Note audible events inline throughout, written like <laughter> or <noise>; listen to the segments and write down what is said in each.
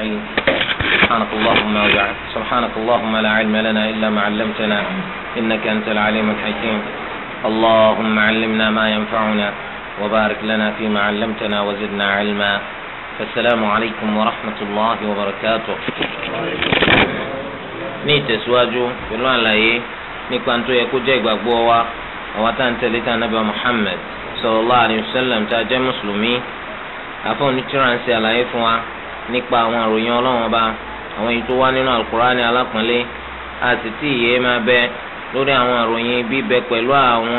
أجمعين سبحانك اللهم وبعد سبحانك اللهم لا علم لنا إلا ما علمتنا إنك أنت العليم الحكيم اللهم علمنا ما ينفعنا وبارك لنا فيما علمتنا وزدنا علما فالسلام عليكم ورحمة الله وبركاته نيت سواجو pẹ̀lú لاي nípa tó يكو kó jẹ́ واتان تلتا àwọn محمد صلى الله عليه وسلم تاجي مسلمي أفو نتران سيالا sallam nípa àwọn àròyìn ọlọ́run ọba àwọn èyí tó wá nínú alukurani alápọ̀nlé a sì tí ìyè máa bẹ lórí àwọn àròyìn bíbẹ pẹ̀lú àwọn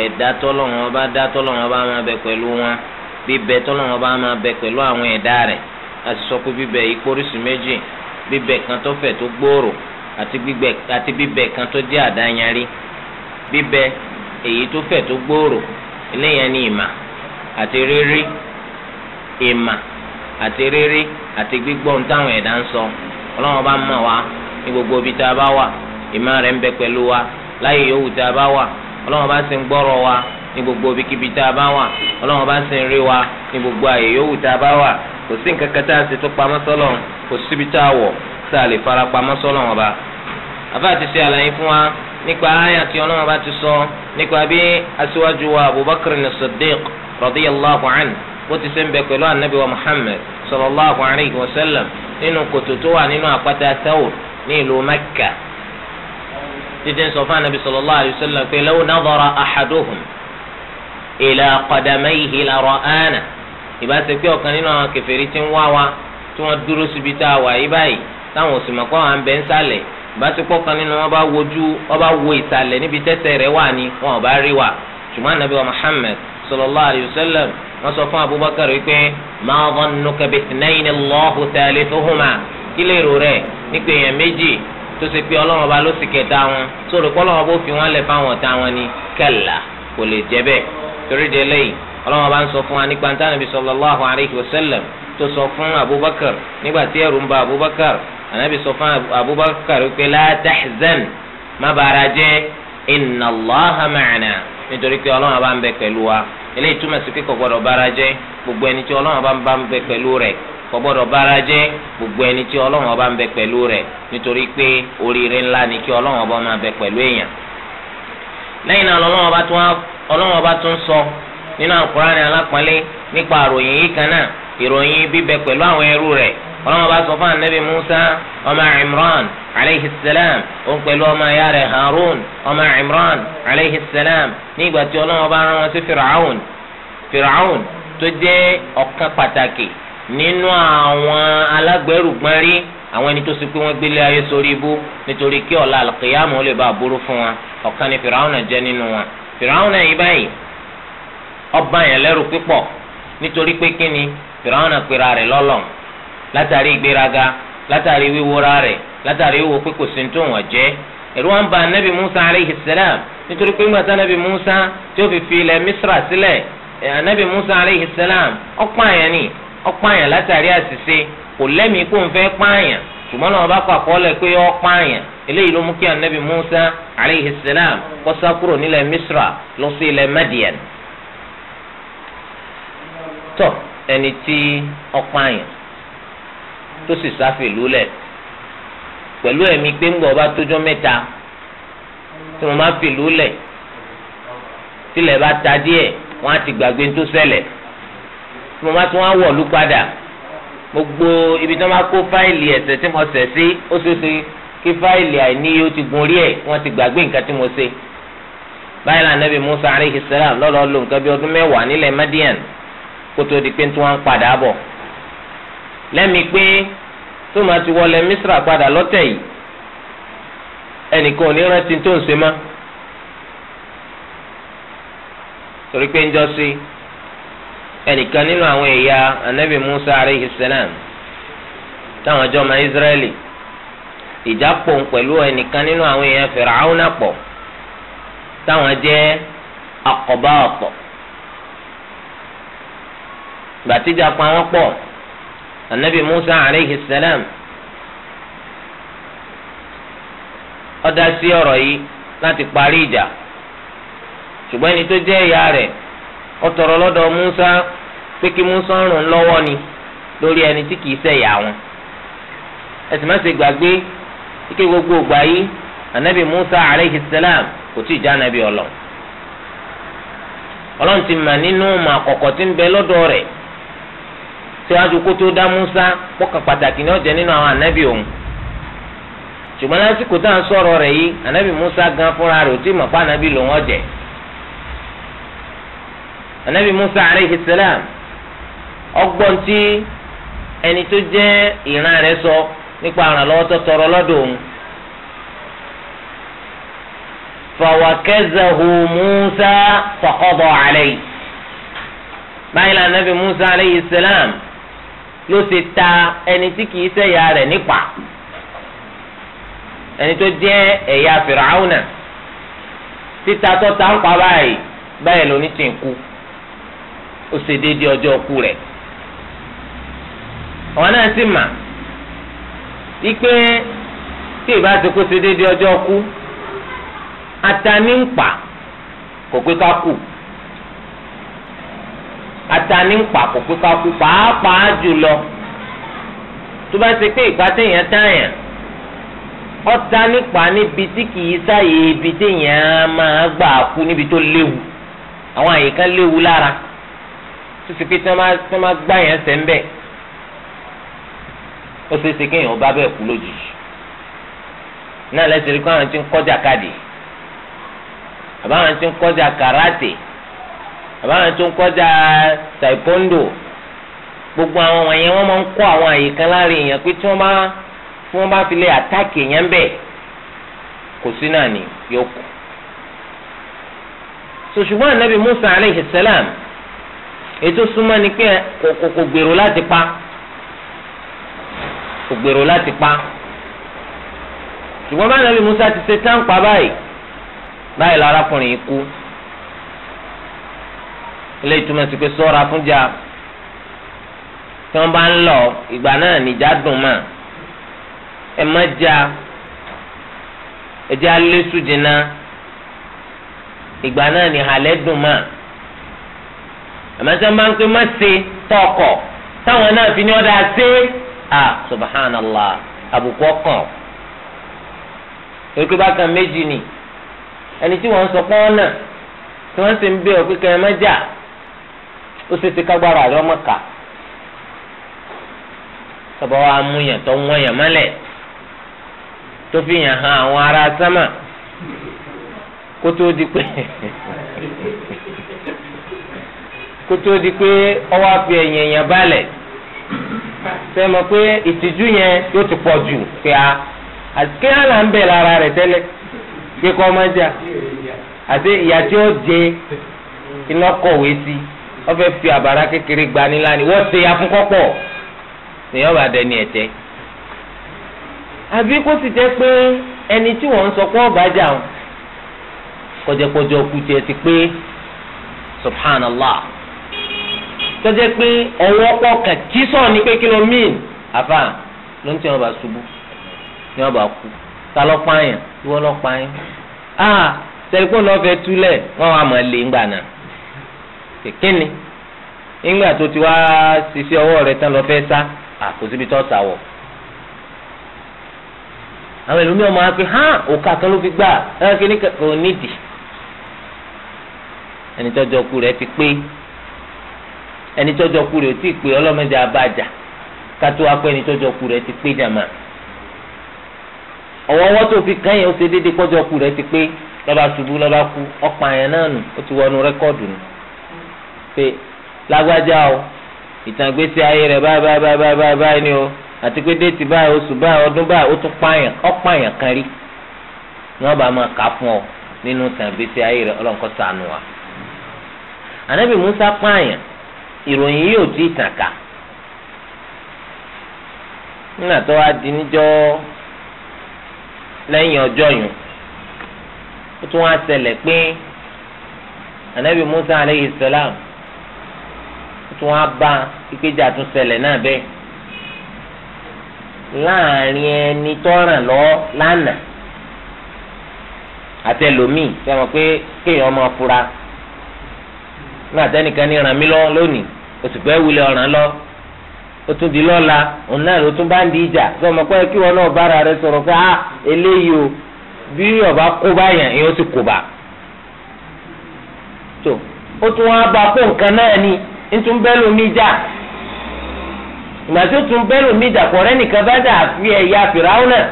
ẹ̀dá tọ́lọ́run ọba dá tọ́lọ́run ọba máa bẹ pẹ̀lú wọn bíbẹ tọ́lọ́run ọba máa bẹ pẹ̀lú àwọn ẹ̀dá rẹ̀ a sì sọ pé bíbẹ yìí póríṣi méjì bíbẹ kan tó fẹ̀ tó gbòòrò àti bíbẹ kan tó jẹ́ àdáyanrí bíbẹ èyí tó fẹ̀ tó gbòòrò eléyàn ni ìmà àti rírí ìmà àti rírí àti gbígbọ́ ń táwọn ẹ̀dá ń sọ ọlọ́run bá mọ̀ wá ní gbogbo ibi tá a bá wà ìmọ̀ rẹ̀ wa láyé yòówù tá a bá wà ọlọ́run bá sì ń gbọ́rọ̀ wa ní gbogbo ibikíbi tá a bá wà ọlọ́run bá sì ń rí wa ní gbogbo àyè yòówù tá a bá wà kò sí nǹkan ti tó pamọ́ sọ́lọ́run kò síbi tá a a lè fara pamọ́ ọ ti ṣe àlàyé fún wa nípa wa Abubakar anhu bó ti ṣe ń bẹ pẹ̀lú anabi wa muhammed sallallahu alayhi wa sallam nínú kòtò tó wà nínú àpáta Thawr ní ìlú mẹ́kà títí ń sọ fún anabi sallallahu alayhi wa sallam pé law nadhara ahaduhum ila qadamayhi la ra'ana ìbá ṣe pé ọ̀kan nínú àwọn kèfèrí tí ń wá wa tí wọ́n dúró síbi tá a wà yí báyìí táwọn òsì mọ̀kọ́ à ń ń sálẹ̀ ìbá ṣe pọ̀ kan nínú wọn bá wojú wọn bá wo ìsàlẹ̀ níbi tẹ́sẹ̀ rẹ̀ wà ní wọn ò bá rí wa ṣùgbọ́n anabi wa muhammed sallallahu alayhi wa sallam wọ́n sọ fún abubakar wípé ma dhannuka bithnayni Allahu thalithuhuma kí lè rò rẹ̀ nípa èèyàn méjì tó ṣe pé ọlọ́run ọba ló sì kẹta wọn sórí pé ọlọ́run ọba ó fi wọn lẹ̀ fáwọn ọ̀tá wọn ni kalla kò lè jẹ́ bẹ́ẹ̀ torí de lẹ́yìn ọlọ́run ọba ń sọ fún wa nípa ní sallallahu alayhi wa sallam tó sọ fún abubakar nígbà tí ẹ̀rù ń ba abubakar ànábì sọ fún abubakar wípé la má bàrà jẹ́ nítorí pé ọlọ́run bá ń bẹ pẹ̀lú wa eléyìí túmọ̀ sí pé kò gbogbo ẹni tí ọlọ́run bá ń bá ń bẹ pẹ̀lú rẹ̀ kò gbogbo ẹni tí ọlọ́run bá ń bẹ pẹ̀lú rẹ̀ nítorí pé oríire ńlá ni kí ọlọ́run bá bẹ pẹ̀lú èèyàn lẹ́yìn náà ọlọ́run bá tún sọ nínú àkùránì alápọ̀nlé nípa àròyìn yìí kan náà ìròyìn bíbẹ pẹ̀lú àwọn ẹrú rẹ̀ ọlọ́wọ́n bá sọ fún anabi musa ọmọ imran aleyhi salam òun pẹ̀lú ọmọ ìyá rẹ̀ harun ọmọ imran aleyhi salam nígbà tí ọlọ́wọ́n bá rán wọn sí firaun firaun tó jẹ́ ọ̀kan pàtàkì nínú àwọn alágbẹ̀rùgbọ́n rí àwọn ẹni tó sì pé wọ́n gbélé ayé sórí ibú nítorí kí ọ̀la àlùkìyàmù lè bá àbúrò fún wọn ọ̀kan ni firaun jẹ́ nínú wọn firaun yìí báyìí ọba yẹn lẹ́rù pípọ̀ nítorí pé kíni fìràwọnà pera rẹ̀ lọ́lọ́n látàrí ìgbéraga látàrí wíwúra rẹ̀ látàrí wíwo pé kò sí ní tó wọ́n jẹ́ ẹ̀rù wọn ba anabi musa aleyhi salam nítorí pé ńgbà tí anabi musa tí ó fi fi ilẹ̀ misra sílẹ̀ anabi musa aleyhi salam ọ̀pọ̀ àyàn ni ọ̀pọ̀ àyàn látàrí àṣìṣe kò lẹ́mìí kó ń fẹ́ pààyàn ṣùgbọ́n náà bá kọ àkọọ́lẹ̀ pé ó pààyàn eléyìí ló mú kí anabi musa aleyhi salam kó kúrò nílẹ̀ misra lọ sí ilẹ̀ madian tọ ẹni tí ọpáyàn tó sì sáfè lólẹ̀ pẹ̀lú ẹ̀mí pé ń bọ̀ bá tójọ́ mẹ́ta tí mo máa fi lólẹ̀ tilẹ̀ bá ta díẹ̀ wọ́n á ti gbàgbé tó ṣẹlẹ̀ tí mo máa tún wá wọ̀lú padà gbogbo ibi tí wọ́n máa kó fáìlì ẹ̀ṣẹ̀ tí mo ṣẹ̀ sí ó ṣeé ṣe kí fáìlì àìníye ó ti gun rí ẹ̀ wọ́n ti gbàgbé nǹkan tí mo ṣe báyìí lànà bí Musa alayhi salam lo nǹkan bí ọdún mẹ́wàá nílẹ̀ Madian kótó di pé tí wọ́n ń padà bọ̀ lẹ́mi pé tó máa ti wọlé misra padà lọ́tẹ̀ yìí ẹnìkan ò ní rántí tó ń ṣe mọ́ torí pé ń jọ sí ẹnìkan nínú àwọn ẹ̀yà anabi musa aleyhi salam táwọn ọjọ́ ọmọ israẹli ìjà pẹ̀lú ẹnìkan nínú àwọn ẹ̀yà fìràwọ́nà pọ̀ táwọn jẹ́ akọ̀bá ọ̀pọ̀. gbàtíjà pa wọn pọ̀ anabi musa aleyhi salam ó dá sí ọ̀rọ̀ yìí láti parí ìjà ṣùgbọ́n ẹni tó jẹ́ ìyá rẹ̀ ó tọrọ lọ́dọ̀ musa pé kí musa rùn lọ́wọ́ ni lórí ẹni tí kìí ṣẹ̀yà wọn ẹsìn má ṣe gbàgbé ike gbogbo ògbà yìí anabi musa aleyhi salam kò tí ì já ọlọ ọlọ́run ti mà nínú síwájú kó tó dá Musa mọ́kàn pàtàkì ní ọ̀jẹ̀ nínú àwọn ànábì òun ṣùgbọ́n lásìkò tá à ń sọ̀rọ̀ rẹ̀ yìí ànábì Musa gan fúnra rẹ̀ ò tí mọ̀ lòun Musa salam ọgbọ́n tí ẹni tó jẹ́ ló ṣe ta ẹni tí kìí ṣẹ̀yà rẹ̀ nípa ẹni tó jẹ́ ẹ̀yà fìràhùnà títa tó ta ń pa báyìí báyìí lóní ti ń kú ó ṣe déédéé ọjọ́ kú rẹ̀ àwọn náà sì mà wípé tí ìbá ti kó ṣe déédéé ọjọ́ kú ata ní ń pa kò pé ká kú. atani ńpa kò pé ká kú pàápàá jùlọ tó bá ṣe pé ìgbà téèyàn táyàn ọta nípa níbi tí kìí sáyé ibi téèyàn máa gbà kú níbi tó léwu àwọn àyíká léwu lára tó ṣe pé tí wọ́n máa gbà yẹn sẹ́ ń bẹ̀ ó ṣe é ṣe kéèyàn bá bẹ́ẹ̀ kú lójijì náà lẹ́sẹ̀ rí pé àwọn ti ń kọjá káàdì àbáwọn ti ń kọjá kàràtì àbáwọn tó ń kọjá taekwondo gbogbo àwọn wọ̀nyẹn wọ́n máa ń kó àwọn àyè kan láàrin èèyàn pé tí wọ́n bá tí wọ́n bá fi lè àtàkì èèyàn bẹ̀ kò sí náà ni yóò sòṣùgbọ́n ànábì Musa aleyhi salam ètò súnmọ́ ni pé kò gbèrò láti pa kò gbèrò láti pa ṣùgbọ́n bá ànábì Musa ti ṣe tán pa báyìí báyìí lárakùnrin yìí kú ilé ìtumọ̀ sí pé sọ́ra fúnjà tí wọ́n bá ń lọ ìgbà náà níjà dùn mà ẹ má jà ẹ jẹ́ alẹ́sù jìnnà ìgbà náà ní halẹ́ dùn mà àmọ́tí wọ́n bá ń pè má ṣe tọkọ̀ táwọn náà fi ní ọ̀dà ṣe à subhanallah àbùkù ọkàn èkó bákan méjì ni ẹni tí wọ́n sọ pọ́n náà tí wọ́n sì ń bẹ̀ ọ́ pé kẹ́ má jà. ó ṣe ti kágbára rẹ ọmọ kà wa mú yàn tó wọ́n yàn mọ́lẹ̀ tó fi yàn hàn àwọn ará sámà kó tó di pé <laughs> kó tó di pé ọwọ́ àfi ẹ̀yìn ẹ̀yàn balẹ̀ ṣe pé ìtìjú yẹn yóò ti pọ̀ jù a àlà ń bẹ̀ lára rẹ̀ tẹ́lẹ̀ i. wọ́n fẹ́ fi àbàrà kékeré gba nílá ni wọ́n ṣe afúnkọ́pọ̀ èèyàn bá dẹni ẹ̀tẹ́ àbí kó sì jẹ́ pé ẹni tí wọ́n ń sọ pé ọba jà ń kọjẹkọjọ kú tiẹ̀ ti pé subhanallah tọ́jẹ́ pé ọwọ́ pọ̀ kàn kí sọ̀rọ̀ ní pé kí ló mìn àfà ló ń tí wọ́n bá ṣubú ni wọ́n bá kú ta lọ pààyàn ìwọ ló pààyàn ah tẹlifóònù ọ̀fẹ́ túlẹ̀ wọ́n wà mọ̀ lé ńgbà náà. kékeré nígbà tó ti wá ṣiṣẹ́ ọwọ́ rẹ tán lọ fẹ́ sá àkóṣíbi tó sá wọ̀ àwọn ẹlòmíràn máa pe hàn òkà kan ló fi gbà ẹ kíní kò nídìí ẹni tọ́jọ́ ku rẹ̀ ti pé ẹni tọ́jọ́ ku ti pé ọlọ́mọdé abájà kátó akọ ẹni tọ́jọ́ ku rẹ̀ ti pé jàmá ọwọ́ ọwọ́ tó fi kàn ó ṣe déédéé kọ́jọ́ ku rẹ̀ ti pé lọ́ba ṣubú lọ́ba pé lágbájá o ìtàgbésí ayé rẹ báyìí báyìí báyìí báyìí báyìí ni o àti pé déètì báyìí oṣù báyìí ọdún báyìí ó tún pààyàn ọ̀pààyàn kan rí ni bá máa kà fún ọ nínú ìtàgbésí ayé rẹ̀ ọlọ́nkọ́ sànù wa. ànábì Musa pààyàn ìròyìn yóò nígbà di níjọ́ ó tún wá pé ànábì Musa aleyhi tún wá bá ìpéjà tún náà bẹ láàrin ẹni tọ́ràn lọ lánàá àtẹlómìn tí a pé kéèyàn máa fura náà tẹnìkan ní ràn mí lọ lónìí oṣù fẹ́ wulẹ̀ ọràn lọ o tún di lọ́la òun náà ló tún bá ń di ìjà ọmọ pé a ah, eléyìí o bí ọba kó báyàn ìyẹn ó kó bá tó tún ntun bẹ́ẹ̀ lomi jà ìgbà tó tún bẹ́ẹ̀ lomi jà kọ̀ọ̀rẹ́ nìkan bá dà fi ẹ̀yà fìràwọ́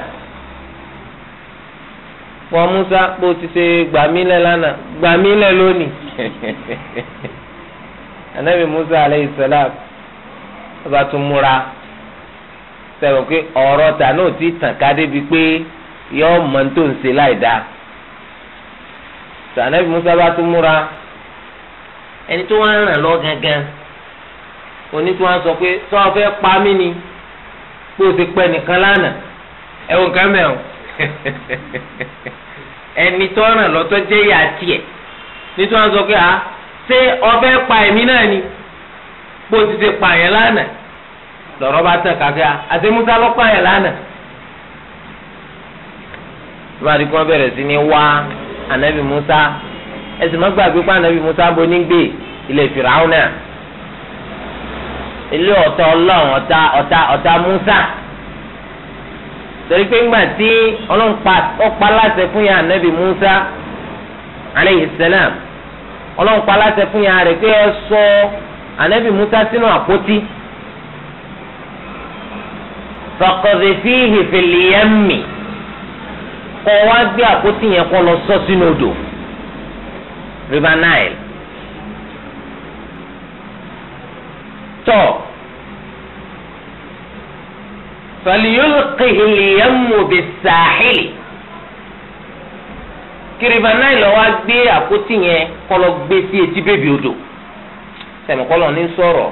wọn Musa kó ti ṣe gbàmílẹ̀ lánàá gbàmílẹ̀ lónìí anabi <laughs> Musa aleyhi salam ọba tún múra sẹ́wọ̀n pé ọ̀rọ̀ ta náà ti tàn ká débi pé yọ ọmọ tó ń ṣe láì dáa sànẹ́bí Musa bá tún múra ẹni tó wọ́n ràn lọ gangan oní tí wọ́n sọ pé tó o fẹ́ pa mí ni pé o ti pẹ́ nìkan lánàá ẹ wò nǹkan <laughs> ẹni tó ràn lọ tó jẹ́ ìyá tiẹ̀ ní tí wọ́n sọ pé ah ṣé o pa èmi náà ni pé o ti ti pa yẹn lánàá lọ́rọ̀ bá tàn kàkẹ́ àti musa ló pa yẹn lánàá ìbáraẹni kí wọ́n bẹ̀rẹ̀ sí ni wá anabi musa ẹsìn má gbàgbé pa ànábì Musa bo ní gbé ilé Fìràwọ́nà ilé ọ̀tá ọlọ́run ọ̀tá ọ̀tá ọ̀tá Musa torí pé ńgbà tí ọlọ́run pa ọ̀pá láṣẹ fún ya ànábì Musa aleyhi salam ọlọ́run pa láṣẹ fún ya rẹ̀ pé ẹ sọ ànábì Musa sínú àpótí faqdhifihi fil yammi kọ́ wá gbé àpótí yẹn kọ́ lọ sọ sínú odò. So river nile tọ falyulqihi al-yammu bis-sahili kí river nile wá gbé àpótí yẹn kọlọ gbé sí etí bèbí odò sẹmukọlọ ní sọ̀rọ̀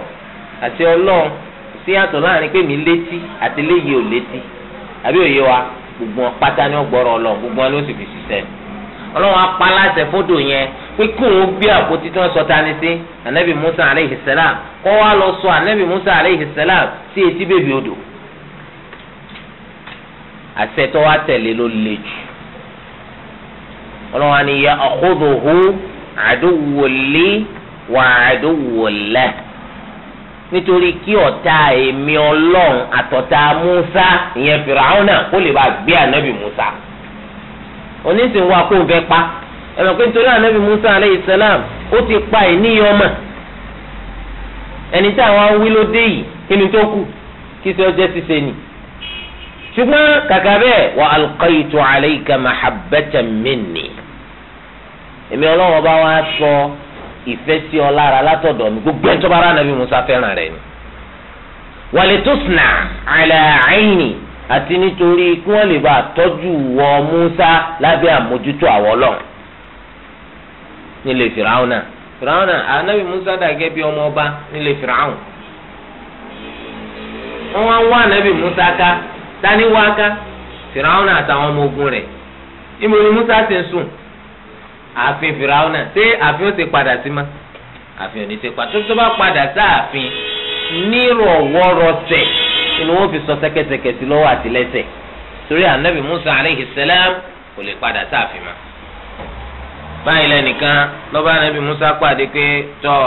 àti Ọlọ́run sí láàrin pé mi létí àti léyìí ò létí àbí òye wa gbogbo ni gbọrọ gbogbo wọn ló ọlọ́run apaláṣẹ fódò yẹn pé kí òun gbé àpótí tí wọ́n sọ tani sí anabi musa aleyhi salam kọ́ wa lọ sọ anabi musa aleyhi salam sí etí bèbí odò àṣẹ tó wá tẹ̀lé ló le jù ọlọ́run á ní ya akhuduhu aduwwu li wa aduwwu lah nítorí kí ọ̀tá èmi ọlọ́run àtọ̀tá musa ìyẹn fìràwọ́nà kó lè bá gbé anabi musa onísìn wa kó fẹ́ pa ẹ̀rọ pé nítorí anabi musa aleyhi salam ó ti pa ìníyànmà ẹni tí àwọn wí ló dé yìí kí ni tó kù kí sọ jẹ́ ṣíṣe ni ṣùgbọ́n kàkà bẹ́ẹ̀ wa alqaytu alayka mahabbatan minni èmi ọlọ́wọ́n bá wá sọ ìfẹ́ sí ọ lára látọ̀dọ̀ mi gbogbo ẹ̀ tó bá rà nàbí musa fẹ́ràn rẹ̀ ni wàlẹ̀ tó sùnà àlẹ́ àìní àti nítorí kí wọ́n lè bá tọ́jú wọ Musa lábẹ́ àmójútó àwọn ọlọ́run nílé fìràwọnà fìràwọnà anabi Musa dàgẹ́ bí ọmọ ọba nílé fìràwọn wọ́n wá ń wá anabi Musa ká tani wá ká fìràwọnà àtàwọn ọmọ ogun rẹ̀ ìmọ̀lẹ́ Musa ti ń sùn ààfin fìràwọnà ṣé ààfin ó ti padà sí ma ààfin ò ní ti padà tó tó bá padà sáàfin nírọ̀wọ́rọ̀sẹ̀ inú wọn fi sọ sẹ́kẹsẹkẹ sí lọ́wọ́ àti lẹ́sẹ̀ torí anabi musa aleyhi salam kò lè padà sáàfin ma báyìí lẹ́nìkan lọ́ba anabi musa pàdé pé tọ́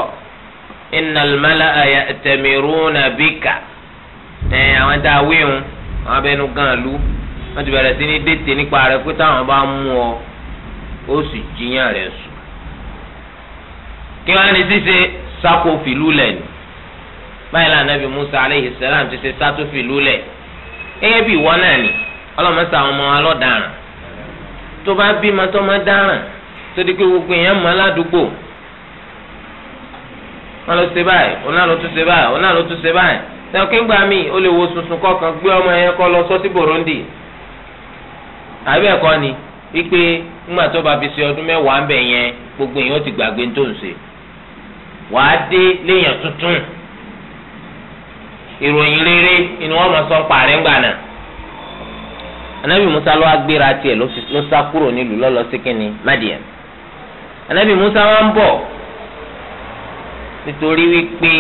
innal mala'a ya'tamiruna bika ẹ àwọn tá a wíhun àwọn abẹnú gan lu wọ́n ti bẹ̀rẹ̀ sí ní dètè nípa rẹ̀ pé táwọn bá mú ọ ó sì jiyàn rẹ̀ sùn kí wọ́n á ní síse sáko lẹ́nu báyìí la nàbì musa aleyhi salam ti ṣe sátúfì lulẹ̀ gẹ́gẹ́ bí ìwọ náà ni ọlọmọsà ọmọ alọdaràn tó bá bímọ tó má dáràn tó di pé gbogbo èèyàn mọ aládùúgbò wọn lọ ṣe báyìí òun náà lọ mí o lè wo sunsun gbé ọmọ yẹn kọ lọ sọ sí Burundi ni wípé ńgbà tó bá fi ṣe ọdún gbogbo ó gbàgbé tó ń ìròyìn rere ni wọ́n máa sọ ń parí ńgbà náà anabi musa ló wá gbéra tiẹ̀ ló sá kúrò nílùú lọlọ sí kínní madian anabi musa wá ń bọ̀ nítorí wípé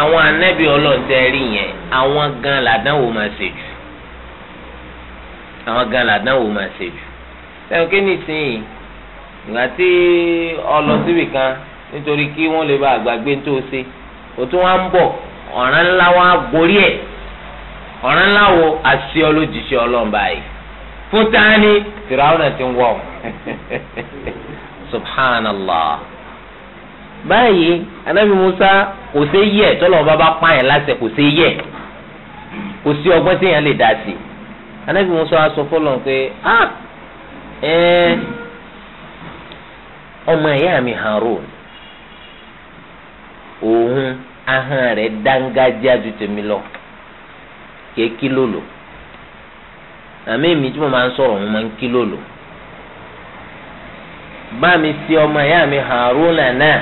àwọn anabi ọlọ́ọ̀tẹ́ rí yẹn àwọn gan làdánwò máa ṣe jù àwọn gan làdánwò máa ṣe jù sẹ́wọ̀n kí nìsín ìgbà tí ọlọ síbì nítorí kí wọ́n lè bá àgbàgbé tó ṣe òtún wá ń bọ̀ ọ̀ràn ńlá wa borí ẹ̀ ọ̀ràn ńlá wo àṣẹ olójìṣẹ́ ọlọ́run báyìí fún tani fìràwọnà ti ń wọ̀ <laughs> subhanallah báyìí anabi musa kò sí yẹ tọ́lọ́mọba bá pààyàn láṣẹ kò sí yẹ kò sí ọgbọ́n téèyàn lè dá sí anabi musa sọ fọlọ́n pé ah ẹ́ẹ́ ọmọ ẹ̀yà mi Harun òun. ahọ́n rẹ̀ dángájá ju tèmi lọ kìí kí lòlò àmì mi tí mo máa ń sọ̀rọ̀ mo máa ń kí lòlò bá mi sí ọmọ ìyá mi Haruna náà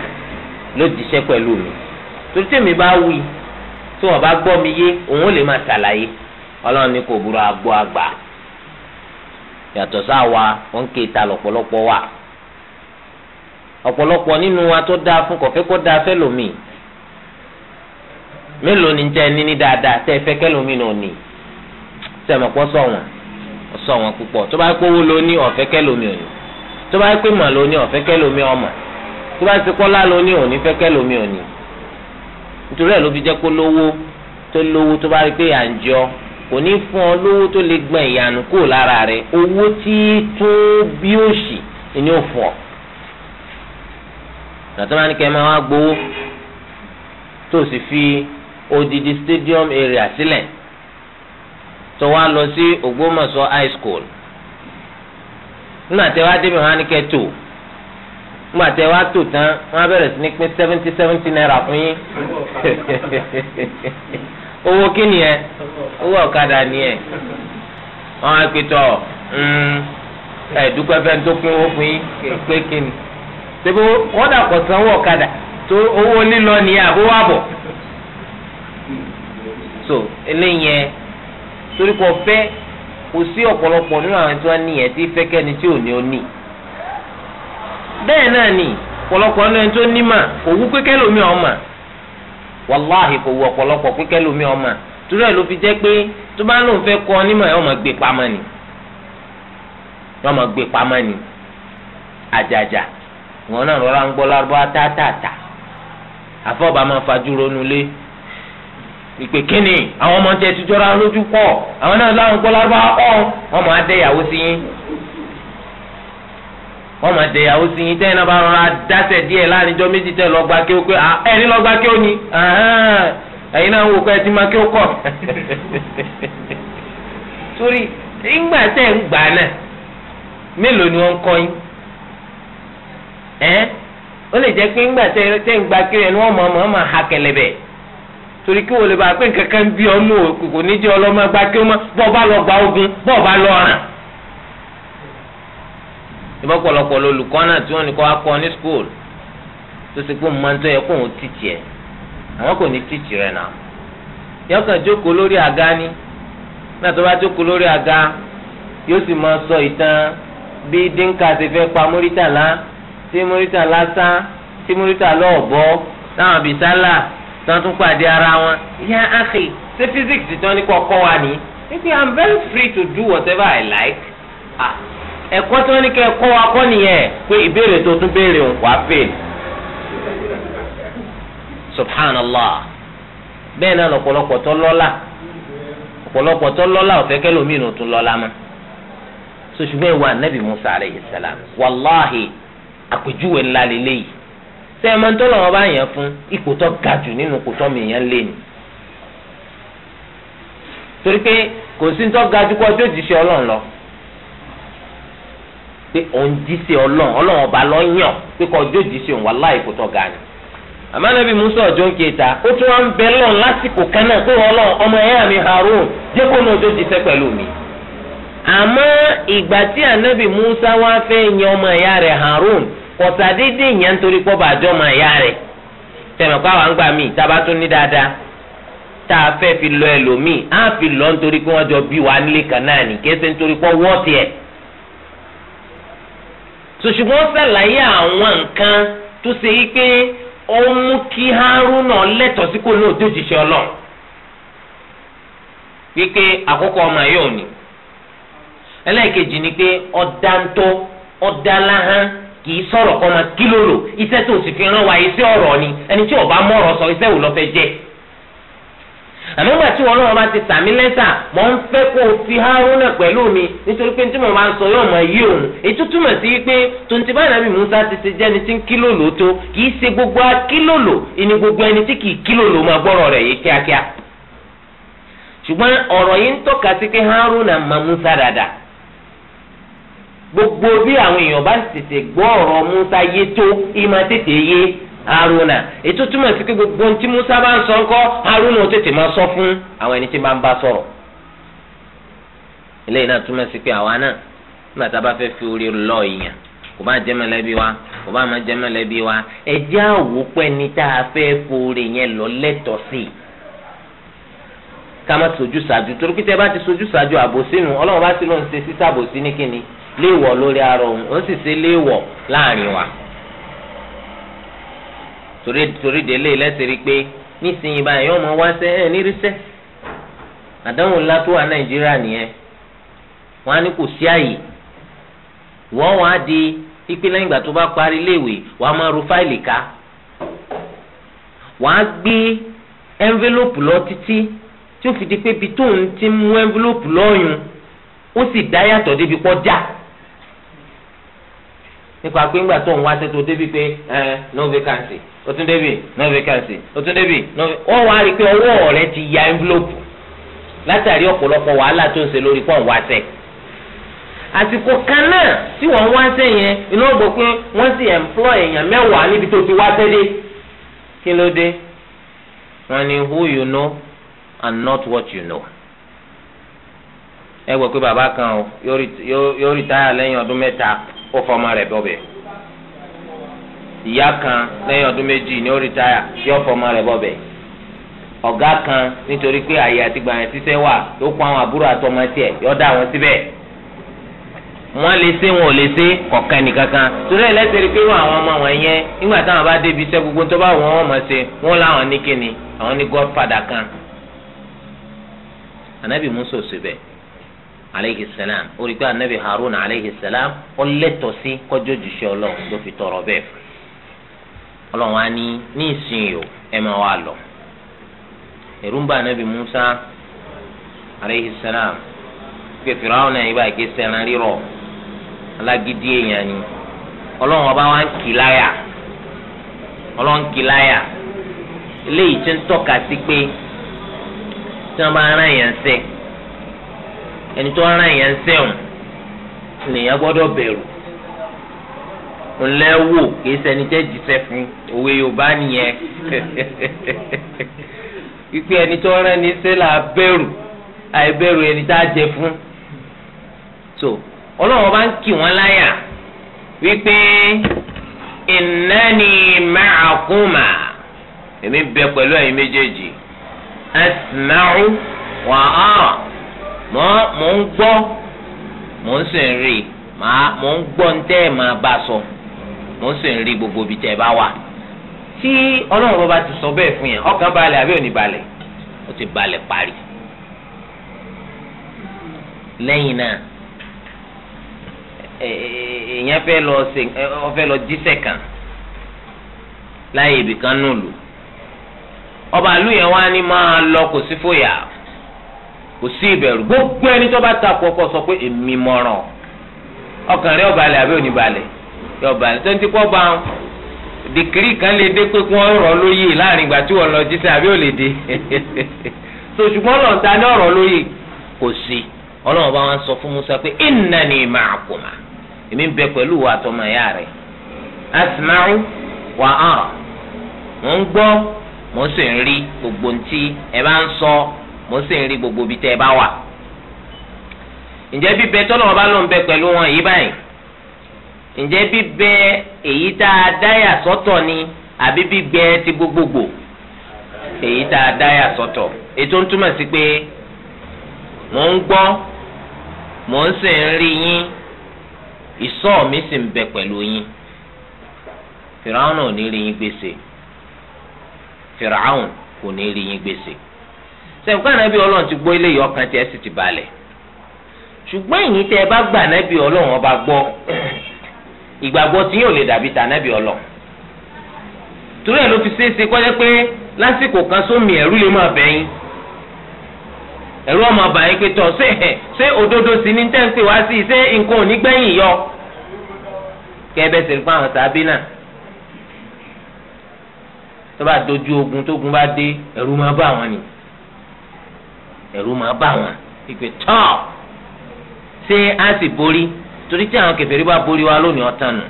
ló jíṣẹ́ pẹ̀lú mi torí tèmi bá wí tí wọ́n bá gbọ́ mi yé òun ò lè máa ṣàlàyé ọlọ́run ní kò burú agbó àgbà yàtọ̀ sáwa wọn ké ta lọ́pọ̀lọpọ̀ wa ọ̀pọ̀lọpọ̀ nínú wa tó dáa fún kọ̀fẹ́ kó dáa fẹ́ mélòó ni jẹ́ níní dáadáa tẹ ẹ fẹ́ náà ní sẹ́mi púpọ̀ tó bá pé owó ló ní òní tó bá pé màá ló ní ọ̀fẹ́ ọmọ tó bá ti òní òní nítorí ló fi kó lówó tó lówó tó ọ lówó tó lè ìyanu lára rẹ owó tí tó bí òṣì fi odidi stadium area sílẹ̀ tó wá lọ sí high school nígbà tẹ wá débi wọn á ní nígbà tan wá tò tán wọn 70 bẹ̀rẹ̀ sí ní pín seventy seventy naira fún yín <laughs> owó kí ni ẹ owó ọ̀kadà ni ẹ wọn á pè tọ hmm, fẹ́ tó pín owó fún yín pé kí ni ṣé wọ́n dà sanwó so eléyẹn torí kò fẹ́ kò sí ọ̀pọ̀lọpọ̀ nínú àwọn tí wọ́n ní yẹn tí fẹ́kẹ́ni tí ò ní ó bẹ́ẹ̀ náà ni ọ̀pọ̀lọpọ̀ nínú ẹni tó ní mà kò wú pé kẹ́lòmí ọmọ wàláhì kò wú ọ̀pọ̀lọpọ̀ pé kẹ́lòmí torí ẹ̀ ló fi jẹ́ pé tó bá lóun fẹ́ kọ́ onímọ̀ ẹ̀ ọmọ gbé pamọ́ ni ọmọ gbé pamọ́ ni àjàjà wọn náà rọra ń gbọ́ ìpè kínní àwọn ọmọ tẹ tìjọra lójú pọ̀ àwọn náà láwọn gbọ́ lárúbáwá pọ̀ wọ́n máa dẹ ìyàwó sí yín wọ́n máa dẹ ìyàwó sí yín tẹ́yìn náà bá rọra láàrin méjì kí pé kí ní náà ń wò pé ẹ ti máa kí ìgbà <laughs> ni ń yín ó lè pé ìgbà ha kelebe. torí kí wọ́n lè bá a pé nǹkan kan bí ọmọ òkùnkùn níjẹ́ ọlọ́mọ gba kí wọ́n bọ́ bá lọ gba ogun bọ́ bá lọ ràn. ìbọn pọ̀lọpọ̀ lolùkọ́ náà tí wọ́n ní kó wá ní school tó ti kó máa ń tọ́ yẹ kó òun tìtì ẹ̀ àwọn kò ní tìtì rẹ̀ náà. yọ kàn jókòó lórí àga ni náà tó bá jókòó lórí àga yóò sì máa sọ ìtàn bí dínkà ti fẹ́ pa múrítàlá tí múrítàlá sá tí múrítàlá ọ̀bọ tán tún pàdé ara wọn yá àkè ṣé physics ti tán ní kọ́kọ́ wa ni wípé i'm very free to do whatever i like ah ẹ̀kọ́ tí wọ́n ní kẹ́ ẹ̀kọ́ wa kọ́ nìyẹn pé ìbéèrè tó tún béèrè ń wá fail subhanallah bẹ́ẹ̀ náà lọ́pọ̀lọpọ̀ tó lọ́lá ọ̀pọ̀lọpọ̀ tó lọ́lá ọ̀fẹ́ kẹlòmíì ló tún lọ́lá mọ́ so ìwà nabi musa alayhi salam wàláhì àpèjúwe ńlá lélẹ́yìí tẹ ẹ máa ń bá yàn fún ipò tó ga jù nínú ipò tó mìíràn lé ni. torí pé kò sí tó ga jù kó ọjọ́ òjíṣẹ́ ọlọ́run lọ pé òun jíṣẹ́ ọlọ́run ọlọ́run ọba lọ yàn pé kó ọjọ́ òjíṣẹ́ òun wà láì ipò tó ga ni. àmọ́ musa ọjọ́ ń ké ta ó tún wá ń bẹ lọ́n lásìkò kan pé ọlọ́run ọmọ ẹ̀yà mi harun jẹ́ kó ní ọjọ́ jíṣẹ́ mi àmọ́ ìgbà tí ànábì musa wá fẹ́ yan ọmọ ẹ̀yà rẹ̀ harun kọ̀sádédé yẹn nítorí pọ́ bàjọ́ máa yá rẹ̀ tẹ̀mọ̀ ngba àwọn àgbà míì tá a tún ní dáadáa tá a fẹ́ fi lọ ẹlòmíì á fi lọ nítorí pé wọ́n jọ bí wàá nílé kan náà nì kéésì nítorí pọ́ wọ́ọ̀tì ẹ̀. E. sòṣùgbọ́n sàlàyé àwọn nǹkan tó ṣe yí pé ó mú kí Haruna sí kò ní ọlọ́run wípé àkókò ọmọ yóò kì í sọ̀rọ̀ kọ́ máa kí ló lò iṣẹ́ tó sì fi rán wa iṣẹ́ ọ̀rọ̀ ni ẹni tí ọba mọ̀rọ̀ sọ iṣẹ́ wò ló jẹ́ àmọ́ gbà tí wọn náà bá ti lẹ́tà mọ̀ ń fẹ́ kó o fi pẹ̀lú mi nítorí pé tí mo máa ń sọ yóò mọ yí òun ètò túmọ̀ sí pé tonti Musa ti ti ẹni tí ń kílòlò tó kì í mọ Musa dáadáa gbogbo bí àwọn èèyàn bá tètè gbọ́ ọ̀rọ̀ Musa yé tó ìmọ̀ tètè yé Haruna ètò túmọ̀ sí pé gbogbo ohun tí Musa bá ń sọ ńkọ́ Haruna ó tètè máa sọ fún àwọn ẹni tí máa ń bá sọ̀rọ̀ eléyìí náà túmọ̀ sí pé àwa náà nígbà tá a bá fẹ́ fi orí lọ èèyàn kò bá jẹ́ mọ̀lẹ́bí wa kò bá má jẹ́ mọ̀lẹ́bí wa ẹ àwò pẹ́ ni tá a fẹ́ forí yẹn lọ lẹ́tọ̀ọ́ sí i ká má sojú ṣáájú torí pé tẹ́ bá ti sojú ṣáájú àbòsínú Ọlọ́run bá sì lóun ṣe sísàbòsí ní kíni léèwọ̀ lórí ara òun ó sì ṣe léèwọ̀ láàrin wa torí torí délé lẹ́sẹ̀ rí pé nísìnyí báyìí ọmọ wá sẹ́ ẹ̀ nírísẹ́ àdánwò ńlá tó wà nàìjíríà nìyẹn wọn á ní kò sí àyè wọ́n wá di pípé lẹ́yìn ìgbà tó bá parí léèwé wàá máa ru fáìlì ká wàá gbé envelope lọ títí tí ó fi di pé ibi tóun ti mú envelope lọ́yùn ó sì dá yàtọ̀ débi pọ́ já. Ja nípa pé ńgbà tó ń wá tètè débi pé ẹ no vacancy o tún débi no vacancy o tún débi no wọ́n wá rí i pé ọwọ́ rẹ ti ya envelope látàrí ọ̀pọ̀lọpọ̀ wàhálà tó ń ṣe lórí pọ̀ wá sẹ́ àsìkò kan náà tí wọ́n wá sẹ́ yẹn iná gbọ́ pé wọ́n sì employ èèyàn mẹ́wàá níbi tó ti wá tẹ́lẹ̀ kí ló dé wọ́n ní who you know and not what you know ẹ gbọ́ pé bàbá kan yóò rí táyà lẹ́yìn ọdún mẹ́ta kó fọmọ rẹ bọbẹ. ìyá kan lẹ́yìn ọdún méjì ni ó rìtáyà yóò fọmọ rẹ̀ bọ̀bẹ̀ ọ̀gá kan nítorí pé àyè àti gbàyàn ṣiṣẹ́ wà ló kó àwọn àbúrò àtọmọ tiẹ̀ dá wọn wọn lè ṣe wọn ò lè ṣe kọ̀ọ̀kan nìkankan torí ẹ̀ ọmọ wọn yẹn nígbà táwọn bá débi gbogbo tó bá wọn wọn ṣe wọn ní kíni àwọn kan ànábì aleyhi salam rí harun aleyhi salam ó lẹ́tọ̀ sí ọlọ́run fi tọrọ bẹ́ẹ̀ ọlọ́run lọ anabi salam pé yìí bá gé sẹ́ran rírọ̀ alágídí èèyàn ẹni tó rán yẹn ń sẹ́wọ̀n lèèyàn gbọ́dọ̀ bẹ̀rù ńlẹ́ wò kìí sẹ́ni tẹ́ jíṣẹ́ fún òwe yorùbá nìyẹn ìpè <laughs> ẹni tó rán ni sẹ́là bẹ̀rù àìbẹ̀rù ẹni tá a jẹ fún so ọlọ́run bá ń kì wọ́n láyà wípé ìnáni ma'akuma èmi bẹ pẹ̀lú ẹ̀yin méjèèjì asma'u wa ara mọ́ mò ń gbọ́ mò ń sì ń rí màá mò ń gbọ́ ń tẹ́ ẹ̀ máa bá sọ mò ń sì ń rí gbogbo ibi tẹ́ ẹ bá wà. tí ọlọ́run bá bá ti sọ bẹ́ẹ̀ fún yẹn ọkàn balẹ̀ àbí òní balẹ̀ ó ti balẹ̀ parí. lẹ́yìn náà èèyàn fẹ́ lọ ṣe ọfẹ́ lọ jíṣẹ́ kan láyé ibì kan ọba àlùyẹn wá ní máa lọ kò sí fòyà. kò sí ìbẹ̀rù gbogbo ẹni tó bá ọkọ sọ pé èmi mọ̀ràn ọkàn rẹ àbí oníbalẹ̀ yọ balẹ̀ tó ń dìkírì kan lè dé pé kí wọ́n láàrin ìgbà tí wọ́n lọ jíṣẹ́ àbí ò lè <laughs> so ṣùgbọ́n ọ̀rọ̀ kò sí ọlọ́run bá sọ fún Musa pé èmi ń bẹ pẹ̀lú wa rẹ̀ mò mo sì ń rí gbogbo ibi tẹ́ ẹ bá wà. ǹjẹ́ bíbẹ tọ́lọ́ ọba ló ń bẹ pẹ̀lú wọn yìí báyìí ǹjẹ́ bíbẹ èyí tá a dáyà sọ́tọ̀ ni àbí bíbẹ ti gbogbogbò èyí tá a dáyà sọ́tọ̀ ètò ń túmọ̀ sí pé mò ń gbọ́ mò ń sì ń rí yín ìṣọ́ mi sì ń bẹ pẹ̀lú yín fìràwọn ò ní rí yín gbèsè fìràwọn kò ní rí yín gbèsè sẹ̀ǹkọ́ ànábì ọlọ́run ti gbọ́ eléyìí ọkàn tiẹ̀ sì ti balẹ̀ ṣùgbọ́n ẹ̀yin tẹ́ ẹ bá gbà ànábì ọlọ́run ọba gbọ́ <clears throat> ìgbàgbọ́ tí yóò lè dàbí tà ànábì ọlọ́run torí ẹ̀ ló fi ṣeé ṣe kọ́jẹ́ pé lásìkò kan sómi ẹ̀rú lè máa bẹ̀yìn ẹ̀rú ọmọ àbàyìn pé tọ̀ ṣé ṣé òdodo sí ní tẹ́ǹpé wá sí ṣé nǹkan ò ní gbẹ̀yìn yọ kẹ́ẹ́bẹ́ sì ń pa àwọn tó ogun bá dé ẹ̀rú máa bá àwọn nìyí ẹ̀rù máa bá wọn ìpè tọ́ ṣé a sì borí torí tí àwọn kèfèrí bá borí wa lónìí ọ̀tá nù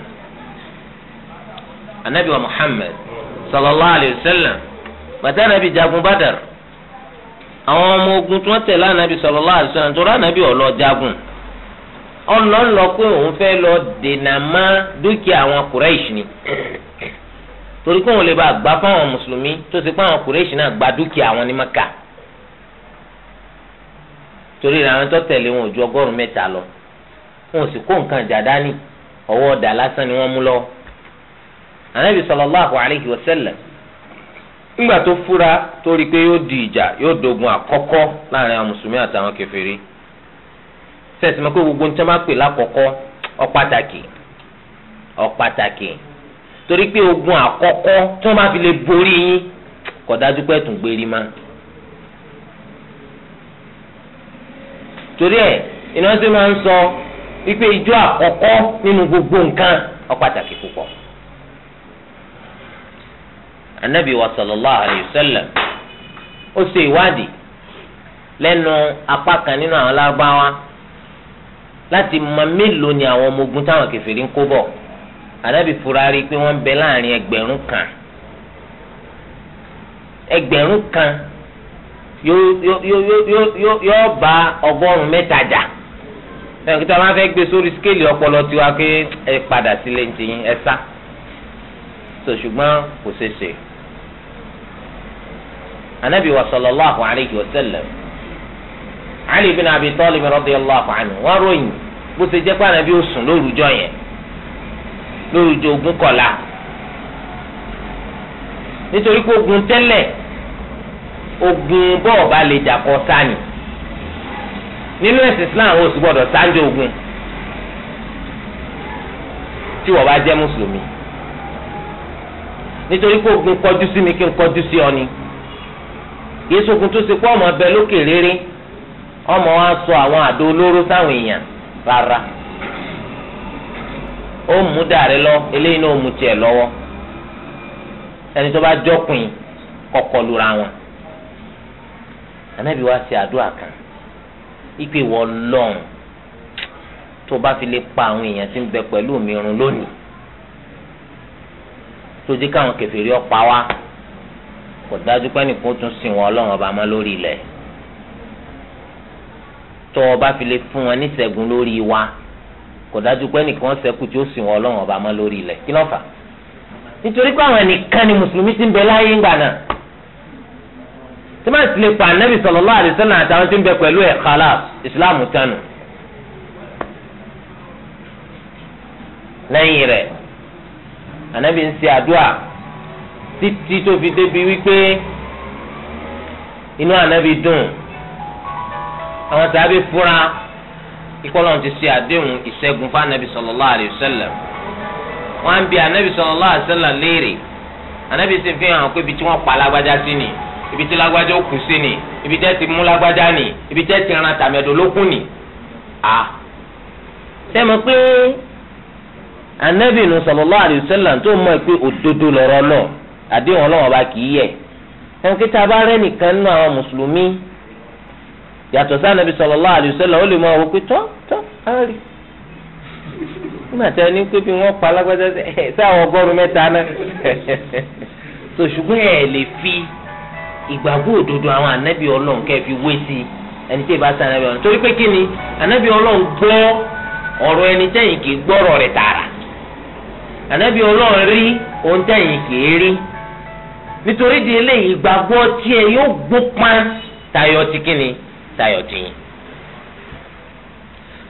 anabi wa Muhammad sallallahu alayhi wa sallam bàtà anabi jagun Badar àwọn ọmọ ogun tí wọ́n tẹ̀lé anabi sallallahu alayhi wa sallam torí anabi ọlọ jagun ọlọ́ọ̀lọ́ pé òun fẹ́ lọ dènà má dúkìá àwọn Quraysh ni torí pé òun lè bá gbà fáwọn mùsùlùmí tó ti pé àwọn Quraysh náà gba dúkìá àwọn ní Maka. torí àwọn tó tẹ̀lé wọn ò ju ọgọ́rùn-ún mẹ́ta lọ wọn sì kó nǹkan ìjà dání ọwọ́ ọ̀dà lásán ni wọ́n mú lọ. ànábì sallallahu fura torí pé yóò di ìjà yóò dogun àkọ́kọ́ láàrin àwọn mùsùlùmí àtàwọn kèfèrí fẹ̀sì mọ́ gbogbo nǹkan máa pè lákọ̀ọ́kọ́ pàtàkì. torí pé ogun àkọ́kọ́ máa fi lè borí torí ẹ̀ iná sì máa ń sọ wípé ijó àkọ́kọ́ nínú gbogbo nǹkan ó pàtàkì púpọ̀. anabi wa sallallahu alayhi wa sallam ó ṣe ìwádìí lẹ́nu apá kan nínú àwọn láti mọ mélòó ni àwọn ọmọ ogun táwọn kèfèrí ń kó bọ̀ anabi fura rí i pé wọ́n ń bẹ láàrin ẹgbẹ̀rún kan ẹgbẹ̀rún kan yóò bá ọgọ́rùn-ún mẹ́ta jà náà kí tí a máa fẹ́ gbé sórí skéèlì ọpọlọ tiwa pé ẹ padà sílé ní tiyín ẹ sá so ṣùgbọ́n kò ṣeé ṣe. anabi wa sallallahu alayhi wa sallam ali bin abi talib radiyallahu anhu wọn ròyìn bó ṣe jẹ́ pé anabi ó sùn lórúkọ yẹn lórúkọ ogun kọ̀la nítorí pé ogun tẹ́lẹ̀ ogun bọ́ọ̀bá lè jà kọ́ sáni nínú ẹ̀sìn Islam ó sì gbọ́dọ̀ sáńjọ ogun tí wọ́n bá jẹ́ mùsùlùmí nítorí pé ogun kọjú sí mi kí n kọjú sí ọ ni yéésù ogun tó ṣe pé ọmọ ọbẹ̀ lókè rere ọmọ wa sọ àwọn àdó olóró sáwọn èèyàn rárá ó mú dàrí lọ eléyìí náà ó mú tiẹ̀ lọ́wọ́ ẹni tó bá jọ́kùn kọkọ lura wọn. anabi wa ṣe àdúrà kan ipe wọ lọ́hùn tó bá fi lè pa àwọn èèyàn tí ń bẹ pẹ̀lú mi run lónìí tó jẹ́ káwọn kèfèrí ọ̀pá wa kò dájú pé nìkan tún sìn wọn ọlọ́run ọba mọ́ lórí ilẹ̀ tó o bá fi lè fún wọn níṣẹ́gun lórí wa kò dájú pé nìkan ṣẹ́kù tí ó sìn wọn ọlọ́run ọba mọ́ lórí ilẹ̀ kí ló fà nítorí pé àwọn ẹnìkan ni mùsùlùmí ti ń bẹ láyé ńgbà náà tí máa ti lè pa anabi sallallahu alaihi wasallam àtàwọn tí ń bẹ pẹ̀lú ẹ̀ kálá ìsìláàmù tánu. lẹ́yìn rẹ̀ anabi ń ṣe àdúrà títí tó fi débi wípé inú anabi dùn àwọn tàbí fúra ìkọlọ́n ti ṣe àdéhùn ìṣẹ́gun fún anabi sallallahu alaihi wasallam wọ́n á ń bi anabi sallallahu alaihi wasallam léèrè anabi sì fi hàn pé ibi tí wọ́n pa alágbájá sí nìyí ibi tí lágbájá ó kù sí ni ibi tẹ́ ti mú lágbájá ni ibi tẹ́ ti ran tàmẹ̀dò lókun ni. a sẹ́mi pé anabinu sallallahu alaihi wasallam tó mọ̀ pé òdodo lọ̀rọ̀ lọ àdéhùn ọlọ́wọ́ bá kì í yẹ ẹn kí tá a bá rẹ́ nìkan nínú àwọn mùsùlùmí yàtọ̀ sí anabi sallallahu alaihi wasallam ó lè mọ àwọn pé tọ́ tọ́ á rí nígbà tí a ní pé bí wọ́n pa alágbádá sí àwọn ọgọ́rùn-ún mẹ́ta náà tó <laughs> ṣùgbọ́n lè fi ìgbàgbọ́ òdodo àwọn ànábì ọlọ́run kẹ́ fi wé sí ẹni tí ì bá sá ànábì ọlọ́run torí pé kí ni ànábì ọlọ́run gbọ́ ọ̀rọ̀ ẹni tẹ́yìn kì í gbọ́rọ̀ rẹ̀ tààrà ànábì ọlọ́run rí ohun tẹ́yìn kì í rí nítorí di eléyìí ìgbàgbọ́ tiẹ̀ yóò gbópa tayọ ti kí ni tayọ ti yìn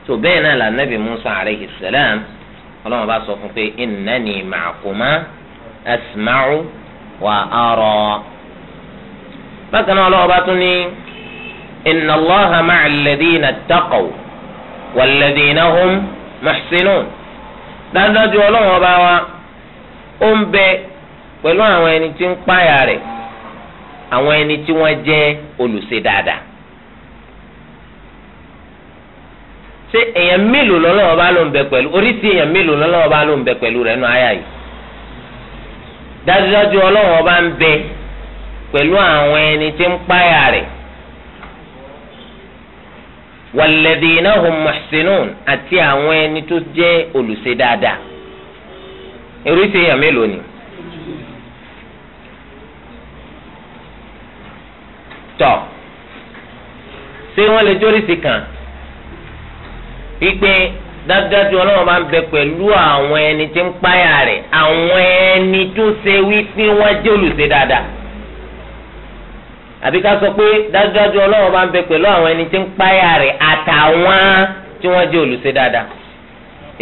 tó bẹ́ẹ̀ náà là ànábì Musa alayhi salam ọlọ́run bá sọ fún pé innani ma'akuma asma'u wa ara bákan náà ọlọ́wọ́ bá tún ní inna Allaha ma'a alladhina ttaqaw walladhina hum muhsinun dájúdájú ọlọ́wọ́ bá wa ó ń bẹ pẹ̀lú àwọn ẹni tí ń páyà rẹ̀ àwọn ẹni tí wọ́n jẹ́ olùṣe dáadáa. ṣé èèyàn mélòó lọ́lọ́wọ́ bá ló ń bẹ pẹ̀lú oríṣi èèyàn mélòó lọ́lọ́wọ́ bá ló ń bẹ pẹ̀lú rẹ̀ nù ayà yìí dájúdájú ọlọ́wọ́ bá ń bẹ pẹ̀lú àwọn ẹni tí ń páyà rẹ̀ walladhina hum muhsinun àti àwọn ẹni tó jẹ́ olùṣe dáadáa irúṣẹ́ èèyàn mélòó ni. tọ́ ṣé wọ́n lè jórísì kan wípé dájúdájú ọlọ́run bá ń bẹ pẹ̀lú àwọn ẹni tí ń páyà rẹ̀ àwọn ẹni tó ṣe wípé wọ́n jẹ́ olùṣe dáadáa àbí ká sọ pé dájúdájú ọlọ́run máa ń bẹ pẹ̀lú àwọn ẹni tí ń páyà rẹ̀ àtàwọn tí wọ́n jẹ́ olùṣe dáadáa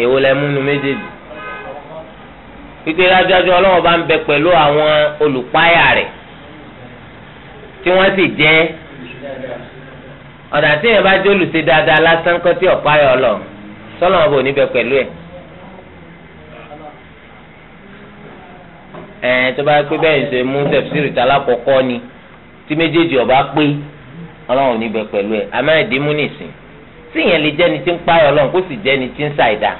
èwo lẹ múnu méjèèjì pípé dájúdájú ọlọ́run bá ń bẹ pẹ̀lú àwọn olùpáyà rẹ̀ tí wọ́n sì jẹ́ ọ̀dà tí yẹn bá jẹ́ olùṣe dáadáa lásán kọ́ tí ọ̀páyà ọlọ́run sọ́lọ́run bò níbẹ̀ pẹ̀lú ẹ̀. ẹ̀ẹ́n tó bá pé bẹ́ẹ̀ ṣe mú tẹ̀síìrì tí méjèèjì ọba pé ọlọ́run ní bẹ pẹ̀lú ẹ̀ àmọ́ ẹ̀dínmú nìsín tí ìyẹn lè jẹ́ni tí ń páyọ̀ ọlọ́run kó sì jẹ́ni tí ń ṣàìdá.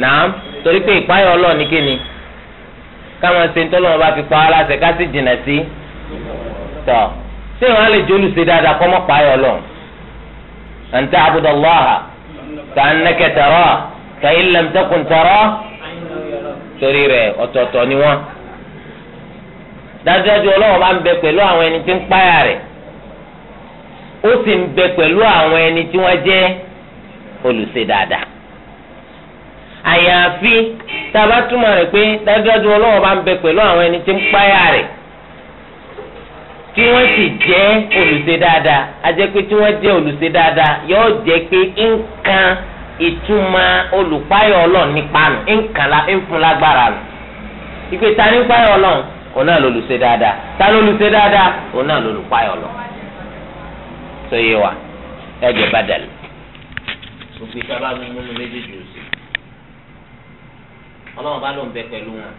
nàám torí pé ìpáyọ̀ ọlọ́run ní kíni káwọn ṣe ń tọ́lọ́ wọn bá fi pa ara ṣe ká sì jìnà sí tọ́ ṣé wọn á lè jólù ṣe dáadáa kọ́ mọ́ páyọ̀ ọlọ́run. an ta'budu Allaha ka'annaka tarahu fa in lam takun tarahu torí rẹ̀ ọ̀tọ̀ọ̀tọ̀ ni wọ́n. dájúdájú ọlọ́wọ́ bá ń bẹ pẹ̀lú àwọn ẹni tí ń páyà rẹ̀ ó sì ń bẹ pẹ̀lú àwọn ẹni tí wọ́n jẹ́ olùṣe dáadáa àyàfi tá a bá túmọ̀ rẹ̀ pé dájúdájú ọlọ́wọ́ bá ń bẹ pẹ̀lú àwọn ẹni tí ń páyà rẹ̀ tí wọ́n sì jẹ́ dáadáa a jẹ́ pé tí wọ́n jẹ́ dáadáa yóò jẹ́ pé òun náà lolùṣe dáadáa ta lolùṣe dáadáa òun náà lolùpayọ lọ tó yé wa ẹgbẹ bàdàlì. gbogbo ìta bá mi méjèèjì òsì ọlọ́run bá lóun bẹ pẹ̀lú wọn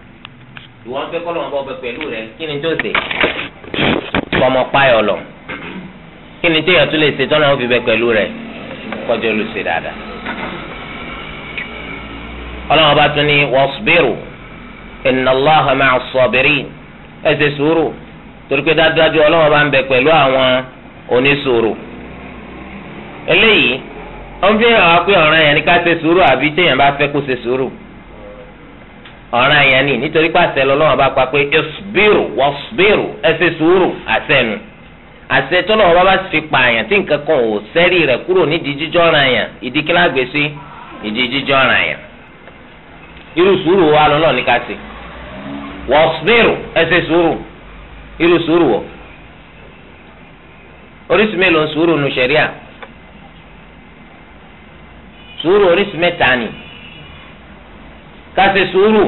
ìwọ ń fẹ́ kọ́ bá ọbẹ̀ pẹ̀lú rẹ kí ni tó ṣe kọ́mọ páyọ̀ lọ kí ni téèyàn tún lè ṣe tọ́lá wọn fi bẹ pẹ̀lú rẹ dáadáa. ọlọ́run bá tún ní ese ṣe sùúrù torí pé dájúdájú ọlọ́wọ́ bá ń bẹ pẹ̀lú àwọn o eléyìí ó fi hàn wá pé ọ̀ràn yẹn ni ká ṣe sùúrù àbí téèyàn bá fẹ́ kó ṣe ni nítorí pé àṣẹ bá pa pé àṣẹnu àṣẹ bá pa àyàn tí nǹkan kan ò sẹ́rí rẹ̀ kúrò nídìí jíjọ́ ọ̀ràn yẹn ìdí ìdí jíjọ́ ọ̀ràn yẹn irú wa wasbiru ẹ ṣe sùúrù irú sùúrù wọ oríṣi mélòó sùúrù nu ṣẹ̀ríà sùúrù oríṣi mẹ́ta ni ká ṣe sùúrù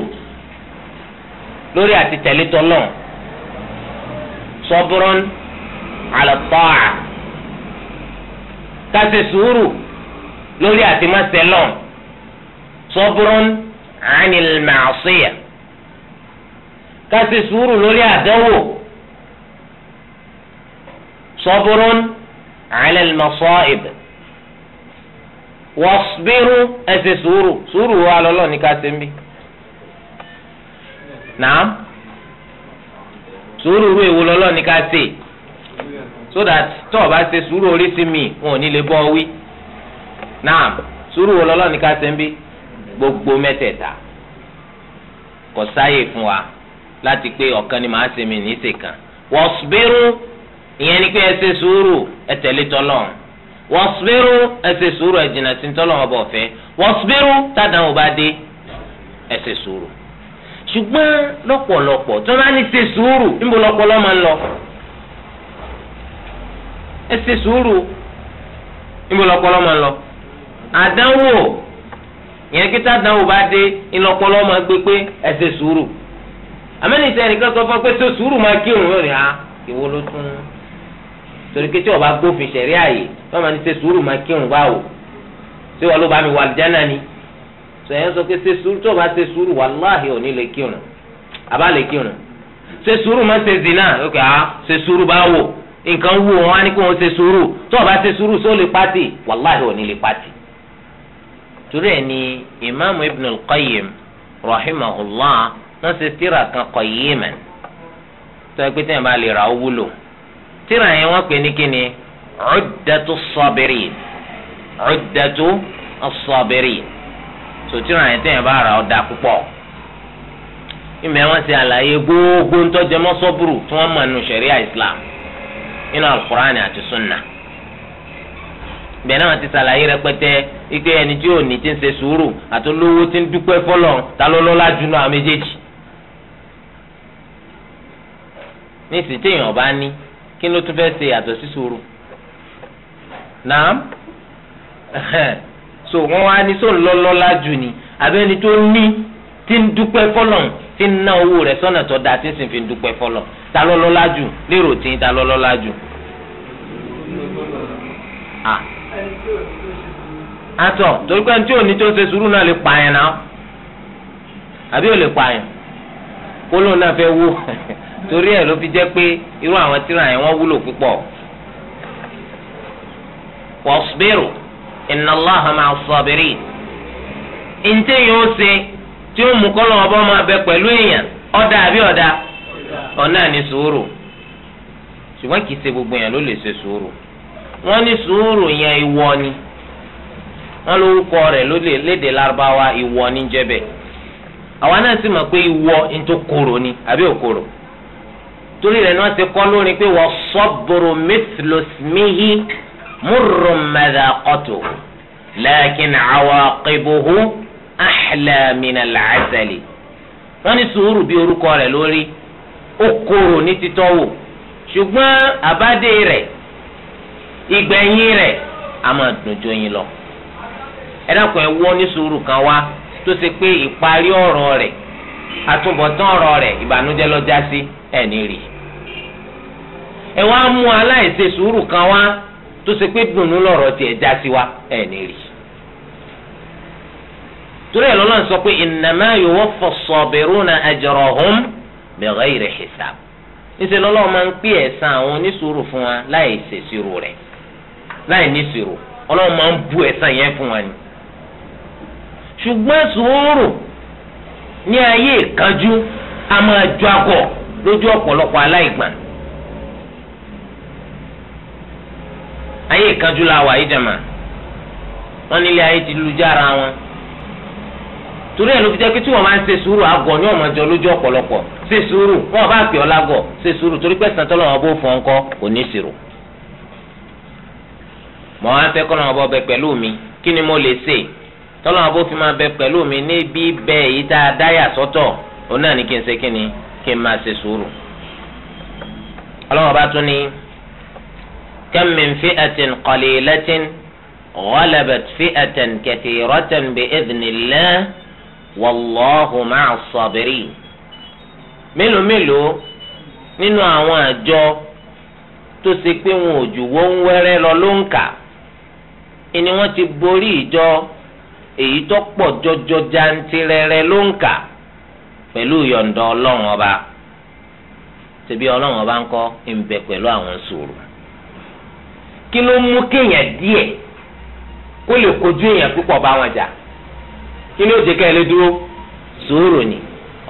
lórí àti tẹ̀lé tọ́lọ̀ sọ́bùrún ala ta'a sùúrù lórí àti má ṣẹlọ̀ sọ́bùrún anil ká ṣe sùúrù lórí àdánwò sọ́bùrún ala al-masa'ib wọ́sbírú ẹ ṣe sùúrù sùúrù wa lọ́lọ́ ní ká ń bí. nàá sùúrù rú èwo lọ́lọ́ ní ká so that tó o bá ṣe sùúrù orí sí mi wọn ò ní lè bọ́ wí. nàá sùúrù wo lọ́lọ́ ní ká ń bí gbogbo mẹ́tẹ̀ẹ̀ta kò sáyè fún wa láti pé ọ̀kan ni màá ṣe ní ìṣèkàn wọ́sbírú ìyẹn ni pé ẹ sùúrù ẹ tẹ̀lé wọ́sbírú ẹ sùúrù ẹ sí tọ́lọ́run ọba ọ̀fẹ́ wọ́sbírú tàdánwò bá dé ẹ sùúrù ṣùgbọ́n lọ́pọ̀lọpọ̀ tó bá ní ṣe sùúrù níbo lọ́pọ̀lọ́ máa ń lọ àmẹ́ni ìtẹ́ ẹnìkan sọ fún ọ pé tó sùúrù máa kírun yóò ní a ìwo ló tún torí pé tí ọba gbófin ṣẹ̀rí àyè wọ́n máa ní ṣe sùúrù máa kírun báwo ṣé wọ́n ló bá mi wà lìjánà ni sọ̀yìn sọ pé ṣe sùúrù tó bá ṣe sùúrù wàláhì ò ní lè kírun àbá lè kírun ṣe sùúrù máa ṣe zina ok a ṣe sùúrù báwo nǹkan wù wọn á ní kó wọn ṣe sùúrù tó bá ṣe sùúrù só lè pàtì wàláhì ò ní lè pàtì. wọ́n ṣe tíra kan kọ yìí mẹ́ tó ẹ pé tẹ́yìn bá lè ra ó wúlò tíra yẹn wọ́n pè ní kíni Uddatu Sabirin Uddatu Sabirin tó tíra yẹn tẹ́yìn bá ra ó da púpọ̀ ìmọ̀ ẹ̀ wọ́n ṣe àlàyé gbogbo ntọ́jẹmọ́ sọ́bùrù tí wọ́n mọ̀ nù Islam nínú alukur'ani àti sunna ti ṣàlàyé rẹpẹtẹ ike ẹni tí ní ti ń ṣe sùúrù àti olówó ti ń dúpẹ́ fọlọ́ ní ìsìn téèyàn bá ní kí ló tún fẹ́ ṣe yàtọ̀ sí sùúrù so wọn wá ní sóun lọ́lọ́lá jù ni àbẹ́ni tó ní tí ń dúpẹ́ fọlọ́n tí ń ná owó rẹ̀ sọ́nà tó dáa tí ń sìn fi ń dúpẹ́ fọlọ́n ta lọ́lọ́lá jù lérò tí ń ta lọ́lọ́lá jù. àtọ̀ torí pé tí òní tó ń ṣe sùúrù náà lè pààyàn náà àbí ò lè pààyàn kó lóun náà fẹ́ wó <laughs> torí ẹ̀ ló fi jẹ́ pé irú àwọn tírà yẹn wọ́n wúlò púpọ̀ wasbiru inna Allaha ma'as sabirin ntẹ ṣe tí ó mú kọ́lọ́ ọba máa bẹ pẹ̀lú èèyàn ọ̀dà àbí ọ̀dà ọ̀nà ní sùúrù ṣùgbọ́n í ṣe gbogbo èèyàn ló lè ṣe sùúrù wọ́n ní sùúrù yẹn ìwọ ni wọ́n lórúkọ rẹ̀ àwa náà sì mọ̀ pé ìwọ ní tó ni àbí torí rẹ̀ ni wọ́n ti kọ́ lórí pé wọ́n sọ́bùrù mìtìlùsímìhì múrùn mẹ́dàkọ́tò lẹ́kìn àwọn akébuhu àhlàmìnà làásẹ̀lì. wọ́n ní sùúrù bí orúkọ rẹ̀ lórí ó korò ní títọ́wò ṣùgbọ́n àbádé rẹ̀ ìgbẹ̀yìn rẹ̀ a máa dùn jọ yín lọ. ẹ dákun ẹ wọ́n ní sùúrù kan wá tó ṣe pé ìparí ọ̀rọ̀ rẹ̀ àtúbọ̀tán ọ̀rọ̀ rẹ̀ ìbànújẹ́ ló sí ẹ̀ ní rí i ẹ wá mú aláìṣe sùúrù kan wá tó ṣe pé dùnú lọ̀rọ̀ tiẹ̀ já sí wa ẹ̀ ní rí. torí ẹ̀ lọ́lọ́run sọ pé innama yuwaffa as-sabiruna ajrahum bighayri hisab níṣẹ́ lọ́lọ́run máa ń pè ẹ̀san àwọn onísùúrù fún wa láì ṣèṣirò rẹ̀ láì níṣirò ọlọ́run máa ń bu ẹ̀san yẹn fún wa ni. ṣùgbọ́n sùúrù ní ayé ìkanjú a máa jọ akọ lójú ọ̀pọ̀lọpọ̀ aláìgbọ̀n ayé ìkanjú la wà yìí jàmà wọn nílé ayé ti lu jára wọn torí ẹ̀ ló fi jẹ́ pé tí wọ́n máa ń ṣe sùúrù àgọ́ ni wọ́n jọ lójú ṣe sùúrù wọn bá pè ọ́ lágọ̀ ṣe sùúrù torí pé sàn tọ́lọ́wọ́n bó fọ́ ńkọ́ kò ní sírò. mọ̀ á bọ bẹ mi kí ni mo lè ṣe bó fi máa bẹ mi níbi bẹ tá a òun náà kí n ṣe kí ni kí n máa ṣe sùúrù. كم من فئة قليلة غلبت فئة كثيرة بإذن الله والله مع الصابرين mélòó mélòó nínú àwọn àjọ tó ṣe pé wọn ò jù wọ́n ń wẹ́rẹ́ lọ ló ń kà ni wọ́n ti borí ìjọ èyí tó pọ̀ jọjọ jantirẹrẹ ló ń kà pẹ̀lú ìyọ̀ǹda ọlọ́run ọba ṣebí ọlọ́run ọba ń kọ́ ń bẹ pẹ̀lú àwọn sùúrù kí ló mú kéèyàn díẹ̀ kó lè kojú èèyàn púpọ̀ bá wọn jà kí ló jẹ́ ká dúró ni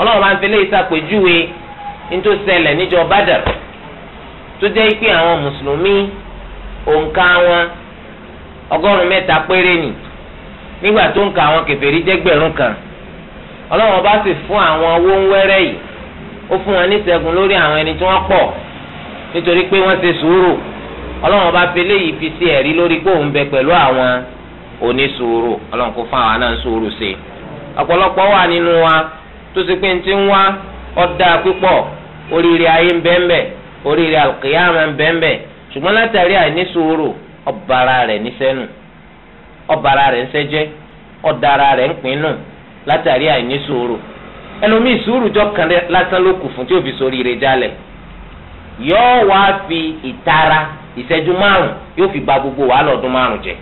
ọlọ́run máa ń fi léyìí sàpèjúwe nítorí sẹlẹ̀ níjọ Badr tó jẹ́ pé àwọn mùsùlùmí wọn ọgọ́rùn-ún ni nígbà tó ń ka àwọn kèfèrí jẹ́gbẹ̀rún kan ọlọ́run bá sì fún àwọn owó ń wẹ́rẹ́ yìí ó fún wọn lórí àwọn ẹni tí wọ́n pọ̀ nítorí pé wọ́n ọlọ́run ọba fi léyìí fi sí ẹ̀rí lórí pé òun bẹ pẹ̀lú àwọn onísùúrù ọlọ́run náà ọ̀pọ̀lọpọ̀ wà nínú wa tó ṣe pé ti ń wá ọ̀dà púpọ̀ oríire ayé ń bẹ́ẹ̀nbẹ́ oríire àlùkìyàmà ń bẹ́ẹ̀nbẹ́ ṣùgbọ́n látàrí ọ̀bàrà rẹ̀ níṣẹ́nu ọ̀bàrà rẹ̀ ń ṣẹ́jẹ́ ọ̀dàrà rẹ̀ kan lásán ló kù fún tí fi ìtara ìṣẹ́jú márùn yóò fi ba gbogbo wàhálà ọdún márùn jẹ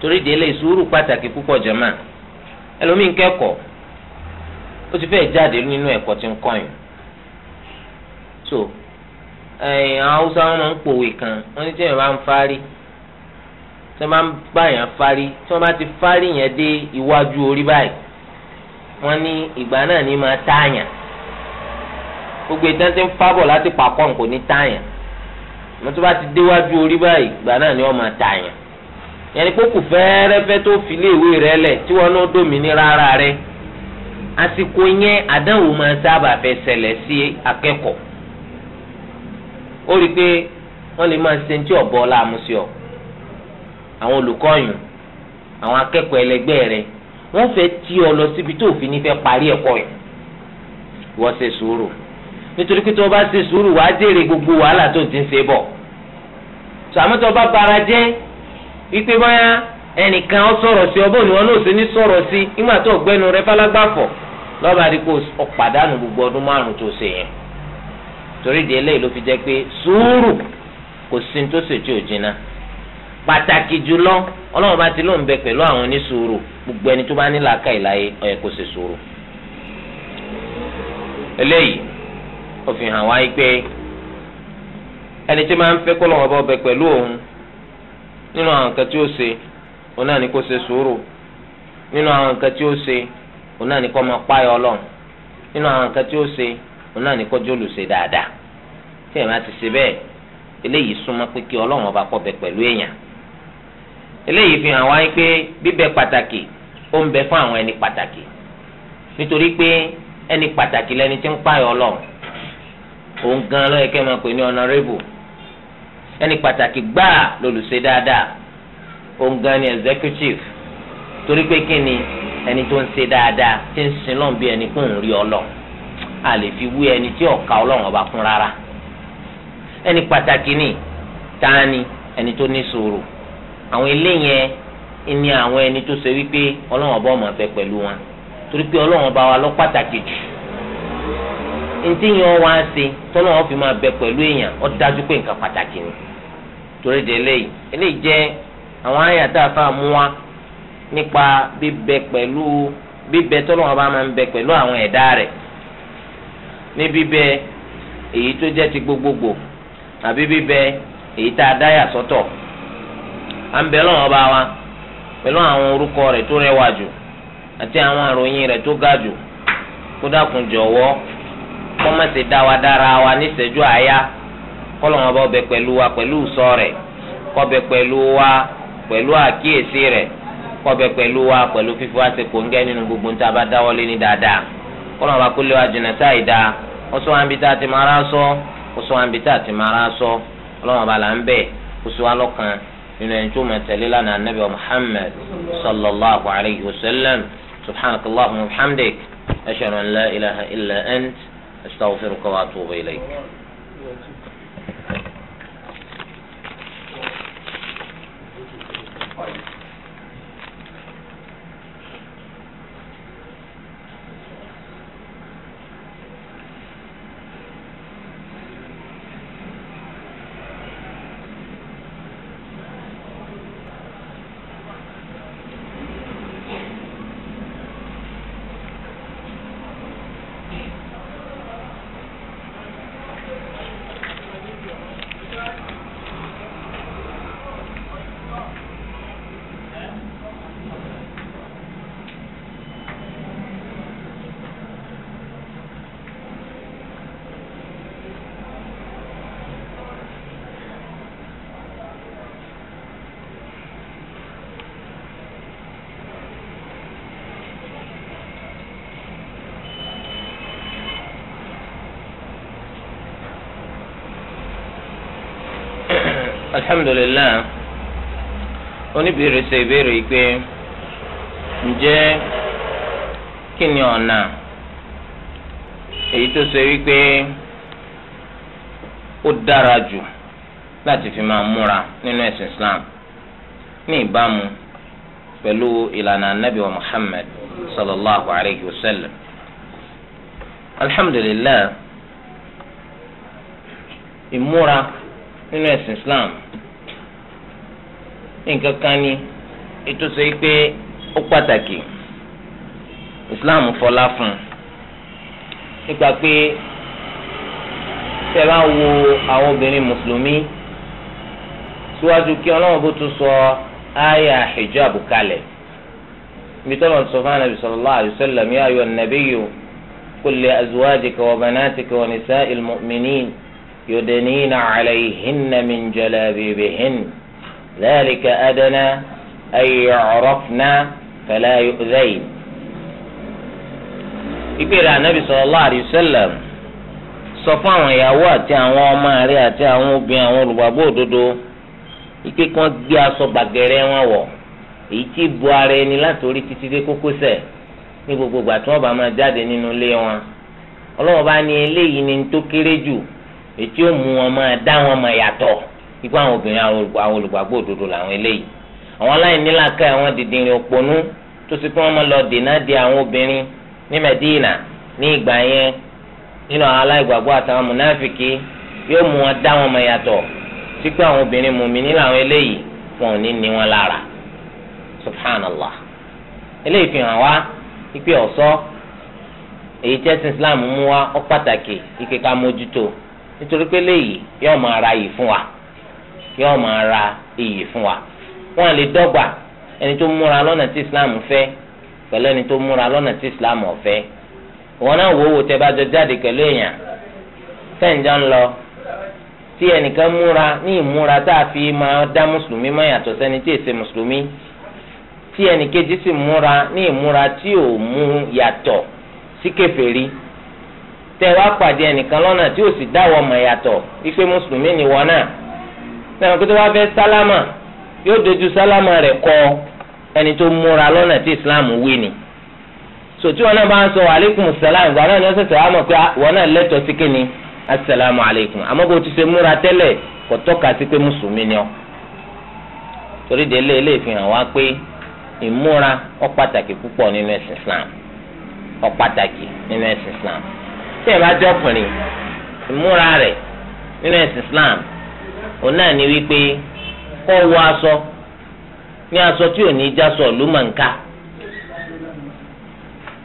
torí délé sùúrù pàtàkì púpọ̀ jẹ̀mọ́ ẹlòmíín kẹ́kọ̀ọ́ ó ti fẹ́ẹ́ jáde nínú ẹ̀kọ́ tí ń kọ́yìn so ẹ̀yìn àwọn haúsá wọn máa ń pòwe kan wọ́n ní tí èèyàn bá ń fárí tí wọ́n bá ń bá èèyàn fárí tí wọ́n bá ti fárí yẹn dé iwájú orí báyìí wọ́n ní ìgbà náà ní máa táyàn gbogbo ìtàn ń fábọ̀ láti pàpọ̀ nǹkó ní táyàn àmọ́ tó bá ti déwájú orí báyìí ìgbà náà ni wọ́n máa ta àyàn yẹn ni kókò fẹ́ẹ́rẹ́fẹ́ tó fi lé ìwé rẹ lẹ̀ tí wọ́n náà dòmìnira ara rẹ àsìkò yẹn àdánwò máa sábà fẹ́ ṣẹlẹ̀ sí akẹ́kọ̀ọ́ ó rí i pé wọ́n lè máa ṣe tí ọ̀bọ láàmúsí ọ àwọn olùkọ́yùn àwọn akẹ́kọ̀ọ́ ẹlẹgbẹ́ rẹ wọ́n fẹ́ tí ọ lọ síbi tó òfin ní fẹ́ parí ẹ̀kọ́ yẹn wọ́n ṣe sùúrù nítorí pé tó o bá ṣe sùúrù gbogbo wàhálà tó ti ń ṣe bọ̀ sàmì tó o bá bara jẹ́ wípé bóyá ẹnìkan ọ sọ̀rọ̀ sí ọbọ̀ ni wọn náà ṣe ní sọ̀rọ̀ sí ìgbà tó gbẹnu rẹ falágbàfọ̀ lọ́ba rí kó o pàdánù gbogbo ọdún márùn tó ṣe yẹn torí di eléyìí ló fi jẹ́ pé sùúrù kò sí tó ṣe tí ò jiná pàtàkì jùlọ ọlọ́run bá ti lóun bẹ pẹ̀lú àwọn gbogbo ẹni tó bá ní làákàyè láyé ó fi hàn wáyé pé ẹni tí máa ń fẹ́ kọ́lọ́wọ́ bá ọbẹ̀ pẹ̀lú òun nínú àwọn nǹkan tí ó ṣe òun náà ní kó nínú àwọn nǹkan tí ó ṣe òun náà ní kó máa nínú àwọn nǹkan tí ó ṣe òun náà ní kó jólù ṣe dáadáa tí ẹ̀ máa ti ṣe bẹ́ẹ̀ eléyìí súnmọ́ pé kí ọlọ́run ọba fi hàn wáyé pé bíbẹ pàtàkì ó ń bẹ fún àwọn ẹni pàtàkì nítorí òun gan lọ́yẹ̀ kẹ́ máa pè ní honourable ẹni pàtàkì gbáà lolùṣe dáadáa òun gan ni executive torí pé kí ni ẹni tó ń ṣe dáadáa ti ń sin lọ́n bí ẹni kún ń rí ọlọ́ a lè fi wé ẹni tí ọ̀ka ọlọ́run ọba kún rárá ẹni pàtàkì ni tani ẹni tó ní sùúrù àwọn eléyẹn ni àwọn ẹni tó ṣe wípé ọlọ́run ọba ọmọ fẹ́ pẹ̀lú wọn torí pé ọlọ́run ọba wa lọ pàtàkì jù ntí yẹn wá ṣe tọ́nà fi máa bẹ pẹ̀lú èèyàn ó dájú pé nǹkan pàtàkì ni torí de eléyìí eléyìí jẹ́ àwọn àyà tá a fà mú wa nípa bíbẹ pẹ̀lú bíbẹ tọ́nà bá máa ń bẹ pẹ̀lú àwọn ẹ̀dá rẹ̀ ní bíbẹ èyí tó jẹ́ ti gbogbogbò àbí bíbẹ èyí tá a dáyà sọ́tọ̀ à ń bẹ kọ́mọ̀ sí wa dára wa níṣẹ́jú àyà kọ́lọ́mọ bá bẹ pẹ̀lú wa pẹ̀lú sọ rẹ̀ kọ́bẹ pẹ̀lú wa pẹ̀lú àkíyèsí rẹ̀ kọ́bẹ pẹ̀lú wa pẹ̀lú fífi wá ṣe kòńgẹ́ nínú gbogbo níta bá dáwọ́lé ní dáadáa kọ́lọ́mọ bá kúlẹ̀ wa jìnnà sáì ti máa sọ ti máa Muhammad sallallahu alayhi أستغفرك وأتوب إليك Thank you. alhamdulilayi oníbèrè ṣe ìbéèrè yìí pé ǹjẹ́ kí ni ọ̀nà èyí tó ṣe wípé ó dára jù láti fi máa múra nínú ẹ̀sìn Islam ní ìbámu pẹ̀lú ìlànà anabi wa Muhammad sallallahu alayhi wa sallam alhamdulilayi ìmúra. nínú ẹ̀sìn Islam nǹkan kan ni ètò sọ yìí pé ó pàtàkì Islam fọlá fún un nípa pé tẹ́ bá wo àwọn obìnrin mùsùlùmí síwájú kí ọlọ́run bó tún sọ àyà hijab kalẹ̀ ibi tọ́lọ̀ ń sọ fún anabi sallallahu alayhi wa sallam ya ayyuhan nabiyyu qul li azwajika wa banatika wa nisa'il mu'minin. يدنين عليهن من جلابيبهن ذلك أدنى أن يعرفن فلا يؤذين ìpèrè Ànábì sallallahu alayhi wa sallam sọ fún àwọn ìyàwó àti àwọn ọmọ rẹ̀ àti àwọn obìnrin àwọn olùgbàgbọ́ òdodo ike kan gbé aṣọ gbàgẹ̀rẹ̀ wọn wọ̀ èyí tí bu ara ẹni láti orí títí dé ní gbogbo ìgbà tí wọ́n bá máa jáde nínú ilé wọn bá ní ètí ó mú wọn máa dá wọn máa yàtọ̀ ikú àwọn obìnrin àwọn olùgbàgbọ́ òdodo làwọn eléyìí àwọn aláìní làákà àwọn dìndìnrín tó sì pé wọn máa lọ dènà àwọn obìnrin ní Medina ní ìgbà yẹn nínú àwọn àtàwọn mùnáfìkì yóò mú wọn dá wọn máa sí pé àwọn obìnrin làwọn eléyìí subhanallah eléyìí fi hàn ipe ọ̀sọ́ èyí tẹ́sí Islam mú wa ó pàtàkì nítorí pé léyìí yóò máa ra iyì fún wa yóò máa ra iyì fún wa wọn lè dọ́gba ẹni tó múra lọ́nà tí islam fẹ́ pẹ̀lú ẹni tó múra lọ́nà tí islam ò fẹ́ wọn náà wò wò tẹ́ bá jọ jáde pẹ̀lú èèyàn tẹ́ǹjọ́ ń lọ tí ẹnìkan múra ní ìmúra tá a fi máa dá mùsùlùmí mọ́ yàtọ̀ sẹ́ni tí èsè mùsùlùmí tí ẹnìkejì sì múra ní ìmúra tí ò mú yàtọ̀ sí kèfèrí. Si tẹ wá pàdé ẹnìkan lọ́nà tí ó sì dáwọ́ ọmọ yàtọ̀ wípé mùsùlùmí ni wọn náà sẹ́wọ̀n pé tó wá fẹ́ sálámà yóò dojú sálámà rẹ̀ kọ ẹni tó múra lọ́nà tí islam wí ni tí wọn náà bá ń sọ aleykum salam ìgbà náà ni pé ah, wọn náà torí de ilé ilé ìfihàn wa pé ìmúra pàtàkì nínú islam tí ẹ bá jọ ọkùnrin ìmúra rẹ̀ nínú ẹ̀sìn Islam òun náà ní wípé kó wọ aṣọ ní aṣọ tí ò ní já sọ ló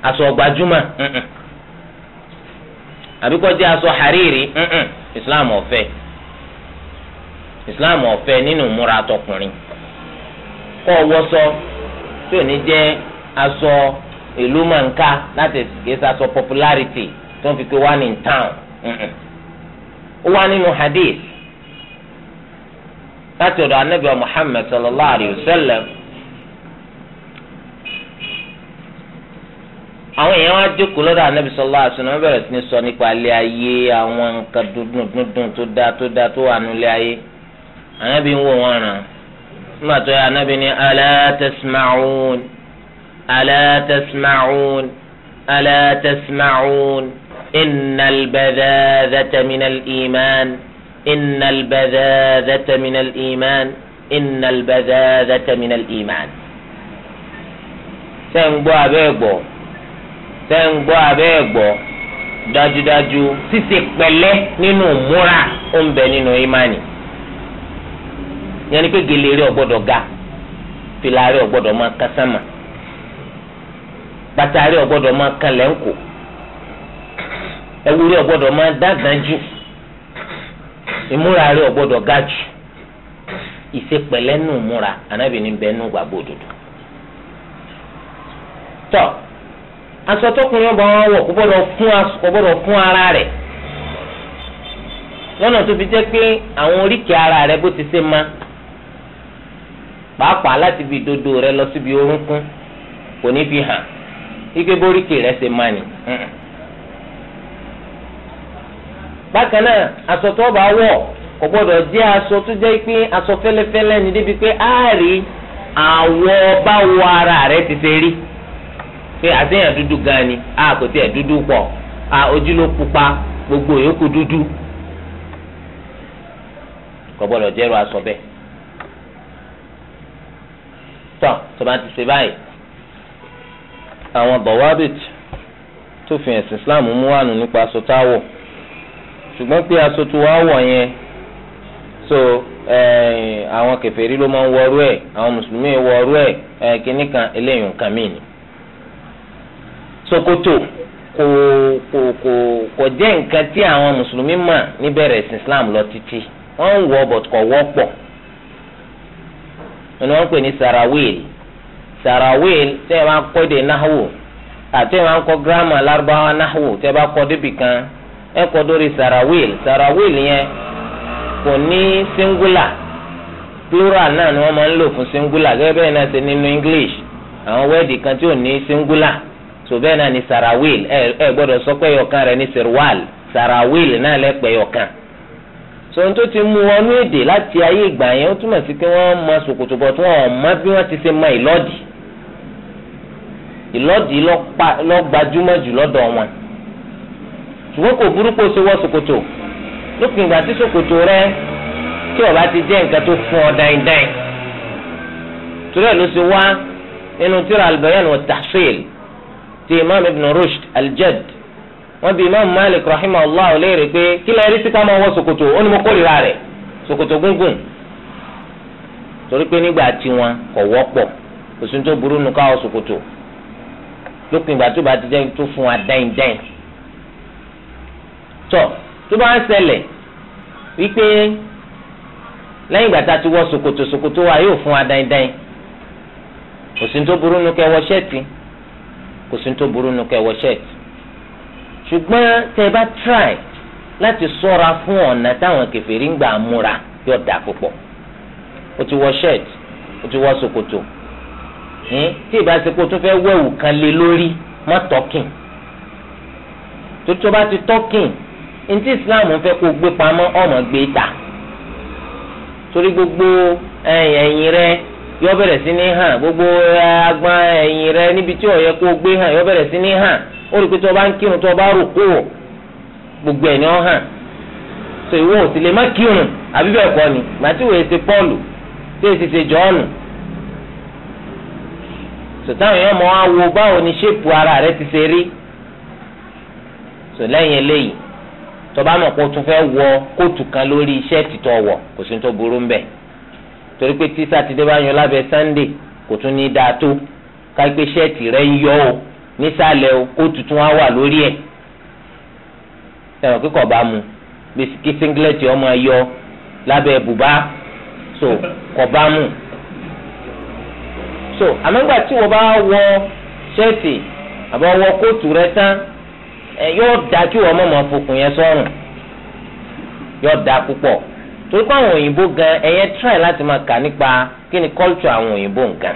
aṣọ gbajúmọ̀ Islam ọ̀fẹ́ Islam ọ̀fẹ́ nínú ìmúra tọkùnrin kó wọṣọ tí ò ní jẹ́ aṣọ ìlú láti tó ń fi pé one in town ó wá nínú hadith láti ọ̀dọ̀ anábìá Muhammad sallallahu alayhi wa sallam àwọn èèyàn wá jókòó lọ́dọ̀ anábì sallallahu alayhi wa sallam wọ́n bẹ̀rẹ̀ sí ní sọ nípa alẹ́ ayé àwọn nǹkan dúdùn dúndùn tó dáa tó dáa tó wà nílé ayé anábì ń wò wọ́n ràn nígbà tó yẹ anábì ní ala tasma'un ala innal badhadhata من الإيمان innal badhadhata من الإيمان innal badhadhata من الإيمان. ṣé ń gbọ́ abẹ́ gbọ́ ṣé ń gbọ́ abẹ́ gbọ́ dájúdájú ṣíṣe pẹ̀lẹ́ nínú múra ó ń bẹ nínú ìmánì yẹn ni pé gèlè rẹ̀ ọ̀gbọ́dọ̀ ga fìlà ọ̀gbọ́dọ̀ máa kásánmà bàtà ọ̀gbọ́dọ̀ máa kan lẹ́ńkò. ewu ọgbọdọ ọ̀gbọ́dọ̀ máa dágàn ìmúra rẹ̀ ọ̀gbọ́dọ̀ ga jù múra anábì ní bẹ́ẹ̀ òdodo. tọ́ aṣọ tọkùnrin ọba wọn fún ara rẹ lọ́nà tó fi jẹ́ pé ara rẹ̀ bó ti ṣe máa pàápàá láti dodo rẹ lọ síbi orúnkún kò ní fi hàn ike bóríkè rẹ ṣe máa bákan náà aṣọ tó bá wọ̀ kò gbọ́dọ̀ jẹ́ aṣọ tó jẹ́ pé aṣọ fẹ́lẹ́fẹ́lẹ́ ni débi pé àárí àwọ̀ báwo ara rẹ̀ ti ṣe rí pé àtẹ̀yàn dúdú gan ni a kò tiẹ̀ dúdú pọ̀ a ojú ló pupa gbogbo yòókù dúdú kò gbọ́dọ̀ jẹ́rú aṣọ bẹ́ẹ̀ tán tó bá ti ṣe báyìí àwọn bọ̀wábìtì tó fi ẹ̀sìn Islam mú wánu nípa aṣọ táwọ̀. ṣùgbọ́n pé aṣọ tí wọ̀ so àwọn kèfèrí ló máa ń wọrú ẹ̀ àwọn mùsùlùmí wọrú ẹ̀ kínní kan eléyìí nǹkan ni. kò kò kò kò jẹ́ nǹkan tí àwọn mùsùlùmí níbẹ̀rẹ̀ sí Islam lọ títí wọ́n ń wọ bọ̀t kọ̀ wọ́pọ̀ ni wọ́n ń pè ní sarawil sarawil tẹ́ ẹ máa kọ́ èdè náhùn àti ẹ kọ́ gírámà lárúbáwá ẹ kọ dórí sarawil sarawil yẹn kò ní singula plural náà ni wọ́n máa ń lò fún singula ebe bẹ́ẹ̀ náà ṣe nínú english àwọn wẹ́ẹ̀dì kan tí ò ní singula so bẹ́ẹ̀ ni sarawil ẹ ẹ sọ pé ẹyọkan rẹ̀ ní sirwal sarawil náà so n tó ti mú wọnú èdè láti ayé ìgbà yẹn ó túmọ̀ sí pé wọ́n ṣòkòtò bọ̀ tí wọ́n bí wọ́n ti ṣe ṣùgbọ́n kò burúkú ṣe wọ ṣòkòtò lópin ìgbà tí ṣòkòtò rẹ tí ó bá ti jẹ́ nǹkan tó fún ọ dáindáin torí ẹ̀ ló ṣe wá nínú tíra al-bayan wa tahsil ti imam ibn rushd al-jadd wọ́n bi imam malik rahimahullah léèrè pé kí lóò rí sí ká máa wọ ṣòkòtò ó ní mo kórìíra rẹ̀ ṣòkòtò gúngùn torí pé nígbà tiwọn kò wọ́pọ̀ kò sí tó burú nu ká wọ lópin ìgbà tó bá ti jẹ́ tó fún wa dáindáin tọ̀ tó bá ń ṣẹlẹ̀ wípé lẹ́yìn ìgbà tá a ti wọ ṣòkòtò ṣòkòtò wa yóò fún wa dáindáin kò sí ní tó burú nu kẹ́ wọ ṣẹ́ẹ̀tì kò sí ní tó burú nu kẹ́ wọ ṣẹ́ẹ̀tì ṣùgbọ́n tẹ́ ẹ bá try láti ṣọ́ra fún ọ̀nà táwọn kèfèrí ń gbà múra yóò dà púpọ̀ o ti wọ ṣẹ́ẹ̀tì o ti wọ ṣòkòtò hmm? tí ìbá ṣe pé o tún fẹ́ wẹ̀wù kan lé lórí má tọ́kìn tó tó bá ti tọ́kìn ntí islam fẹ́ kó gbé pamọ́ ọmọ gbé ta torí gbogbo eh, ẹ̀yìn rẹ yọ bẹrẹ sí ní hàn gbogbo eh, agbọn ẹ̀yìn rẹ níbi tí ó yẹ kó gbé hàn yọ bẹ̀rẹ̀ sí ní hàn ó rí i pé tó o bá ń kírun tó bá rò kó o gbogbo ẹ̀ ni ó hàn so ìwọ ò sì lè má kírun àbí bẹ́ẹ̀ kọ́ ni màtí wòye ṣe pọ́ọ̀lù tí èsì ṣe jọ́ọ̀nù sọtáwọn èèyàn mọ àwo báwo ni ṣépù ara rẹ ti ṣe rí sọ lẹ́yìn eléyìí tọba mọ̀ kó tún fẹ́ wọ kóòtù kan lórí ṣẹ́ẹ̀tì tó wọ̀ kò sí tó burú mbẹ̀ torí pé tí sátidé bá yan lábẹ́ sannde kò tún ní dáa tó káyí pé ṣẹ́ẹ̀tì rẹ̀ ń yọ o nísàlẹ̀ o kóòtù tún wá wà lórí ẹ̀ ẹ̀rọ kíkọ̀ bá mu bisikí singlet ọmọ yọ lábẹ́ bùbá so kọ̀ bá mu so àmọ́gbà tí wọ́n bá wọ ṣẹ́ẹ̀tì àbọ̀ kóòtù rẹ̀ tán yóò da kí wọ́n mọ̀mọ́ fokùn yẹn sọ́rùn yóò da púpọ̀ torí pé àwọn gan ẹ̀yẹ try láti máa kà nípa kí ni culture àwọn òyìnbó nǹkan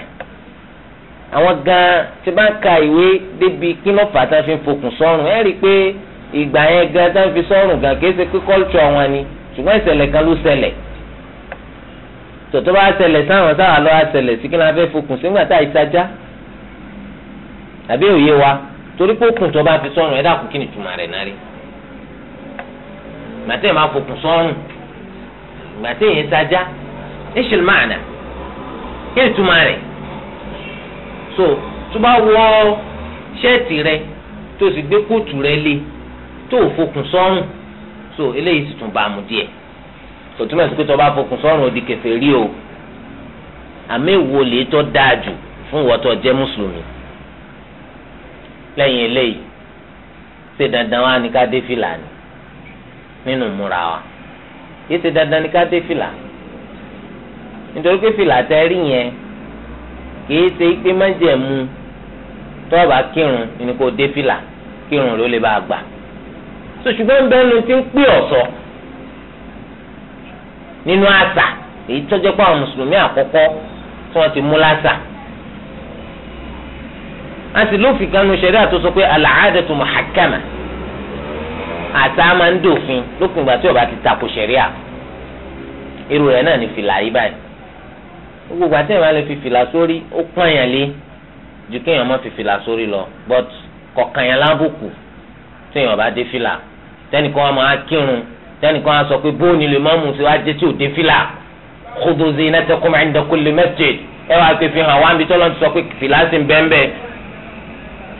àwọn gan ti bá ka ìwé débi kí ló fà tá fi ń fokùn ẹ̀ rí i pé yẹn gan tá fi sọ́rùn gan kì í ṣe pé culture wọn ni ṣùgbọ́n ìṣẹ̀lẹ̀ kan ló ṣẹlẹ̀ tòtò bá ṣẹlẹ̀ sáwọn sáwọn lọ́wọ́ ṣẹlẹ̀ sí kí ni fẹ́ tá torí pé okùn tó bá fi sọ́rùn ẹ dákun kí ni ìtumọ̀ rẹ̀ náà rí màtí máa fòkùn sọ́rùn màtí yẹn sájà níṣẹ́ máa nà kí ni ìtumọ̀ rẹ̀ so tó bá wọ ṣẹ́ẹ̀tì rẹ̀ tó sì gbé kóòtù rẹ̀ lé tó fòkùn sọ́rùn so eléyìí sì tún bá a mú díẹ̀ kò túmọ̀ sí pé tó bá fòkùn sọ́rùn ó di kèfèrí o àmì ìwọlé tó dáa jù fún ìwọ jẹ́ mùsùlùmí lẹ́yìn eléyìí ṣe dandan wa ni ká dé fìlà ni nínú múra wa yìí ṣe dandan ni ká dé fìlà nítorí pé fìlà tẹ́ rí yẹn kìí ṣe pé májẹ̀mú tọ́ọ̀bà kírun ni kò dé fìlà kírun ló lè bá a gbà so ṣùgbọ́n bẹ́ẹ̀ ló ti ń pè ọ̀sọ́ nínú àṣà èyí tọ́jọ́ pé àwọn mùsùlùmí àkọ́kọ́ tí wọ́n ti mú láṣà a sì lófin kanu ṣẹ̀ríà tó sọ pé al-'adatu muhakkama àṣà máa ń dòfin lókun ìgbà tí ó bá ti tako ṣẹ̀ríà irú rẹ̀ náà ni fìlà yìí báyìí gbogbo àti ìwà lè fi fìlà sórí ó pọ́n yàn lé ju kéèyàn má fi fìlà sórí lọ but kọ̀ọ̀kan yẹn lábùkù tí èèyàn bá dé fìlà tẹnìkan á máa kírun tẹnìkan á sọ pé bóòní lè má mú sí wá dé tí ò dé fìlà khudhu zinatakum 'inda kulli masjid ẹ wá pé fi hàn wá níbi tọ́lọ́ ti sọ pé fìlà sì ń bẹ́ẹ̀ bẹ́ẹ̀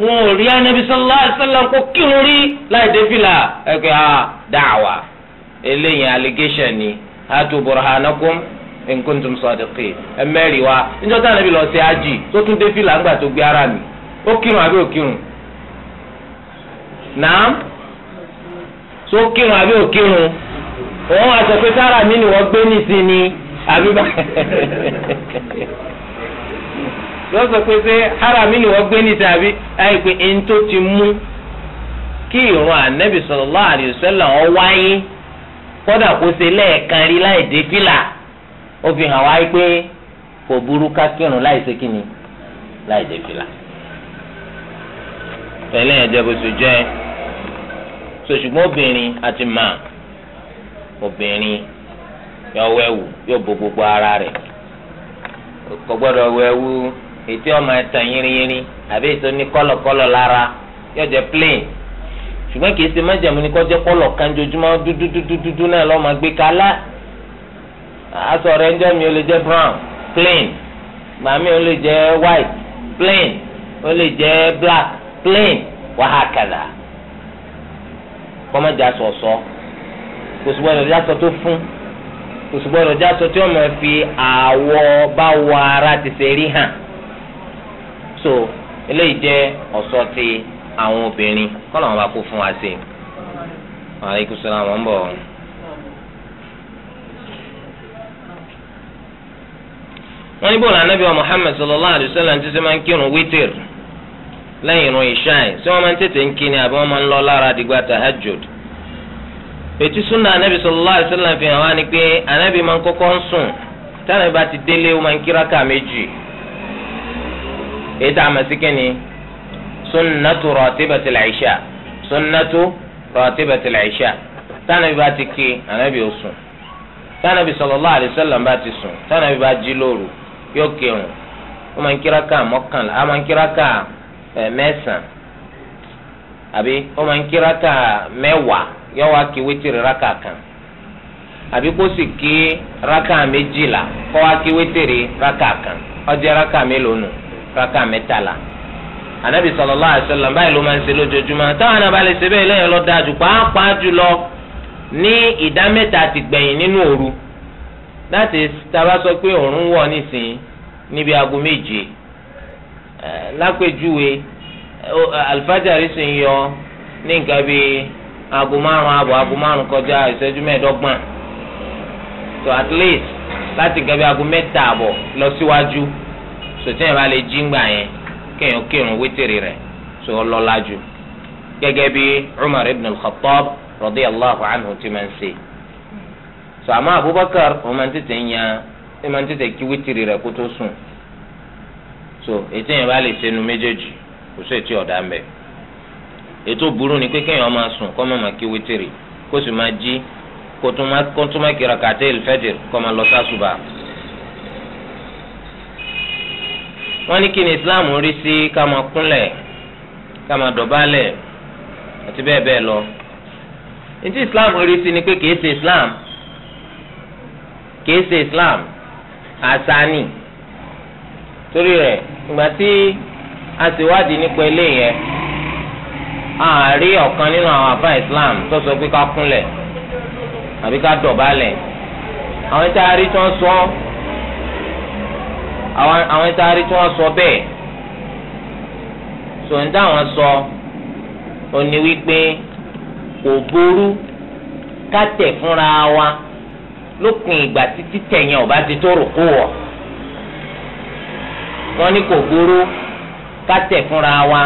wọn ò rí anabi sallallahu kó kírun rí láì dé fìlà ẹ pé ah, a eléyìí allegation ni hatu burhanakum in kuntum sadiqin ẹ mẹ́rin wa níjọ́ tí anabi lọ sí ají tó tún dé fìlà ńgbà tó ara mi ó kírun àbí kírun naam so kírun àbí ò kírun òun àti ọ̀pẹ sára mi ni wọ́n gbé nísìnyí <laughs> yóò sọ pé ṣé harami ni wọ́n gbé ní tàbí láì pé ẹni tó ti mú kí ìrun ànábì sallallahu alaihi wasallam ọ wáyé kódà kó ṣe lẹ́ẹ̀kan rí láì dé fìlà ó fi hàn wáyé pé kò burú ká kírun láì ṣe láì dé fìlà. tẹ̀lé ẹ̀jẹ̀ bó ṣe jẹ́ sọ̀ṣùgbọ́n obìnrin àti màá obìnrin yọ yóò bo gbogbo ara rẹ̀ kò gbọ́dọ̀ wẹ̀wù. ètò ọmọ ẹtàn yiri àbí ètò ní kọlọkọlọ lára yóò jẹ plain ṣùgbọ́n kìí ṣe májàmú ni kọlọ kan jojúmọ́ dúdúdúdúdú náà lọ máa gbé kálá aṣọ rẹ̀ ń jọ mi ó lè jẹ brown plain màmí ó lè jẹ white plain lè jẹ black plain wàhákàdà sọsọ, fún sọ tí ara ti ṣe rí so eléyìí jẹ́ ọ̀ṣọ́ ti àwọn obìnrin kọ́lọ̀ wọn bá kó fún wa sí i. aleykum salaam wọn ní bọ́ọ̀lù anábìá sallallahu alayhi wa sallam ti sẹ́ máa ń kírun wítìr lẹ́yìn irun ìṣáì tí wọ́n máa ń tètè ń kí àbí wọ́n máa ń lọ lára àdìgbà ètí sallallahu alayhi sallam fi hàn wá ni pé anábì máa ń kọ́kọ́ ń sùn táwọn ìbá ti délé èyí tá a mọ̀ sunnatu ratibatil isha sunnatu ratibatil isha tánàbí bá ti ké ànábì ó sùn tánàbí sallallahu alaihi wasallam bá ti sùn tánàbí bá jí lóru yóò kírun ó máa ń kíra ká kan abi kó ki raka méjìlá kó wá kí kan rákà mẹ́tàlá anabi sallallahu alaihi wasallam báyìí ló máa ń ṣe lójoojúmọ́ táwọn náà bá lè ṣe bẹ́ẹ̀ lẹ́yìn lọ dáa jù pàápàá jùlọ ní ìdá mẹ́ta ti gbẹ̀yìn nínú òru láti taba sọ pé òòrùn wọ̀ nísìnyí níbi aago méje lápèjúwe alifájàrí sì ń yọ ní nǹkan bíi aago márùn ààbọ̀ aago márùn kọjá ìṣẹ́jú mẹ́ẹ̀ẹ́dọ́gbọ̀n so at least láti nǹkan bíi aago mẹ́ta ààbọ̀ lọ síwájú. Si sòtún yẹn bá lè jí ngbà yẹn kéèyàn kírun wítìrì rẹ̀ tó lọ́lá jù gẹ́gẹ́ bí Umar ibn al-Khattab radiyallahu anhu ti máa ń ṣe sọ àmọ́ Abubakar wọ́n máa ń tètè yan wọ́n máa ń tètè kí wítìrì rẹ̀ kó tó sùn so ètò yẹn bá lè sẹnu méjèèjì kò sí ètò ọ̀dà ń bẹ̀ ètò burú ni pé kéèyàn máa sùn kó má máa kí wítìrì kó sì máa jí kó tún má kíra kàtẹ́ ìlfẹ́dìr kó máa lọ sásùbà wọ́n ní kí ni islam rí sí ká máa kúnlẹ̀ ká máa dọ̀bálẹ̀ àti bẹ́ẹ̀ bẹ́ẹ̀ lọ ní islam rí sí ni pé kìí ṣe islam kìí ṣe islam àṣàní torí rẹ̀ ìgbà tí a ti wádìí nípa eléyẹ a rí ọ̀kan nínú àwọn àbá islam tó sọ pé ká kúnlẹ̀ àbí ká dọ̀bálẹ̀ àwọn tí a rí tí wọ́n sọ ọ́. àwọn àwọn ìtaari tí wọ́n sọ bẹ́ẹ̀ sọ̀ńdà wọn sọ ó ní wípé kò burú ká fúnra wa lópin ìgbà títí tẹ̀yìn ọba ti tó rò kó wọ̀ wọ́n ní kò burú ká fúnra wa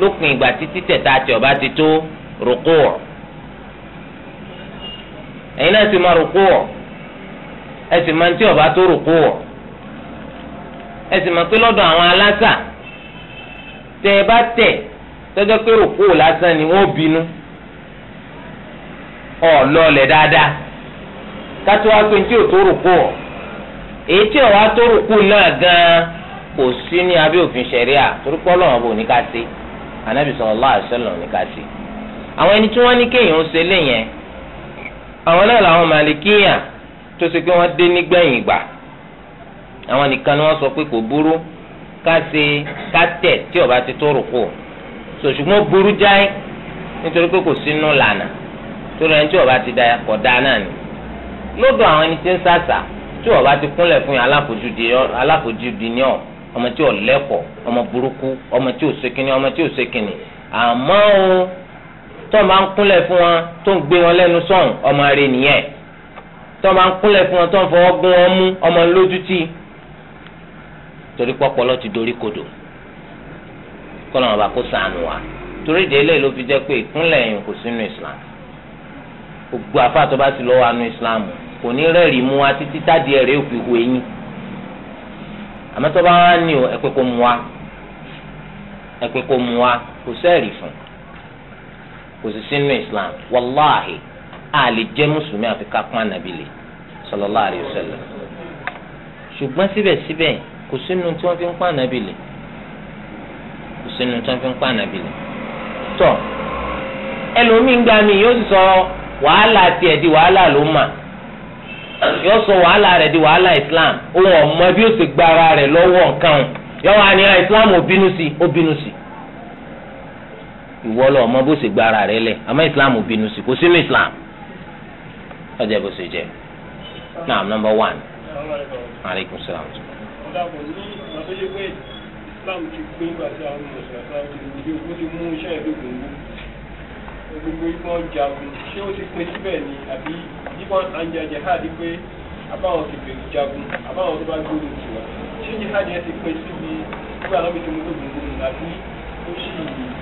lópin ìgbà títí tẹ̀ta tẹ̀ ọba ti tó rò kó wọ̀ ẹ̀yin náà sì máa rò kó wọ̀ ẹ sì máa ń tí ọ̀bá tó rò kó wọ̀. ẹ sì awọn pé lọ́dọ̀ àwọn aláṣà tẹ ẹ bá tẹ̀ tọ́jọ́ pé òkú lásán ni wọ́n bínú dáadáa kátó wá pé tí ò tó rùkú ọ̀ èyí tí ọ̀wá tó rùkú náà gan-an kò sí ní abẹ́ òfin ṣẹ̀ríà torúkọ ọlọ́run bò ní ká sí anábì ní ká sí. àwọn ẹni tí wọ́n ní kéèyàn ń àwọn náà làwọn tó ṣe pé wọ́n àwọn nìkan ni wọ́n sọ pé kò burú ká ṣe ká tẹ̀ tí ó bá ti tó rùkú so ṣùgbọ́n burú jáì nítorí pé kò sínú lànà torí ẹni tí ó ti da kọ̀ da náà ni lọ́dọ̀ àwọn ẹni tí ń sàṣà tí ó bá ti kúnlẹ̀ fún yẹn aláfojúdi ni ọ̀ ọmọ tí ò lẹ́kọ̀ọ́ ọmọ burúkú ọmọ tí ò ṣèkínní ọmọ tí ò ṣèkínní àmọ́ o tó máa ń kúnlẹ̀ fún wọn tó ń gbé wọn lẹ́nu sọ̀hún ọmọ rẹ̀ nìyẹn tó máa ń kúnlẹ̀ fún wọn tó ń fọwọ́ gún wọn mú ọmọ lójútì torí pọpọlọ ti dorí kodò kọlọ wọn bá kó sànù wa torí délé ló fi jẹ pé ìkúnlẹ̀ yìí kò sínú islam gbogbo afa tó bá sì lọ́wọ́ àánú islam kò ní rẹ́ẹ̀rì mu wa títí tádìí ẹ̀rẹ́ òfì hu eyín àmọ́ tó ní o ẹ pé kó wa ẹ pé kó wa kò sẹ́ẹ̀rì fún kò sì sínú islam wàláhì a lè jẹ́ mùsùlùmí àfi ká pọ́n ànábìlẹ̀ sallallahu alaihi wasallam ṣùgbọ́n síbẹ̀síbẹ̀ kò sínú tí wọ́n fi ń pa ànábì lè kò sínú tí wọ́n fi ń pa ànábì lè tọ́ gba mi yóò sọ wàhálà tiẹ̀ di wàhálà ló mà yóò sọ wàhálà rẹ̀ di wàhálà Islam òun ọ̀mọ bí ó sì gba ara rẹ̀ lọ́wọ́ nǹkan o yọ wà ah, Islam ó sí ó sí ọmọ bó sì gba ara rẹ̀ Islam ó sí kò sínú Islam ọjọ́ bó ṣe jẹ́ one. salaam. dàpọ̀ ní àtọ́jú pé Islam ti pé nígbà àwọn mùsùlùmí ti ní ó ti mú iṣẹ́ ìdókòwò gbogbo ìbọn jagun ṣé ó ti pín síbẹ̀ ni àbí ìbọn anjajà hà pé abáwọn ti bèrè jagun abáwọn tó bá gbóòdù tiwa ṣé jihad yẹn ti pín síbi nígbà náà bí ti mú gbogbo gbòòdù àbí ó sì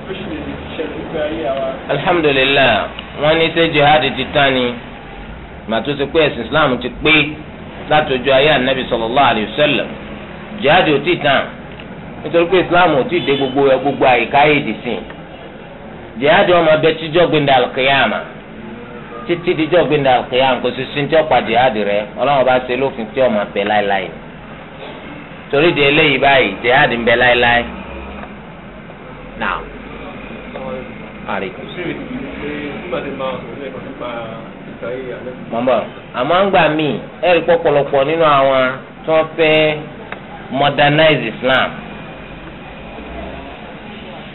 ó sì lè ṣẹlẹ̀ nípa ayé àwa. alhamdulilayi wọn ní ṣé jihad ti tán ni màtó ti pé ẹ̀sìn islam ti pé látọjọ́ ayé anabi sallallahu alayhi wa jihadi ò tí ì nítorí pé islam ò tí dé gbogbo ẹ gbogbo àyíká èdè sí i jihadi ọmọ bẹ tíjọ gbẹndà alkiyama títí díjọ gbẹndà alkiyama kò sí tí ọ̀pá jihadi rẹ ọlọ́run bá ṣe lófin tí ọmọ bẹ láéláé torí di eléyìí báyìí jihadi ń bẹ láéláé náà mọ̀ bọ̀ àmọ́ ń gbà ẹ̀rí pọ̀pọ̀lọpọ̀ nínú àwọn tó ń fẹ́ modernize Islam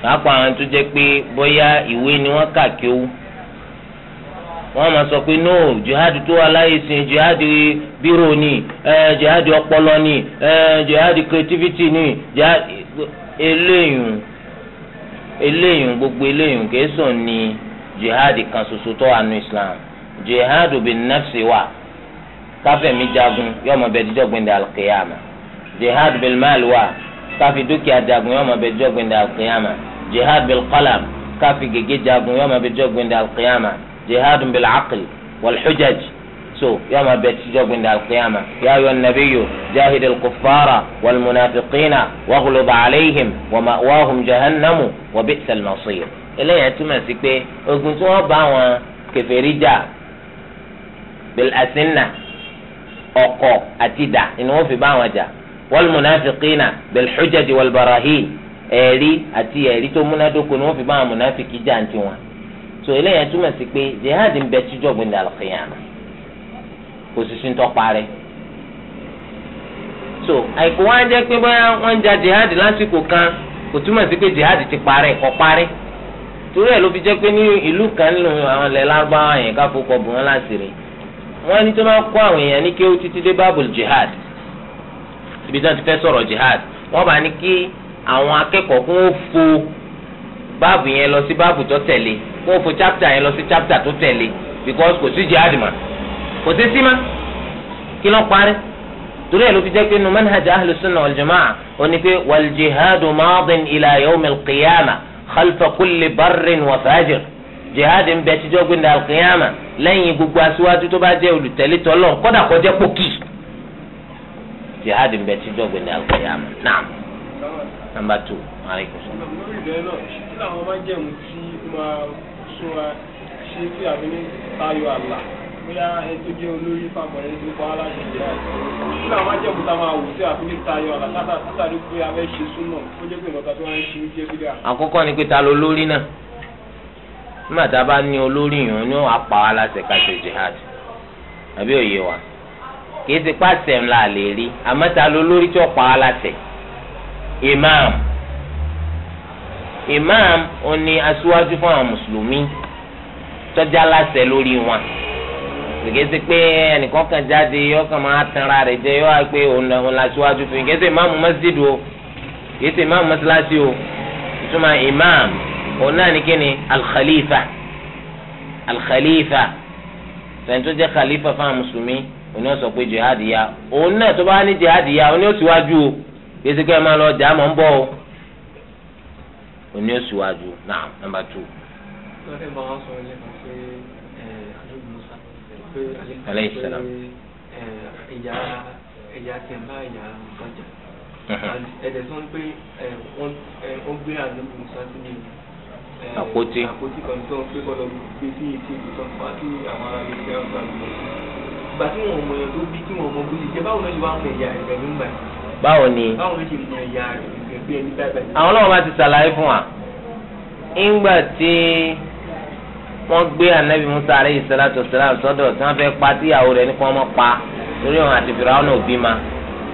pàápàá àwọn tó jẹ́ pé bóyá ìwé ni wọn kà kí ó wọ́n máa sọ pé no jihad tó wà láyé sin jihad bírò ni jihad ọpọlọ ni jihad creativity ni jihad eléyìn eléyìn gbogbo eléyìn kẹsàn ni jihad kan ṣoṣo tó wà nù Islam jihad bin nafsi wa káfẹ́mi jagun yọmọ bẹ́ẹ̀ dídọ́gbìn dàlùkìyàmà. jihad bil maal wa káfi dúkìá jagun yóò máa bẹ jọ́gbìn dà alqiyama jihad bil qalam káfi gègé jagun yóò máa bẹ jọ́gbìn dà alqiyama jihad bil aql wal hujaj so yóò máa bẹ jọ́gbìn alqiyama ya ayyuhan nabiyyu jahid al kuffara wal munafiqina waghlub alayhim wa ma'wahum jahannamu wa bi'sal masir. eléyà túmọ̀ sí pé ogun tí wọ́n bá wọn kèfèrí jà bil asinna ọ̀kọ̀ àti dà ni wọ́n fi bá wọn jà. wal-munafiqina bil-hujaj wal-barahin ẹ̀rí àti ẹ̀rí tó múnádóko ni wọ́n fi bá àwọn munafiki jà ń so eléyàn túmọ̀ sí pé jihad ń so àìkú wọn á jẹ́ pé bóyá ja jihad lásìkò kan kò túmọ̀ sí pé jihad ti pare ko pare turu e lo fi je pe ni ilu kan ibi tí wọ́n ti fẹ́ sọ̀rọ̀ jihad wọ́n bá ní kí àwọn akẹ́kọ̀ọ́ kún ó fo báàbù yẹn lọ sí báàbù tó tẹ̀lé kún ó fo chapter yẹn lọ sí chapter tó tẹ̀lé because kò sí jihad mà kò sí sí mà kí ló parí torí ẹ̀ ló fi jẹ́ pé numanhaj ahlus sunna wal jamaa ó pé wal jihadu maadin ila yawm qiyama khalfa kulli barrin wa fajir jihad ń bẹ tíjọ́ gbẹ̀ndà qiyama lẹ́yìn gbogbo aṣíwájú tó bá jẹ́ olùtẹ̀lé tọ́lọ́ kódà kó jẹ́ pòkì. jihad ń bẹ tíjọ́ gbẹ̀dẹ̀ àgbẹ̀yàmù náà nàmbà tù àríkù. lórí ìlú náà kí làwọn máa ń jẹun tí máa sún wa ṣe tí àbí ní tayọ àlà bóyá ẹ tó jẹ́ olórí fàbọ̀rẹ́ ní gbogbo aláṣẹ jẹ́ kí làwọn máa jẹun tá máa wò tí àbí ní tayọ àlà látà pé abẹ́ ṣe ó jẹ́ pé ìmọ̀ta tó ń àkọ́kọ́ ni pé ta ló lórí náà nígbà tá a bá ní olórí yìí ni jihad àbí òye kì í ti pàṣẹ ńlá lè rí àmọ́ ta ló lórí tí ó pa á láṣẹ imam imam ó ní aṣíwájú fún àwọn mùsùlùmí tọ́jà láṣẹ lórí wọn kìí ṣe pé ẹnìkan kan jáde yóò kàn máa tanra rẹ̀ jẹ yóò pé òun la ṣíwájú fún yín kìí ṣe o kìí ṣe ìmáàmù o ìtumọ̀ imam òun náà ní kí ni alkhalifa alkhalifa tẹ̀yìn tó jẹ́ khalifa fún àwọn mùsùlùmí oní ọ̀sọ̀ pé jihad ya òun náà tó bá ní jihad ya oní òsíwájú o gbèsè kẹ́ ẹ máa lọ jà mọ́ ń bọ̀ o oní òsíwájú náà nọ́mbà tù. aleyhi salaam. ẹ̀yà ẹ̀yà tẹ̀ bá eh, eh, ẹ̀yà ọjà uh-huh. ẹ̀dẹ̀ sọ pé eh, wọ́n gbé àdúgbò musa sí ní àpótí àpótí kan tó ń pé kọ́ lọ gbé sí ìtì ìtàn fún wa kí àwọn ará ilé iṣẹ́ ọ̀gá lọ ìgbà tí wọn mọ èèyàn tó bí tí wọn mọ bó ṣe jẹ báwo ló ṣe mọ ìyá rẹ̀ pẹ̀lú ń báwo ni. báwo ló ṣe mọ ìyá rẹ̀ pẹ̀lú ẹni báyìí báyìí. àwọn náà wá ti ṣàlàyé fún wa ńgbà tí wọ́n gbé anabi musa aleyhi salatu salam sọ́dọ̀ tí wọ́n fẹ́ pa tíyàwó rẹ̀ ní kí wọ́n mọ̀ pa torí òun àti fìràwọn náà bí ma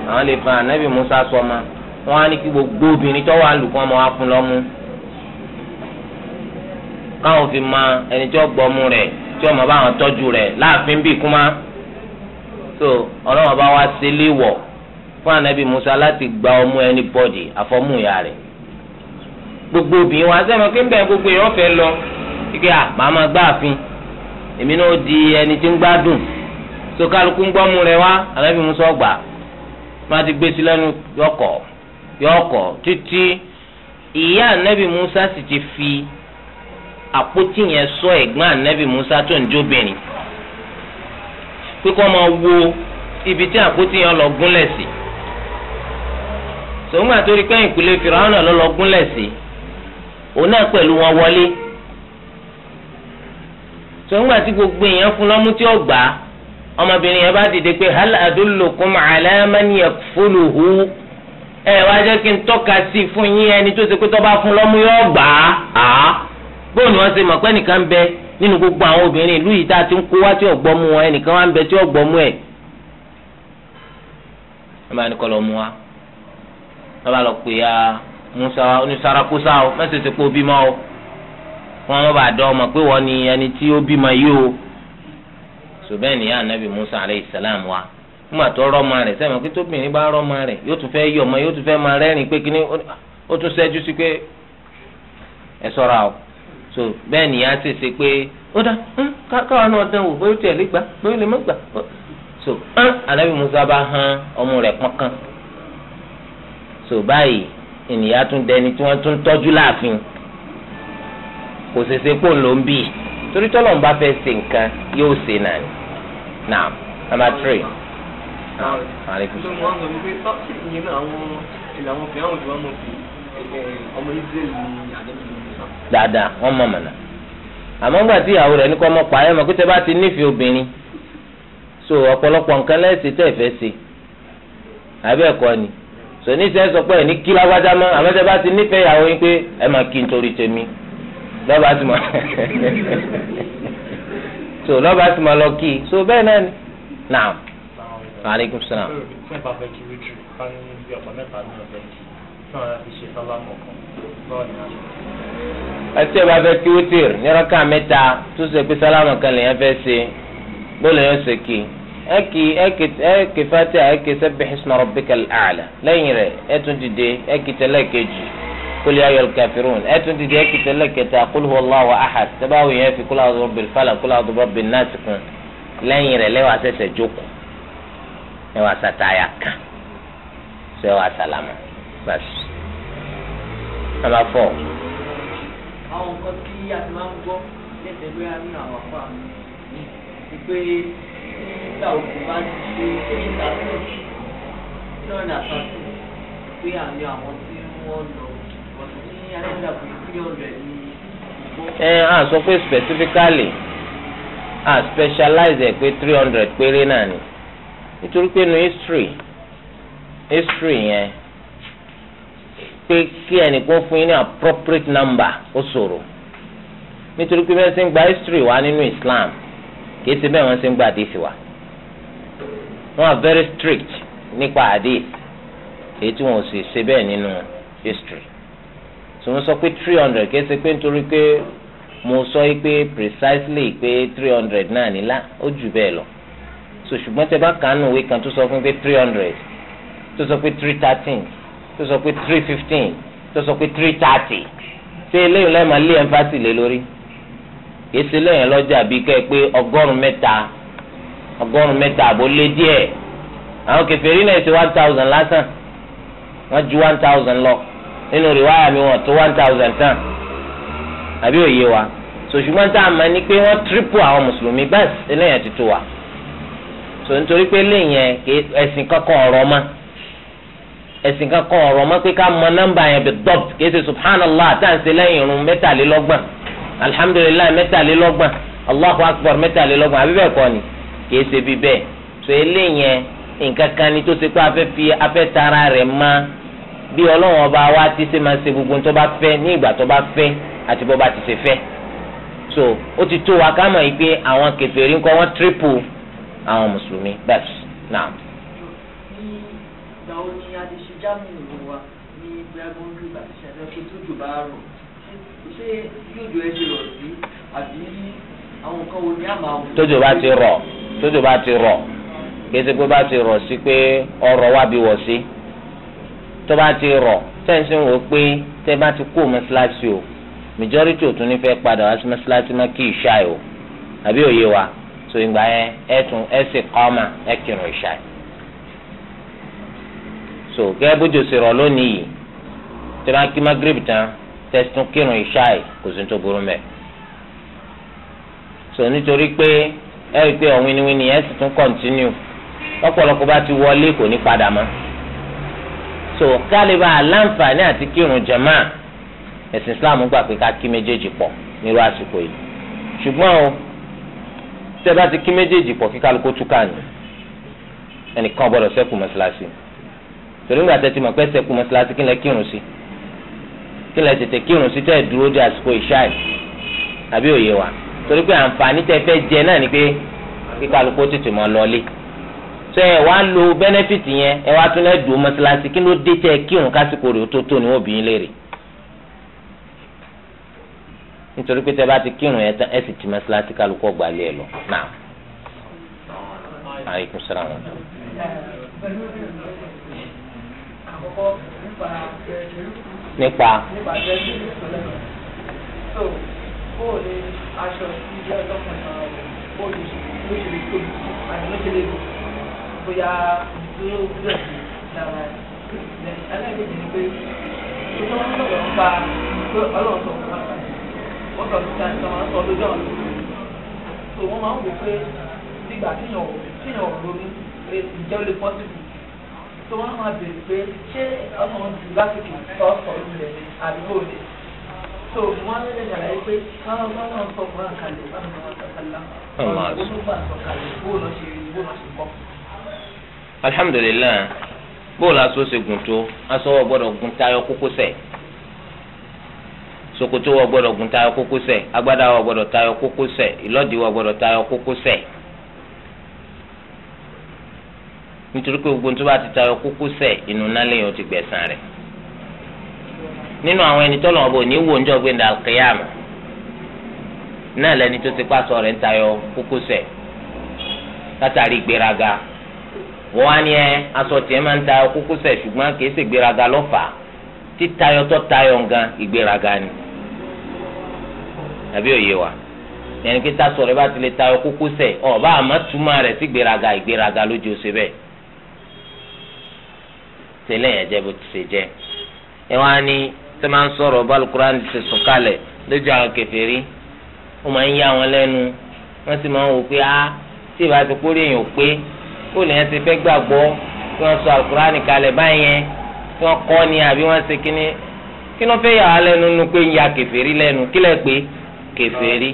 àwọn lè fa anabi musa sọmọ wọ́n á ní kí gbogbo obìnrin tó wà lùkọ́ ọmọ wa fún lọ́mú káwọn fi ma ẹni tí wọ́n gbọ́mú rẹ̀ tí wọ́n bá wọn tọ́jú rẹ̀ láàfin bíi kúmá so ọlọ́wọ́n bá wá sílé wọ̀ fún anabi musa láti gba ọmú ẹni bọ́dì àfọ́mú ìyá rẹ̀ gbogbo obìnrin wa sẹ́wọ̀n kí n bẹ̀rẹ̀ gbogbo èèyàn fẹ́ lọ kíkẹ́ à màá èmi náà di ẹni tí ń gbádùn so kálukú ń gbọ́mú rẹ̀ wá anabi musa ọgbà máa ti gbé sí lẹ́nu yọkọ̀ yọkọ̀ títí ìyá anabi musa sì ti fi àpótí yẹn sọ ẹ̀gbọ́n anabi musa tó ń jóbìnrin pé kó máa wo ibi tí àpótí yẹn lọ gúnlẹ̀ sí sòwúmọ́ àtòrí kẹ́yìn kùlé fìràwọn náà lọ gúnlẹ̀ sí òun náà pẹ̀lú wọn wọlé sòwúmọ́ àti gbogbo èèyàn fún lọ́mú tí ó gbà á ọmọbìnrin yẹn bá dìde pé hal adullukum ala man yakfuluhu ẹ wá jẹ́ kí n tọ́ka sí fún yín ẹni tó ṣe pé tó bá fún lọ́mú yóò gbà á bóun ni wọ́n ṣe mọ̀ pé nìkan bẹ́ẹ̀ nínú gbogbo àwọn obìnrin ìlú yìí tá a ti ń kó wá tí ọ̀gbọ́n mu wọn ẹnìkan wá ń bẹ tí ọ̀gbọ́n mu ẹ̀. ẹ máa ní kọ́ lọ mu wa wọ́n bá lọ pè ya musa onísàràkúsà o mẹ́sẹ̀sẹ̀ pé ó bímọ o wọ́n bá dọ́ ọmọ pé wọ́n ni ẹni tí ó bímọ yìí o. sùbẹ́ẹ̀ ni anabi musa aleyhi salam wa nígbà tó rọ́mọ rẹ̀ sẹ́mi pé tóbìnrin bá rọ́mọ rẹ̀ yóò tún fẹ́ yọ̀ ọmọ yóò tún fẹ́ máa rẹ́rìn pé kíní ó tún ṣẹ́jú sí pé ẹ sọ́ra o so hmm. bẹ́ẹ̀ nìyá ti ṣe pé ó dá hmm, káwa náà dán wò bóyá ó tiẹ̀ lè gbà bóyá lè má gbà oh, so anabi hmm, musa bá han ọmọ rẹ̀ kankan so báyìí ènìyàn tún dẹni tí wọ́n tún tọ́jú láàfin kò ṣeṣe pò ń lò ń bì torí tọ́lọ̀ ń bá fẹ́ ṣe nǹkan yóò ṣe náà ni now number three. ọmọ Israẹli ni àdébìyí Dada wọ́n mọ̀ mọ̀nà àmọ́ ńgbà re ìyàwó rẹ̀ ní pa ẹ̀ mọ̀ bá ti nífẹ̀ẹ́ obìnrin so ọpọlọpọ nǹkan lẹ́sìn tẹ́ fẹ́ ṣe àbẹ́ ẹkọ ni so ní sẹ́ eni kila ẹ̀ ní kí lágbájá mọ́ àmọ́ tẹ́ bá ti nífẹ̀ẹ́ ìyàwó yín pé ẹ̀ máa kí nítorí tèmi ti <laughs> so lọ́ba ti mọ̀ lọ kí so bẹ́ẹ̀ náà ni naam Maaleykum salaam. bá ṣe ẹtí ẹ bá fẹ́ kí wítìrì níraka mẹ́ta tó ṣe pé sálámù kan lèyàn fẹ́ ṣe bóòlù yẹn ṣe kí ẹ kì ẹ kì ẹ kì fatiha ẹ kì sabbih isma rabbikal a'la ẹ tún dìde ẹ kì tẹ́lẹ̀ kejì qul ya ayyuhal ẹ tún dìde ẹ kì tẹ́lẹ̀ kẹta qul huwallahu ahad tẹ́báwò yẹn fi qul a'udhu birabbil falaq qul a'udhu birabbin nas kún lẹ́yìn rẹ̀ lẹ́wà sẹ̀sẹ̀ jókòó lẹ́wà sàtáyà kan sẹ́wà sàlámù bàṣ àwọn nǹkan tí a ti máa ń gbọ́ lẹ́sẹ̀ lóyá nínú àwọn àpá mi ni pé nígbà òkú bá ti ṣe ṣé ìtàkùn iná ní àtàkùn pé àmì àwọn tí wọ́n lọ ọ̀sẹ̀ ní adájọ́ pé three hundred ní ìgbó. ẹ á sọ pé specifically a specialize ẹ pé three hundred péré náà ni nítorí pé nu history history yẹn. Yeah pé kí ẹnìkan fún yín ní appropriate number ó ṣòro nítorí pé bẹ́ẹ̀ ṣe ń gba history wa nínú Islam kì í ṣe bẹ́ẹ̀ wọ́n ṣe ń gba àdìsí wa wọ́n are very strict nípa àdìsí èyí tí wọ́n ò sì ṣe bẹ́ẹ̀ nínú history tí wọ́n sọ pé three hundred kì í ṣe pé nítorí pé mo sọ yìí pé precisely pé three hundred náà nílá ó jù bẹ́ẹ̀ lọ ṣùgbọ́n tẹ bá kàánù òwe kan tó sọ fún pé three hundred tó sọ pé three thirteen tó sọ pé three fifteen tó sọ pé three thirty ṣé eléyìí lẹ́yìn máa lé ẹ̀ǹfàsì lé lórí èsì lẹ́yìn lọ́jà bíi kẹ́ ẹ pé ọgọ́rùn mẹ́ta ọgọ́rùn mẹ́ta àbó lé díẹ̀ àwọn kẹfẹ́rí náà ṣe one thousand lásán wọ́n ju one thousand lọ nínú rìwáyà mi wọ́n tó one thousand tán àbí òye wa sòṣùgbọ́n tá a mọ̀ ni pé wọ́n triple àwọn mùsùlùmí bẹ́ẹ̀ eléyìí ti tó wa sò nítorí pé léyìn ẹ̀sìn kankan ọ̀rọ̀ máa ẹ̀sìn kan kan ọ̀rọ̀ mọ́ pé ká mọ nọ́mbà yẹn bí dọ́pt kìí ṣe subhanallah àtàǹsẹ̀ lẹ́yìn irun mẹ́tàlélọ́gbọ̀n alhamdulilayi mẹ́tàlélọ́gbọ̀n allahu akbar mẹ́tàlélọ́gbọ̀n àbí bẹ́ẹ̀ kọ́ ni kìí ṣe bí bẹ́ẹ̀ tó eléyẹn nǹkan kan ni tó ṣe pé afẹ́ fi afẹ́ tara rẹ̀ ma bí ọlọ́run ọba wa ti ṣe máa ṣe gbogbo tó bá fẹ́ ní ìgbà tó bá fẹ́ àti bó bá ti ṣe fẹ́ so ó ti tó wa ká mọ̀ yìí pé àwọn kèfèrí ńkọ́ wọ́n triple àwọn mùsùlùmí bẹ́ẹ̀ náà jámù wa ní gbẹ́gbọ́ndù ìbàdíṣẹ́ lọ́kẹ́ tó jù bá rọ̀ ṣé yóò jọ ẹ ti rọ̀ sí àbí àwọn nǹkan wo ni a máa wò. tójò bá ti rọ̀ tójò bá ti rọ̀ kété pé bá ti rọ̀ sí pé ọrọ̀ wà bí wọ̀ sí tó bá ti rọ̀ tẹ́ǹsì ń wò pé tẹ́ bá ti kó mọ́ṣáláṣí o majority ò tún ní fẹ́ padà wá sí mọ́ṣáláṣí mọ́ kí ìṣá o àbí òye wa so ìgbà yẹn ẹ tún ẹ sì kọ́ ọ́ mà ẹ kírun ìṣá so gẹ́gẹ́ bójú ṣe rọ̀ lónìí yìí tẹ́lá kí magreb tán tẹ́sítún kírun ìṣáì kò sí tó burú mẹ́. so nítorí pé ẹ rí i pé ọ̀wìnìwìnì yẹn sì tún kọ̀ntínú lọ́pọ̀lọpọ̀ bá ti wọlé kò ní padà mọ́. so kálíbà aláǹfààní àti kírun jàmá ẹ̀sìn Islam gbà pé ká kí méjèèjì pọ̀ nírú àsìkò yìí ṣùgbọ́n o tẹ́ bá ti kí méjèèjì pọ̀ kí kálukó túkà ẹnìkan gbọ́dọ̀ ṣẹ́kù mọ́ṣáláṣí torí ìgbà tẹ́tí mọ̀ pé sẹ́kù mọ́ṣáláṣí kí kírun sí kí tètè kírun sí tẹ́ dúró dé àsìkò ìṣáì àbí òye wa torí pé àǹfààní tẹ́ fẹ́ jẹ náà ni pé kíkálukú tètè mọ́ lọlé tẹ ẹ wá lo bẹ́nẹ́fìtì yẹn ẹ wá tún lẹ́ dùn mọ́ṣáláṣí kí ló dé tẹ́ kírun kásìkò rẹ̀ tó tó ni wọ́n bí yín léèrè nítorí pé tẹ́ bá ti kírun ẹ tán ẹ sì ti mọ́ṣáláṣí kálukú ọgbà lé ẹ lọ náà. Aleykum salaam wa nípa bóyá dúró dúró sí dára ẹlẹ́gbẹ̀ẹ́ ni pé tó tó ń sọ̀rọ̀ nípa pé ọlọ́run sọ̀rọ̀ nípa wọ́n sọ sí sáyẹn sọ̀rọ̀ sọ lójú ọ̀run tó wọ́n máa ń wò pé nígbà tíyàn tíyàn ronú pé ìjẹ́ ó lè pọ́sibú tó wọ́n máa bèrè pé ṣé ọmọ òǹdù lásìkò ọ̀pọ̀ ilẹ̀ àbí òde tó wọ́n lè yàrá pé káwọn bá wọn sọ fún àkàlẹ̀ bá wọn sọ kálá ọ̀rọ̀ tó bá sọ kálẹ̀ bóòlù ṣe bóòlù ṣe kọ́. alhamdulilayi bóòlù aṣọ ṣe tó aṣọ wọ gbọ́dọ̀ gùn tayọ kókósẹ̀ ṣòkòtò wọ agbádá wọ ìlọdì wọ nítorí pé gbogbo tó bá ti tayọ kókósẹ̀ inú nálẹ̀ yẹn ti gbẹ̀san rẹ̀ nínú àwọn ẹni tọ́lọ̀ ọ̀bọ ní wò ń jọ gbé dàlùkìyàmù náà lẹni tó ti pàṣọ rẹ̀ ń tayọ kókósẹ̀ látàrí ìgbéraga wọ́n á ní ẹ aṣọ tiẹ̀ máa ń tayọ kókósẹ̀ ṣùgbọ́n kìí ṣe ìgbéraga lọ́fà títayọ tó tayọ ngan ìgbéraga ni àbí òye wa yẹnni pé tásọ rẹ̀ bá ti lè tayọ kókósẹ̀ ọ̀ bá àmọ́ túmọ̀ rẹ̀ sí ìgbéraga ìgbéraga lójú ọ̀sẹ̀ bẹ́ẹ̀ tẹ́lẹ̀ yẹn jẹ́ bó ti ṣe jẹ́ ẹ wá ní tẹ máa ń sọ̀rọ̀ bá alukur'an ti sùn kalẹ̀ lójú àwọn kèfèrí ó máa ń yá wọn lẹ́nu wọ́n sì máa ń wò pé á tí ìbá ti kórè èèyàn pé kó lè yẹn ti fẹ́ gbàgbọ́ kí wọ́n sọ alukur'an kalẹ̀ báyẹn kí wọ́n kọ́ ni àbí wọ́n ṣe kíní kí wọ́n fẹ́ yà á lẹ́nu nu pé ń ya kèfèrí lẹ́nu kí lẹ́ pé kèfèrí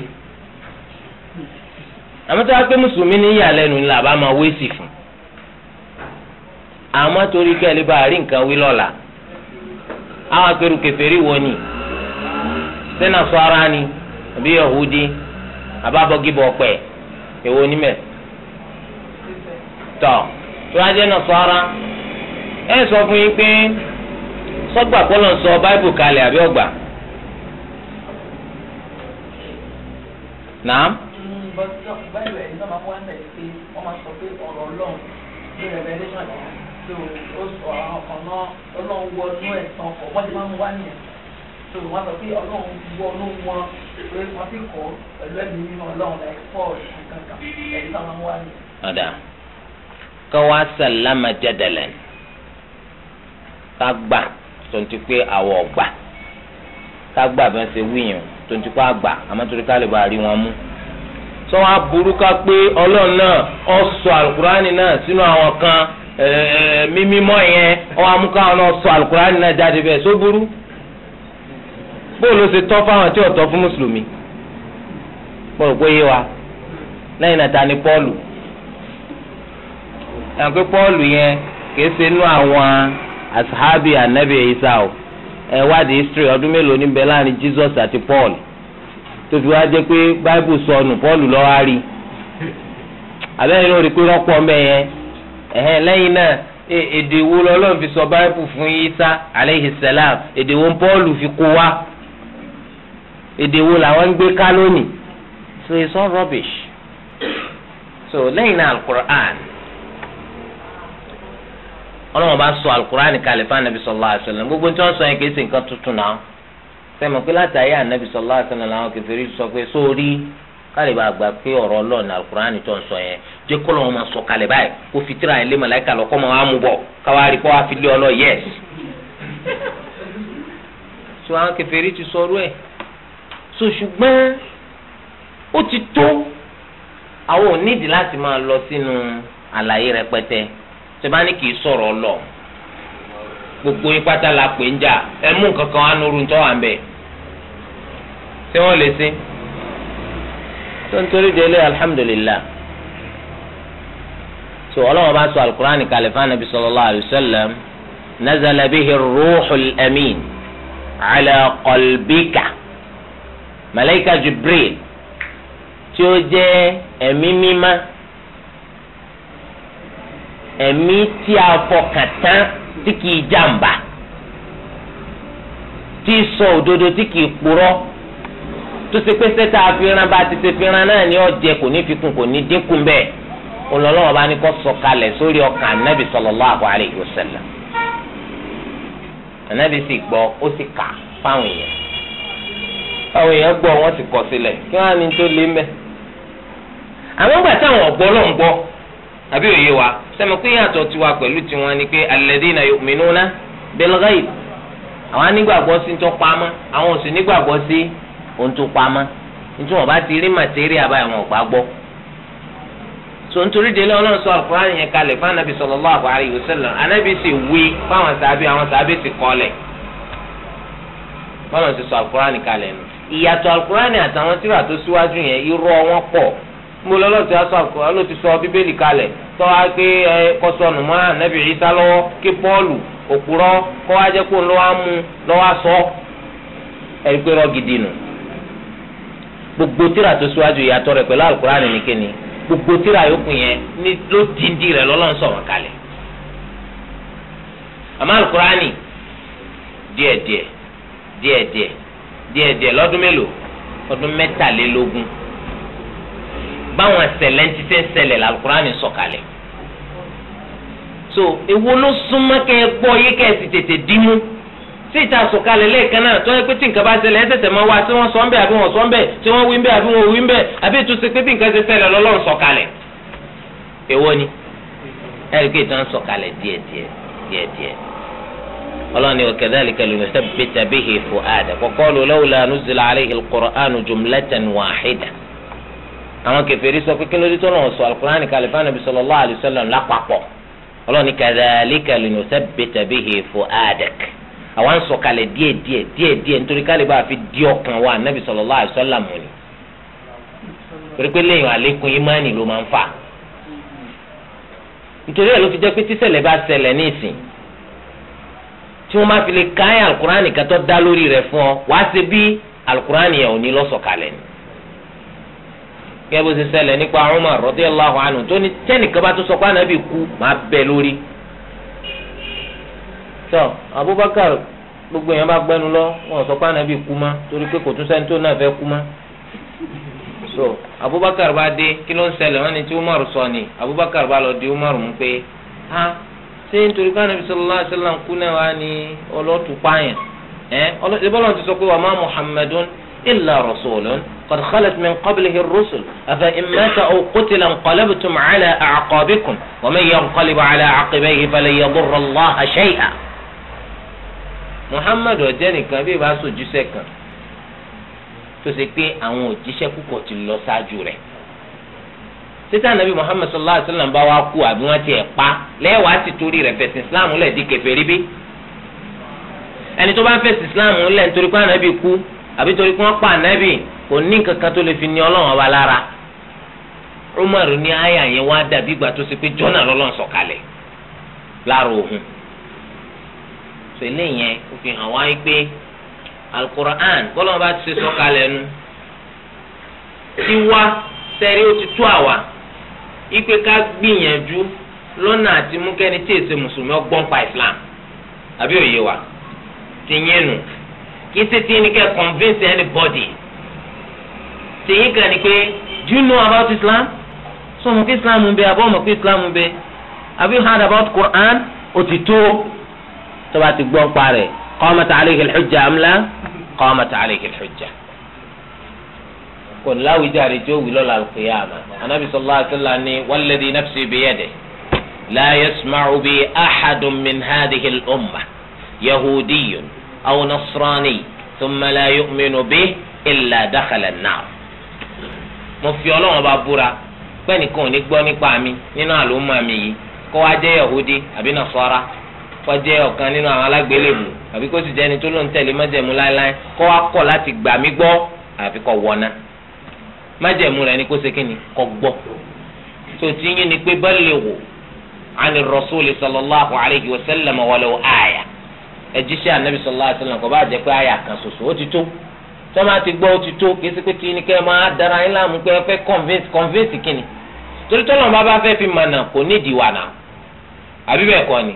àmọ́ tó wá pé mùsùlùmí ní ìyàlẹ́nu ni làbá máa wé sí fún àmọ́ torí kẹ́lẹ́ bá rí nǹkan wí lọ́la àwọn akérò kèfèrí wo ni sẹ́nà sọ́ra ni àbí yahudi àbábọ́gìbọ̀ èwo ni mẹ́ tọ́ tó wá sọ́ra ẹ sọ fún yín pé sọ́gbà kọ́lọ̀ sọ báìbù kalẹ̀ àbí báyìí sọ pé ọ̀rọ̀ ọlọ́run ní so ọ̀nà ọlọ́run wọnú ẹ̀ tán kọ̀ wọ́n ti máa ń wá nìyẹn so wọ́n sọ pé ọlọ́run wọnú wọn pé wọ́n ti kọ́ pẹ̀lú ẹ̀mí mímọ́ ọlọ́run láì pọ̀ kankan ẹ̀yìn tó wá nìyẹn. ọ̀dà kọ́ wá sàlámà jẹ́dẹ̀lẹ̀ ká gbà ṣe wíyàn tó ń ti àmọ́ torí ká rí wọn mú sọ wá burú pé ọlọ́run náà ó sọ àlùkùránì náà sínú àwọn kan Eh, mímí mọ́ yẹn ọwọ́ amúkọ́ àwọn náà sọ alukurani náà jáde bẹ́ẹ̀ só burú bóòlù ṣe tọ́ fáwọn tí ò tọ́ fún mùsùlùmí mo rò pé yé wa lẹ́yìn náà ta ni pọ́ọ̀lù ẹ̀ pé pọ́ọ̀lù yẹn kìí ṣe inú àwọn asahabi anabi isa o ẹ wádìí history ọdún mélòó níbẹ̀ láàrin jesus àti paul tó fi wá jẹ́ pé pé ẹ̀hẹ́n lẹ́yìn náà e, èdè wo lọ́lọ́run fi sọ báyìí fún Isa aleyhi salam èdè wo fi kó wa èdè wo làwọn ń gbé ká so it's all rubbish so lẹ́yìn náà alukur'an bá sọ alukur'an kàlífà fún anabi sallallahu gbogbo tí wọ́n sọ yẹn kì í ṣe nǹkan tuntun náà sẹ́mi pé láti ayé sórí. káàlì bá pé ọ̀rọ̀ ọlọ́ọ̀ni alukur'ani tó ń sọ yẹn jẹ́ kọ́ lọ́wọ́ máa sọ kalẹ̀ báyìí kó màláìka lọ kọ́ máa mú bọ̀ káwá rí wá fi lé ọlọ́ yẹ́s. so àwọn kèfèrí ti sọrú ẹ̀ so ṣùgbọ́n ó ti tó àwọn ò nídìí láti lọ sínú àlàyé rẹpẹtẹ tó bá ní ọlọ gbogbo yín pátá la pè ń jà ẹ mú tó ń torí délé alhamdulillah tó ọlọ́wọ́ bá sọ alukur'an kalẹ̀ fún anabi sallallahu alayhi wa sallam nazala bihi ruuxul amin ala qalbika malayika jibril tí ó jẹ́ ẹ̀mí mímá ẹ̀mí tí a fọkàn tán tí kìí jàmbá tí sọ òdodo tí kìí purọ́. tó ṣe pé sẹ́tà àfihàn bá ti ṣe fihàn náà ni jẹ kò ní fikùn kò ní dínkù bẹ́ẹ̀ bá ní kó kalẹ̀ sórí ọkàn anábì sallallahu alayhi wa sallam anábì sì gbọ́ ó sì kà fáwọn èèyàn fáwọn èèyàn gbọ́ wọ́n sì kọ̀ sílẹ̀ kí wọ́n á ní tó lé mẹ́ àwọn gbà táwọn ọ̀gbọ́ ló ń àbí òye wa sẹ́mi pé yàtọ̀ tiwa pẹ̀lú tiwọn ni pé àwọn anígbàgbọ́ sí ń tọ́ àwọn ohun tó pamọ́ nítorí wọn bá ti rí màtẹ́rì àbáyọ wọn ò gbọ́. so nítorí délé ọlọ́run sọ àlùkùránì yẹn kalẹ̀ fún anabi sallallahu anabi sì wí sàbí àwọn sàbí sì sọ àlùkùránì kalẹ̀ nù. ìyàtọ̀ àlùkùránì àtàwọn tó síwájú yẹn wọn pọ̀ mo lọ lọ́ọ̀tì sọ bíbélì kalẹ̀ tọ́ lọ́wọ́ kí Pọ́ọ̀lù òpùrọ́ kọ́ jẹ́ kó gbogbo tíra tó síwájú ìyàtọ̀ rẹ̀ pẹ̀lú alukurani nìkan ni gbogbo tíra yòókù yẹn ni ló ti di rẹ̀ lọ́lọ́run sọ̀rọ̀ kalẹ̀ àmọ́ alukurani díẹ̀díẹ̀ díẹ̀díẹ̀ díẹ̀díẹ̀ lọ́dún mélòó lọ́dún mẹ́tàlélógún báwọn ẹsẹ̀lẹ̀ ń títẹ́ ṣẹlẹ̀ lalukurani sọ̀kalẹ̀ so èwo ló súnmọ́ kẹ́ ẹ gbọ́ yé kẹ́ ẹ sì tètè dínú tí ìta sọ̀kalẹ̀ lẹ́ẹ̀kan náà tó yẹ pé tí nǹkan bá ṣẹlẹ̀ ẹ tẹ̀tẹ̀ máa wá tí wọ́n sọ ń bẹ̀ àbí wọ́n sọ ń bẹ̀ tí wọ́n wí ń bẹ̀ àbí wọ́n wí ń bẹ̀ àbí ìtúsí pé bí nǹkan ṣe ṣẹlẹ̀ lọ́lọ́run sọ̀kalẹ̀. èwo ni ẹ̀rí pé ìtàn sọ̀kalẹ̀ díẹ̀díẹ̀ díẹ̀díẹ̀ ọlọ́ni wakadhalika linuthabbita bihi fu'adak wa qalu lawla nuzila alayhi àwa ń sọ̀kalẹ̀ díẹ̀ díẹ̀ díẹ̀ díẹ̀ nítorí kálí bá a fi di ọkàn wa anabi sallallahu alaihi wasallam ni torí pé lẹ́yìn àlékún imáàni ló máa ń fà nítorí ẹ̀ ló fi jẹ́ pé tíṣẹ̀lẹ̀ bá ṣẹlẹ̀ ní ìsìn tí wọ́n bá fi lè ka ẹ́ alukurani kan tó dá lórí rẹ̀ fún ọ wàá ṣe bí alukurani yẹn ò ní lọ́sọ̀kalẹ̀ ni. kẹ́bù ṣe ṣẹlẹ̀ nípa Umar radiyallahu anhu tó ní tẹ́nìkan bá tó sọ pé ànábì kú máa tọ́ Abubakar gbogbo èèyàn bá gbẹnu lọ wọn sọ pé ànábì kú mọ́ torí pé kò tún sẹ́ni tó náà fẹ́ kú mọ́ so Abubakar bá dé kí ló ń ṣẹlẹ̀ wọ́n ní tí Umar sọ ni Abubakar bá lọ di Umar mú pé ha ṣé nítorí pé ànábì sallallahu alaihi wasallam kú náà wá ní ọlọ́tù pààyàn ẹ ọlọ́tù ìbọn ti sọ pé wàá má Muhammadun illa rasulun qad khalat min qablihi ar-rusul afa in mata aw qutila inqalabtum ala a'qabikum wa man yanqalib ala aqibayhi falan muhammad ọ̀jẹ́ nìkan bí ìbá sòjúṣe kan tó ṣe pé àwọn òjíṣẹ́ púpọ̀ ti lọ ṣáájú rẹ̀ títí ànábì muhammad sallallahu alayhi wa sallam bá wa kú àbí wọ́n ti ẹ̀ pa lẹ́wàá ti torí rẹ̀ fẹ̀sìn islam lẹ̀ di kèfèrí bí ẹni tó bá fẹ̀sìn islam lẹ̀ nítorí pé ànábì kú àbí torí pé wọ́n pa ànábì kò ní kankan tó lè fi ní ọlọ́run ọba lára umar ní àyà yẹn wá dàbí ìgbà tó ṣe pé jọ́nà lọ́lọ́run sọ̀kalẹ̀ láàrọ̀ òhun so eléyẹn ó fi hàn wáyé pé alukur'an bọ́lọ́mọ bá ti ṣe sọ̀kalẹ̀ nu tiwa sẹ́rí ó ti tó àwa ipe ká gbìyànjú lọ́nà àti mú kẹ́ni tí èsè mùsùlùmí ọgbọ́n pa islam àbí òye wa tìyẹn nù kí títí ní kẹ́ convince anybody tìyẹn kan ni pé do you know about islam sọ so, mo kí islam ń bẹ àbọ̀ mo kí islam ń bẹ have you heard about quran ó ti tó bá ti gbọ́ ń parẹ́ qamat alayhi al-hujja am la qamat alayhi al-hujja. kò láwùjáre tí ó wí lọ́la al-qiyama anabi sallallahu alayhi wa sallam ni walladhi nafsi biyadihi la yasma'u bi ahadun min hadhihi al-umma yahudiyyun aw nasrani thumma la yu'minu bihi illa dakhala an-nar. mo fi ọlọ́wọ́n bá búra pẹ́ẹ́nì kan ò ní gbọ́ nípa mi nínú àlùmọ́ mi yìí kó wá jẹ́ yahudi àbí nasara kọjẹ́ ọ̀kan nínú àwọn alágbélébù àbí kó sì jẹ́ ẹni tó ló ń tẹ̀lé májẹ̀mú láéláé kọ́ wa kọ̀ láti gbà mí gbọ́ àfi kọ́ wọ̀nà májẹ̀mú rẹ̀ ni kó ṣe kíni kọ́ gbọ́ tó ti yín ni pé bẹ́ẹ̀lì wò ani rasuli sallallahu alayhi wa sallam wàlẹ̀ wò àyà ẹ anabi sallallahu alayhi wa sallam kò bá jẹ́ pé àyà kan ṣoṣo ó ti tó tọ́mọ àti gbọ́ ó ti tó kì í ṣe pé tí ní kẹ́ ẹ máa dara yín láàmú pé ẹ fẹ́ convince convince kíni torí tọ́lọ́mọba fẹ́ fi mànà kò nídìí wà náà àbí bẹ́ẹ̀ kọ́ ni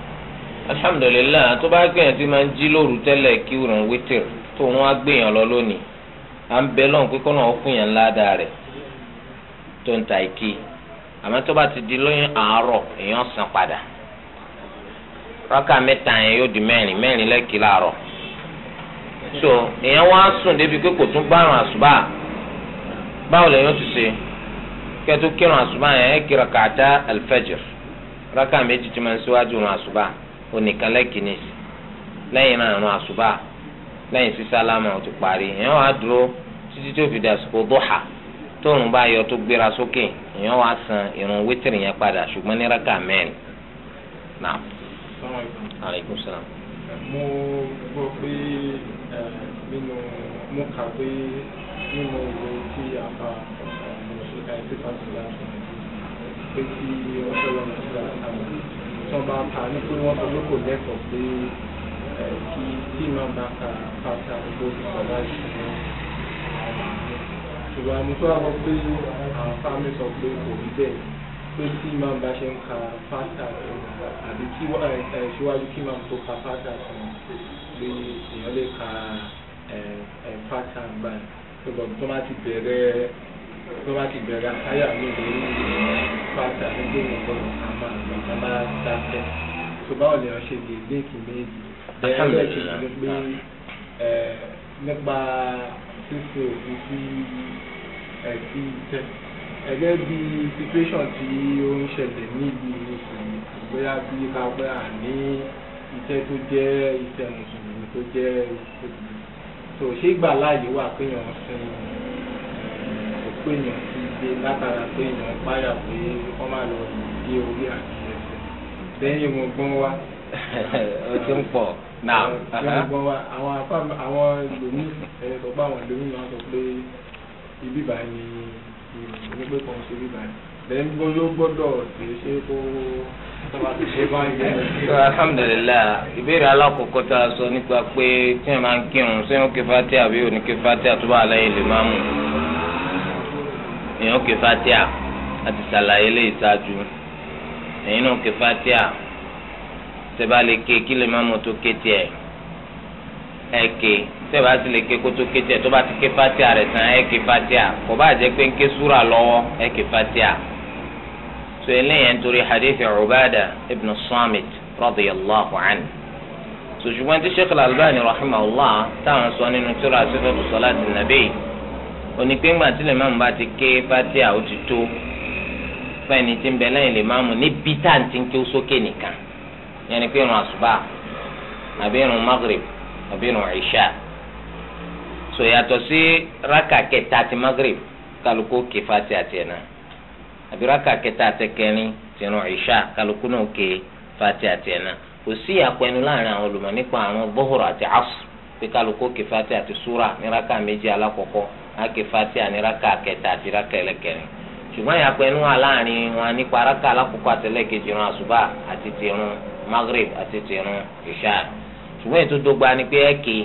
alhamdulilayi tó bá gbìyànjú tí máa ń jí lóru tẹ́lẹ̀ kí òrùn wítìrì tó wọn á gbìyàn lọ lónìí à ń bẹ lọ́n pé kọ́ náà ó fún yàn ládàá rẹ̀ tó ń ta ìkí àmọ́ tó bá ti di lóyún àárọ̀ èèyàn san padà rákà mẹ́ta yẹn yóò di mẹ́rin mẹ́rin lẹ́kì láàárọ̀ so èèyàn wá sùn débi pé kò tún bárùn àṣùbà báwo lèèyàn ti ṣe kẹ́tù kírun àṣùbà yẹn ẹ̀ kí rákà onìkan lẹ́kìnní lẹ́yìn náà àwọn àṣùbà lẹ́yìn sísálámà ó ti parí èèyàn wá dúró títí tó fi dàsìkò dọ́hà tóun bá yọ tó gbéra sókè èèyàn wá san irun wítìrì yẹn padà ṣùgbọ́n ní rákà mẹ́rin náà. aleykum salaam. mo gbọ́ pé nínú mo kà pé nínú ìwé tí a fa ọ̀sán ìṣèkà ìṣèkà sílá pé kí ọjọ́ lọ́nà sílá náà tán bá ka ní pé wọ́n sọ pé kò lẹ́kọ̀ọ́ pé kí tí máa bá ka pàtà gbogbo ìsọ̀lá ìṣúná ṣùgbọ́n àmútọ́ àwọn pé àwọn fámi sọ pé kò rí bẹ́ẹ̀ pé tí máa bá ṣe ń ka pàtà àbí kí ṣíwájú kí máa tó ka pàtà kan pé èèyàn lè ka pàtà gbà tó bá ti bẹ̀rẹ̀ tó bá ti bẹ̀rẹ̀ àkáyà lóde pátá ẹgbẹ́ ìgbọ́dọ̀ ká máa lọ ká máa dákẹ́ tó báwo lè ṣe lè déèkì méjì bẹ́ẹ̀ lẹ́kì ni pé nípa ṣíṣe òfin sí ẹ̀sìn ìtẹ́ ẹgẹ́ bí situation tí ó ń ṣẹlẹ̀ níbi ìsìn bóyá bí ká pẹ́ àní iṣẹ́ tó jẹ́ iṣẹ́ mùsùlùmí tó jẹ́ ìṣèlú tó ṣé ìgbà láàyè wà kéèyàn sin pé èèyàn ti gbé látara pé èèyàn páyà pé wọ́n máa lọ sí orí àti ẹsẹ̀ lẹ́yìn gbọ̀ngbọ̀n wa. <laughs> o ti ń pọ̀ náà. lẹ́yìn <laughs> gbọ̀ngbọ̀n wa àwọn apá àwọn lòmí ẹ̀rọ tó bá àwọn lòmí náà sọ pé ibi báyìí ni ìròyìn pé kò ń ṣe ibi báyìí lẹ́yìn gbọ́n yóò gbọ́dọ̀ ṣe é ṣe kó alhamdulilayi ìbéèrè alákọ̀ọ́kọ́ tá a sọ nípa pé tí wọ́n máa ń kírun sí òun kí fatia àbí òun kí fatia tó bá aláyè lè máa mú un èèyàn ké fatia àti sàlàyé lè ṣáájú èyí náà ké fatia tẹ́bá lè ké kí lè má mọ tó ké tiẹ̀ ẹ ké tẹ́bá sì lè ké kó tó ké tiẹ̀ tó bá ti ké fatia rẹ̀ tán ẹ ké fatia kò bá jẹ́ pé ń ké súra lọ́wọ́ ẹ ké fatia so eléyẹn torí hadithi Ubada ibn Samit radiyallahu anhu so ṣùgbọ́n tí Sheikh Al-Albani rahimahullah táwọn sọ nínú tírà Sifatu Salati Nabi. onípéǹgbà tí lè máàmù bá ti ké fatia ó ti tó fẹ́ni tí ń bẹ lẹ́yìn lè máàmù ti ń ké sókè nìkan ni pé irun àṣùbà àbí irun magrib àbí ìṣà so yàtọ̀ sí raka kẹta ti magrib kálukú ké fatia tiẹ̀ náà àbí raka kẹta ti kẹrin ti irun ìṣà kálukú náà ké fatia tiẹ̀ náà kò sí àpẹnu láàrin àwọn olùmọ̀ nípa bọ́hùrù àti pé kálukú ké ní raka ake fatia ní raka kẹta àti raka ẹlẹ́kẹrin ṣùgbọ́n ìyàpẹ́ inú wa láàrin wọn nípa raka alákòókò àtẹlẹ́kejì irun àṣùbà àti ti irun maghrib àti ti irun ìṣá ṣùgbọ́n ètò dọ́gba ni pé ẹ̀kì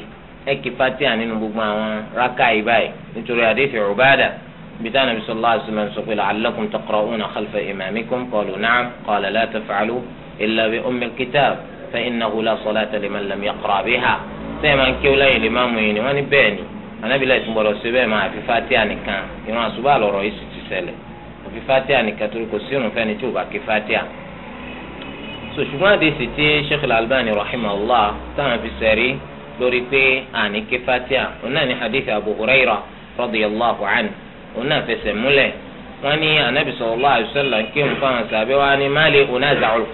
ẹ̀kì fatia nínú gbogbo àwọn raka yìí báyìí nítorí àdéhìí Ubada bìtá nàbí sallallahu alaihi wasallam sọ pé la'allakum taqra'una khalfa imamikum qalu na'am qala la taf'alu illa bi ummil kitab fa innahu la salata liman lè má mú yìí anábìlẹ̀ tún gbọdọ̀ ṣe bẹ́ẹ̀ máa àfi fatia nìkan ìrun àṣùbà lọ̀rọ̀ yìí sì ti ṣẹlẹ̀ àfi fatia nìkan torí kò sírun fẹ́ni tí ò bá ké fatia. sọ ṣùgbọ́n àdéhìí tí sheikh al-albani rahimahullah táwọn fi sẹ́rí lórí pé àní ké fatia òun náà ní hadith abu huraira radiyallahu anhu òun náà fẹsẹ̀ múlẹ̀ wọ́n ní anabi sallallahu alaihi wasallam kí n fa hàn sábẹ́ wa ni má lè onáza àwọn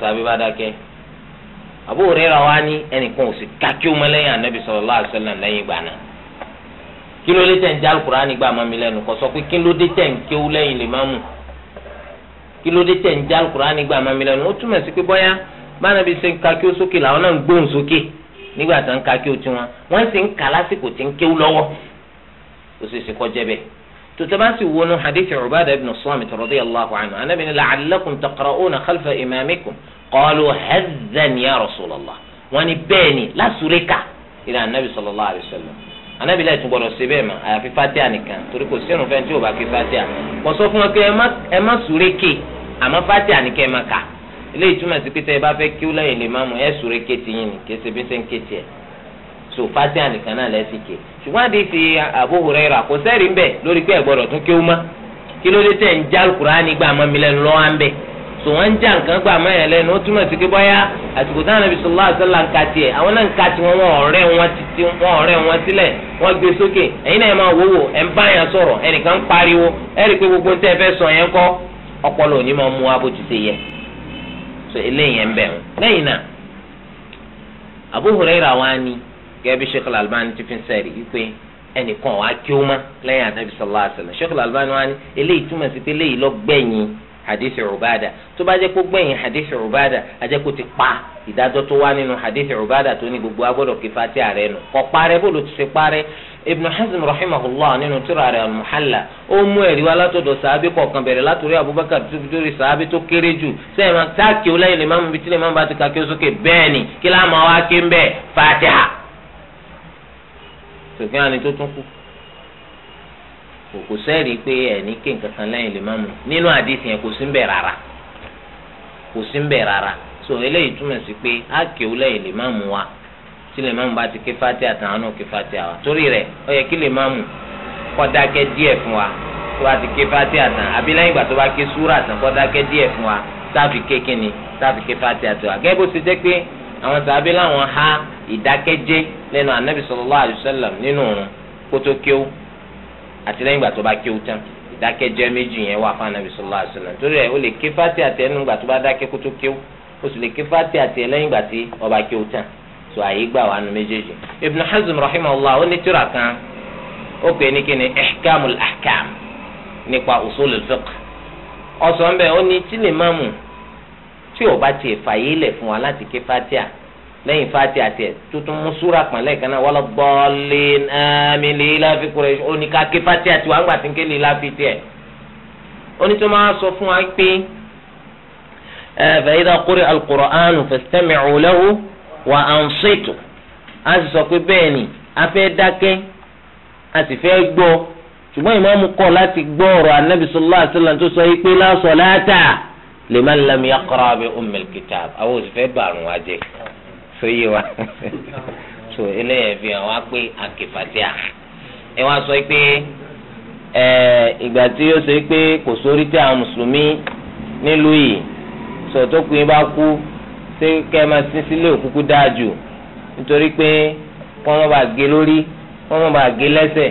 sábẹ́ bá dákẹ́. Abu Hurairah wa ní ẹnìkan ò sì ká kí ó mọ lẹ́yìn anabi sallallahu alaihi wasallam lẹ́yìn ìgbà náà kí ló dé tẹ̀ ń já alukur'an gba àmọ́ mi lẹ́nu kọ́ sọ pé kí ló dé tẹ̀ ń kéwú lẹ́yìn lè má mú kí ló dé tẹ̀ ń já alukur'an gba àmọ́ mi lẹ́nu ó túmọ̀ sí pé bọ́yá bánabi ṣe ń ka kí ó sókè làwọn náà ń gbóhùn sókè nígbà tó ń ka tiwọn wọ́n sì ń kà lásìkò tí ń kéwú lọ́wọ́ ó sì ṣe kọjá bẹ́ẹ̀ tòtò bá sì wọnú hadith ibn Samit radiyallahu anhu anabi ni la'allakum taqra'una khalfa imamikum qalu hazan ya rasulallah wọ́n ní bẹ́ẹ̀ ni lásùrẹ́kà ìlà anabi sallallahu alayhi wa sallam anabi láti gbọdọ̀ ṣe bẹ́ẹ̀ mà àyàfi fatia nìkan torí kò sínú fẹ́ẹ́ tí ò bá ké fatia kò sọ fún wọn pé ẹ má sùrẹ́kè àmọ́ fatia nìkan ẹ má kà ilé ìtumọ̀ sí pé tẹ́ ẹ bá fẹ́ kí ó lẹ́yìn lè má mu ẹ sùrẹ́kè tiyín ni kí ẹ ṣe bí ṣe ń ké tiẹ̀ so fatia nìkan náà lẹ́sìn ké ṣùgbọ́n àdé ti Abu Huraira kò sẹ́rìí ń bẹ̀ lórí pé ẹ gbọdọ̀ tún kí ó má kí ló dé tẹ̀ ń já so wọ́n ń já nǹkan gbà mẹ́rin lẹ́nu ó túmọ̀ sí pé bọ́yá àsìkò táwọn nàbí sọlá àṣọlá ń ka tiẹ̀ àwọn náà ń ka tiwọn wọn ọ̀rẹ́ wọn títí wọn ọ̀rẹ́ wọn sílẹ̀ wọ́n gbé sókè ẹ̀yin pariwo ẹ̀ rí i pé gbogbo ń tẹ́ fẹ́ sọ yẹn kọ́ ọpọlọ òní máa mú abó ti ṣe so eléyìí ẹ̀ ń wàá kí ó má alaihi Sheikh eléyìí túmọ̀ sí pé hadith rubada tó bá jẹ́ kó gbẹ̀yìn hadith Ubada ajẹ́ kó ti pa ìdájọ́ tó wá nínú hadith Ubada tó ní gbogbo agbọ́dọ̀ ki Fatiha rẹ nù kọ́ parẹ́ bó ló ti Ibn Hazm rahimahullah nínú tírà rẹ̀ al ó mú ẹ̀rí wá látọ̀dọ̀ sàábì kọ̀ọ̀kan bẹ̀rẹ̀ látòrí Abubakar tó fi dórí sàábì tó kéré jù máa kò sẹ́ẹ̀rí pé ẹ̀ní kí nǹkan kan lẹ́yìn lè má mu nínú àdìsí yẹn kò sí ń rárá kò sí rárá so eléyìí túmọ̀ sí pé á kéwú lẹ́yìn wa tí lè má mu bá ti ké fati àtàwọn náà ké fati àwa torí rẹ̀ ó yẹ kí lè má mu díẹ̀ fún wa tó bá ti ké fati àtàn àbí lẹ́yìn ìgbà tó bá ké súrà àtàn díẹ̀ fún wa táàfi ké kíni ké fati àtàn wa gẹ́gẹ́ bó ti jẹ́ pé àwọn àti lẹ́yìn ìgbà tó bá kéwú tán ìdákẹ́jẹ́ méjì yẹn wà fún anabi sallallahu alaihi wasallam torí ẹ̀ o lè ké fati àtẹ nínú ìgbà tó bá dákẹ́ kó tó kéwú o sì lè ké fati àtẹ lẹ́yìn ìgbà tí ó bá kéwú tán so àyè gbà wà nù méjèèjì ibn hazm rahimahullah ó ní tírà kan ó pè ní kíni ihkamul ahkam nípa usulul fiqh ọ̀sán bẹ́ẹ̀ ó ní tí lè tí ò bá tiẹ̀ fàyè fún wa láti ké fati àtẹ lẹ́yìn fati àti ẹ̀ tuntun mú súra pọ̀nlẹ́ kan náà wọ́n lọ bọ́ọ̀lì àmì lílá fi kúrẹ́ oníkàké fati àti wàá gbà tí ń ké lílá fi tiẹ̀. onítọ́ máa sọ fún wa pé fa idha quri'a al-Qur'anu fastami'u lahu wa ansitu. a sì sọ pé bẹ́ẹ̀ ni a fẹ́ dákẹ́ a sì fẹ́ gbọ́ ṣùgbọ́n ìmáàmù kọ̀ láti gbọ́ ọ̀rọ̀ anábì sallallahu alaihi tó sọ yìí pé la salata liman lam yaqra bi ummil kitab àwọn òṣìfẹ́ bàrùn wa <laughs> so yé wa so eléyà fi hàn wá pé àkèfàtíà ẹ wá sọ pé ẹ ìgbà tí ó sọ pé kò sórí tí àwọn mùsùlùmí nílùú yìí sọ tó pin in bá kú ṣé kẹ́ ẹ máa sin sílé òkúkú dáa jù nítorí pé kọ́ wọ́n bá gé lórí kọ́ wọ́n bá gé lẹ́sẹ̀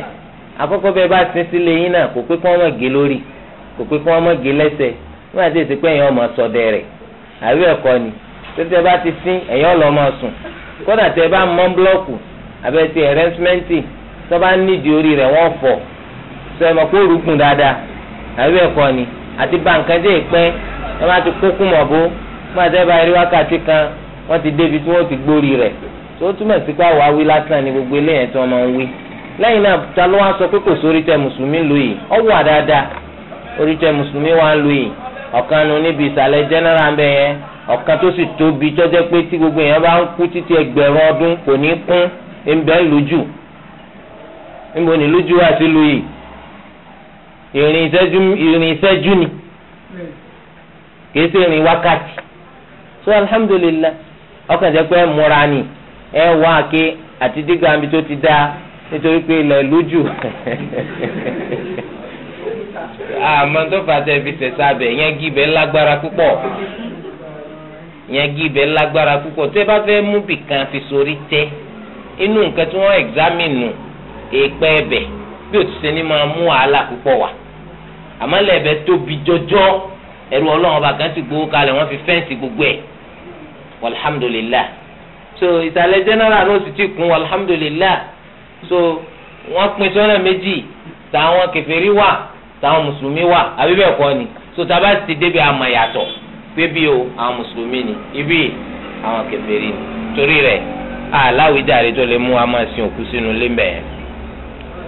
àkọ́kọ́ bẹ́ẹ̀ bá sin sílé yín náà kò pé kọ́ wọ́n gé lórí kò pé kọ́ wọ́n gé lẹ́sẹ̀ wọ́n àti èsì pé èèyàn ọmọ sọdẹ rẹ̀ àbí ẹ̀kọ́ ni. tètè bá ti sin ẹ̀yọ́ lọ ọsùn: sùn kódà tẹ bá mọ búlọ́ọ̀kù àbẹ̀tì ẹ̀rẹ́símẹ́ǹtì tó bá nídìí orí rẹ̀ wọ́n fọ̀ sọ ẹ̀ mọ̀ kó rúkun dáadáa àbí ẹ̀kọ́ ni àti bàǹkà jẹ́ ìpẹ́ ẹ ti kókún mọ̀ bó má tẹ́ bá rí kan wọ́n ti débi tí wọ́n ti gbórí rẹ̀ tó túmọ̀ sí pé àwọn awí lásán ni gbogbo eléyẹn tí wọ́n máa ń wí lẹ́yìn sọ pé kò sórí tẹ mùsùlùmí ọ wà dáadáa orí tẹ mùsùlùmí ń lu yìí ọ̀kan nu níbi bẹ ọ̀kan tó sì tóbi tọ́jẹ́ pé tí gbogbo èèyàn bá ń kú títí ẹgbẹ̀rún ọdún kò ní kún ẹ̀ńbẹ́ lójú níbo ni lójú wà sí lu yìí ìrìn ìṣẹ́jú ìrìn ìṣẹ́jú ni kìí ṣe wákàtí so alhamdulillah ọkàn jẹ́ pé ẹ múra ni ẹ wá ake àti dígbà mi tó ti dáa nítorí pé ilẹ̀ lójú <laughs> àmọ́ tó fà á tẹ̀ fi tẹ̀ sábẹ̀ yẹn gíbẹ̀ lágbára púpọ̀ ìyẹn gí ibẹ̀ lágbára púpọ̀ tó ẹ bá fẹ́ mú bìkan fi sórí tẹ́ inú nǹkan tí wọ́n ẹ̀gzámìnù èèpẹ̀ ẹ̀bẹ̀ bí o ti ṣe ni máa mú wàhálà púpọ̀ wá àmọ́ lẹ́ẹ̀bẹ̀ tóbi jọjọ́ ẹ̀rù ọlọ́run ọba kan ti gbowó kalẹ̀ wọ́n fi fẹ́ǹsì gbogbo ẹ̀ alhamdulillah so ìsàlẹ̀ general ló sì ti kún alhamdulillah so wọ́n pín sọ́nà méjì táwọn kèfèrí wà táwọn mùsùlùmí wà àbí bẹ́ẹ̀ kọ́ ni so tá a bá ti débi àmọ̀ yàtọ̀ pé bí o àwọn mùsùlùmí ni ibi àwọn kèfèrí ni torí rẹ̀ aláwìjàre tó lè mú wa máa sin òkú sínú ilé mẹ́ẹ̀.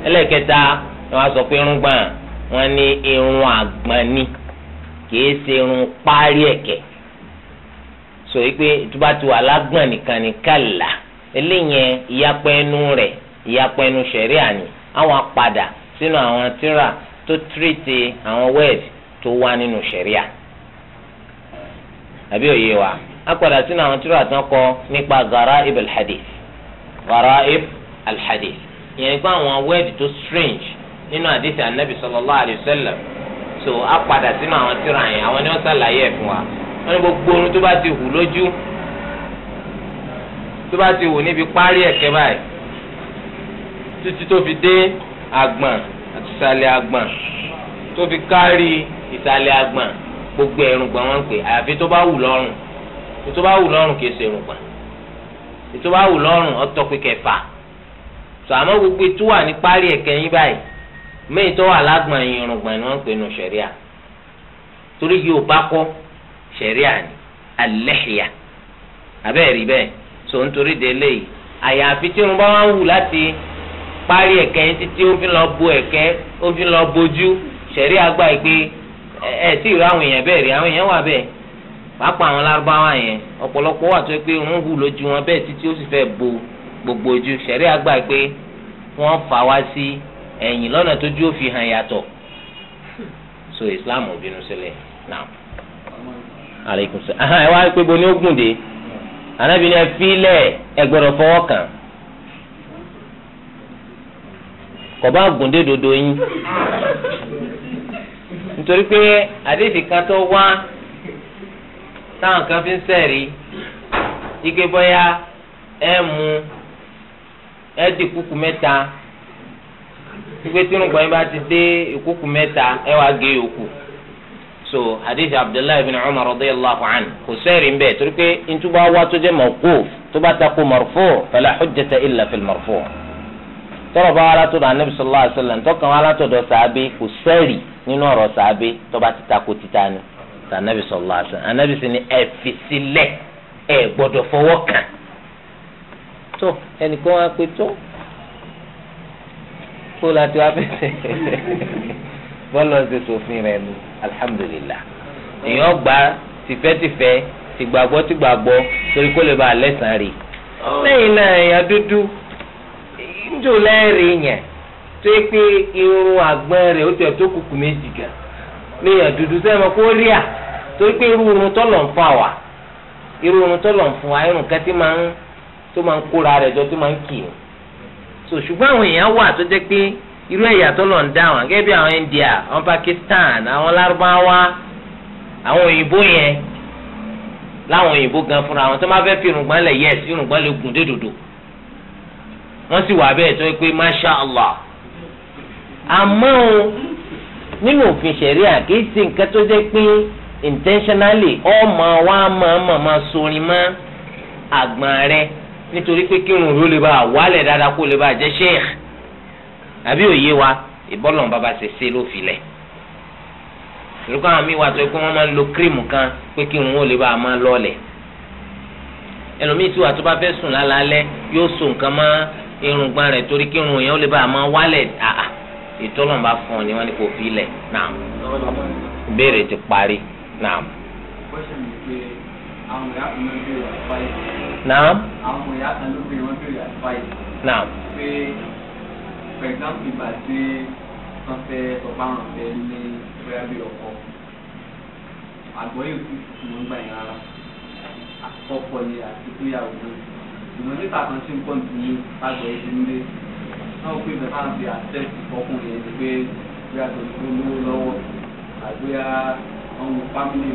ẹlẹ́kẹta ni wọ́n sọ pé irun gbọ̀n wọ́n ní irun àgbọ̀n ni kìí ṣe irun párí ẹ̀kẹ́ sọ wípé ìtúbà ti wà lágbọ̀n nìkan ní kàlà eléyẹn ìyapẹ́ ẹnu rẹ̀ ìyapẹ́ ni àwọn apàdà sínú àwọn tíra tó tírètè àwọn wẹ́ẹ̀dì tó wà nínú ṣẹ̀ríà àbí òye wa a padà sínú àwọn tírà àtàn kọ nípa garaib alhadith garaib alhadith ìyẹn nípa àwọn wẹ́ẹ̀dì tó strange nínú àdìsí anabi sallallahu alayhi wa sallam so a padà sínú àwọn tírà yẹn àwọn ni wọ́n ṣàlàyé ẹ̀ fún wa wọ́n ní gbogbo orun tó bá ti hù lójú tó bá ti wò níbi parí ẹ̀kẹ́ báyìí títí tó fi dé àgbọ̀n àti ìsàlẹ̀ àgbọ̀n tó fi kárí ìsàlẹ̀ àgbọ̀n gbogbo ẹrùngbọ̀n wọn pè àyàfi tó bá wù lọ́rùn tó bá wù lọ́rùn kìí ṣe ẹrùngbọ̀n tó bá wù lọ́rùn ọ̀tọ̀ pé kẹfà tó àmọ́ gbogbo tó wà ní parí ẹ̀kẹ́ yín báyìí mẹ́yìn tó wà lágbọ̀n yín ẹrùngbọ̀n ni wọ́n pè nù ṣẹ̀ríà torí yìí ò bá kọ́ ṣẹ̀ríà ni alẹ́hìá abẹ́ẹ̀ rí bẹ́ẹ̀ tó ń torí de eléyìí àyàfi tí wọn bá wá wù láti parí ẹ̀kẹ́ títí ó fi lọ bo ẹ̀kẹ́ ó fi lọ bojú ṣẹ̀ríà gbà pé ẹ tí ì rí àwọn èèyàn bẹ́ẹ̀ rí àwọn èèyàn wà bẹ́ẹ̀ pàápàá àwọn lárúbáwá yẹn ọ̀pọ̀lọpọ̀ wà tó pé wọn bẹ́ẹ̀ títí ó sì bo gbogbo ojú sẹ̀rí àgbà pé wọn fà wá sí ẹ̀yìn lọ́nà tójú ó fi hàn yàtọ̀ so Islam ò bínú sílẹ̀ náà aleykum sọ ẹ ni ó nítorí pé àdéhìí kan tó wá táwọn kan fi ń sẹ̀rí ike bóyá ẹ mú ẹ di kúkú mẹ́ta yín bá ti dé ìkúkú mẹ́ta ẹ wá gé so àdéhìí abdullahi bin umar radiyallahu anhu kò sẹ́rì ń bẹ̀ torí pé ntúbọ̀ wá tó jẹ́ tó bá ta hujjata tọrọ bá wa látọ̀dọ̀ anabi sọlá àṣẹlẹ ntọkàn wa látọ̀dọ̀ sàábé kò sẹẹrì nínú ọ̀rọ̀ sàábé tọba títa kó títa ni sànàbì sọlá àṣẹlẹ anabi sì ni ẹ fi sílẹ̀ ẹ gbọ́dọ̀ fọwọ́ kàn tó ẹnìkan wa pé tó kó láti wá bẹsẹ <laughs> bọlọ ṣe sòfin rẹ̀ nu alihamudulila èèyàn gba tìfẹ́tìfẹ́ tìgbàgbọ́ tìgbàgbọ́ torí kó lè ba àlẹ́ sàn rí lẹ́yìn náà èèyàn dúdú. ńjò lẹ́rìí yẹn tó yẹ pé irun otu rẹ̀ ó tẹ̀ tó kùkù méjì gan léèyàn dúdú sẹ́wọ̀n kó rí à pé ń fa wà ń wa irun kan tí máa ń tó máa ń kóra rẹ̀ jọ tó máa ń kì í so ṣùgbọ́n àwọn èèyàn wà tó jẹ́ pé irú ẹ̀yà ń India àwọn Pakistan àwọn àwọn òyìnbó yẹn láwọn òyìnbó gan fúnra wọn tó fẹ́ fi lẹ̀ yẹ́sì wọ́n sì wà bẹ́ẹ̀ tó pé masha allah àmọ́ o nínú òfin ṣẹ̀ríà kì í ṣe nǹkan tó jẹ́ pé intentionally ọmọ wa máa máa máa sorin mọ́ àgbọ̀n rẹ nítorí pé kírun ló lè bá wálẹ̀ dáadáa kó lè bá jẹ́ sheikh àbí òye wa ìbọ́lọ̀ bàbá ṣe ṣe ló filẹ̀ lókọ́ àwọn míì wà tó pé wọ́n máa ń lo kírìmù kan pé kírun ó lè bá a máa lọ́ọ̀lẹ̀ ẹlòmíì tí wà tó bá fẹ́ sùn lálálẹ́ yóò so nǹkan máa irùngbọ̀n rẹ̀ torí kí irun yẹn ó lè bá a máa wálẹ̀ àà ìtọ́lọ́mùbá fún ọ ni wọ́n ní kò fi lẹ̀ náà ìbéèrè ti parí náà. náà. náà. for example ìgbà tí wọ́n fẹ́ ọ̀pá àwọn ọ̀fẹ́ ní bóyá bí ọkọ̀ àgbọ̀yé òkú ìmọ̀ ń gbà yẹn rárá ọkọ̀ ni àti tó yà ìmọ̀ nípa kan tí nǹkan ti àgbẹ̀ ẹ̀ ti ń lé náà pé bẹ̀rẹ̀ máa fi àṣẹ ìfọkùnrin ẹ̀ pé bí a tòun tó lówó lọ́wọ́ àgbé àwọn fámìlì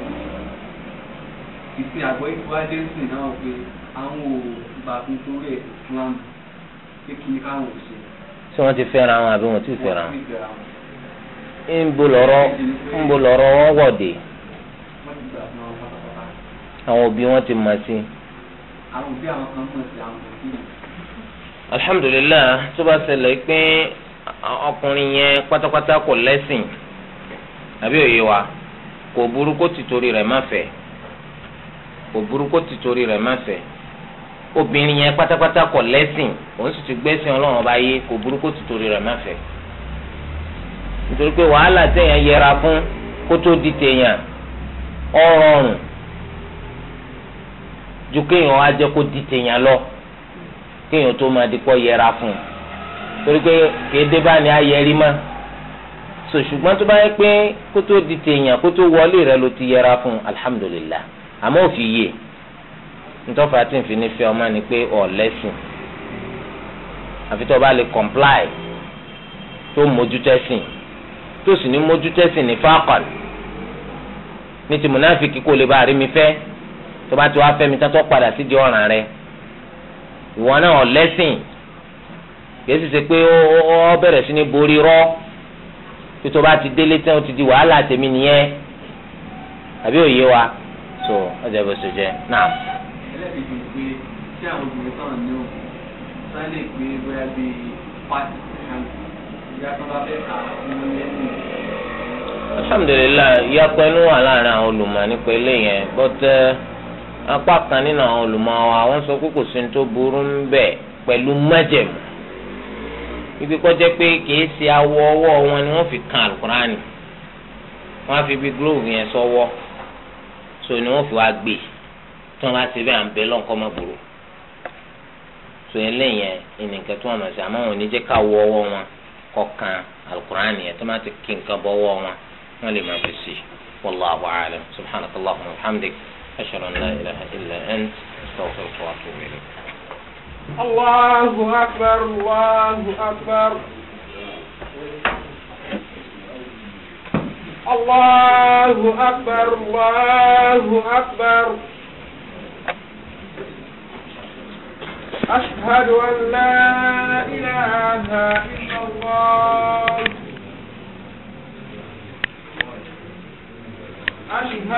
ìsìn àgbẹ̀ ìfúwájú sì náà pé àwọn ò bàbí torí wọn àbí wọ́n ti fẹ́ra wọn. ń bo lọ́rọ́ wọ̀de. àwọn òbí wọn ti mọ̀ sí i àwọn òbí àwọn kan mọ̀ sí àwọn òbí mi. alhamdulilayi tó bá ṣẹlẹ̀ pé ọkùnrin yẹn pátápátá kò lẹ́sìn àbí òye wa kò burú kó ti torí rẹ̀ má fẹ́ kò burú kó ti torí rẹ̀ má fẹ́ obìnrin yẹn pátápátá kò lẹ́sìn òun sì ti gbẹ́sìn ọlọ́run ọba yé kò burú kó rẹ̀ má fẹ́ nítorí pé wàhálà téèyàn yẹra fún kó tó di téèyàn ọ̀rọ̀rùn ju kéèyàn á jẹ́ kó di tèèyàn lọ kéèyàn tó máa di pọ̀ yẹra fún un torí pé kéde bá ní ayẹri mọ́ so ṣùgbọ́n tó bá yẹ pé kó tó di tèèyàn kó tó wọlé rẹ ló ti yẹra fún un alihamudulilayi àmọ́ òfin yìí ntọ́fà tí n fi ní fẹ́ ọmọ ni pé ọ̀ lẹ́sìn àfi tó bá lè comply tó mójútẹ́sìn tó sì ní mójútẹ́sìn ní fáàkàn ní ti múnáfíkì kó lè bá rí mi fẹ́ tó bá ti wá fẹ́ mi tán tó ọ̀ràn rẹ ìwọ náà lẹ́sìn kìí sì pé ó bẹ̀rẹ̀ sí ní borí rọ́ tó bá ti délé tán ó ti di wàhálà tèmi nìyẹn àbí òye wa so ọjà bó so jẹ náà. alhamdulilayi ìyá pẹ́ẹ́nú wà láàrin àwọn apá kan nínú àwọn olùmọ̀ wa wọ́n sọ pé kò sí ní tó burú ń bẹ ibi kọ́ pé kìí ṣe awọ ni wọ́n fi kan alukurani wọ́n fi bi glove yẹn so ni wọ́n fi wá gbé tí wọ́n bá ṣe à ń so eléyẹn ìnìkan tí wọ́n mọ̀ sí àmọ́ wọn ò ní jẹ́ ká wọ kan alukurani yẹn tí ti kí nǹkan bọ́ ọwọ́ wọn wọ́n lè fi sí i أشهد أن لا إله إلا أنت أستغفرك وأتوب إليك الله أكبر الله أكبر الله أكبر الله أكبر أشهد أن لا إله إلا الله أشهد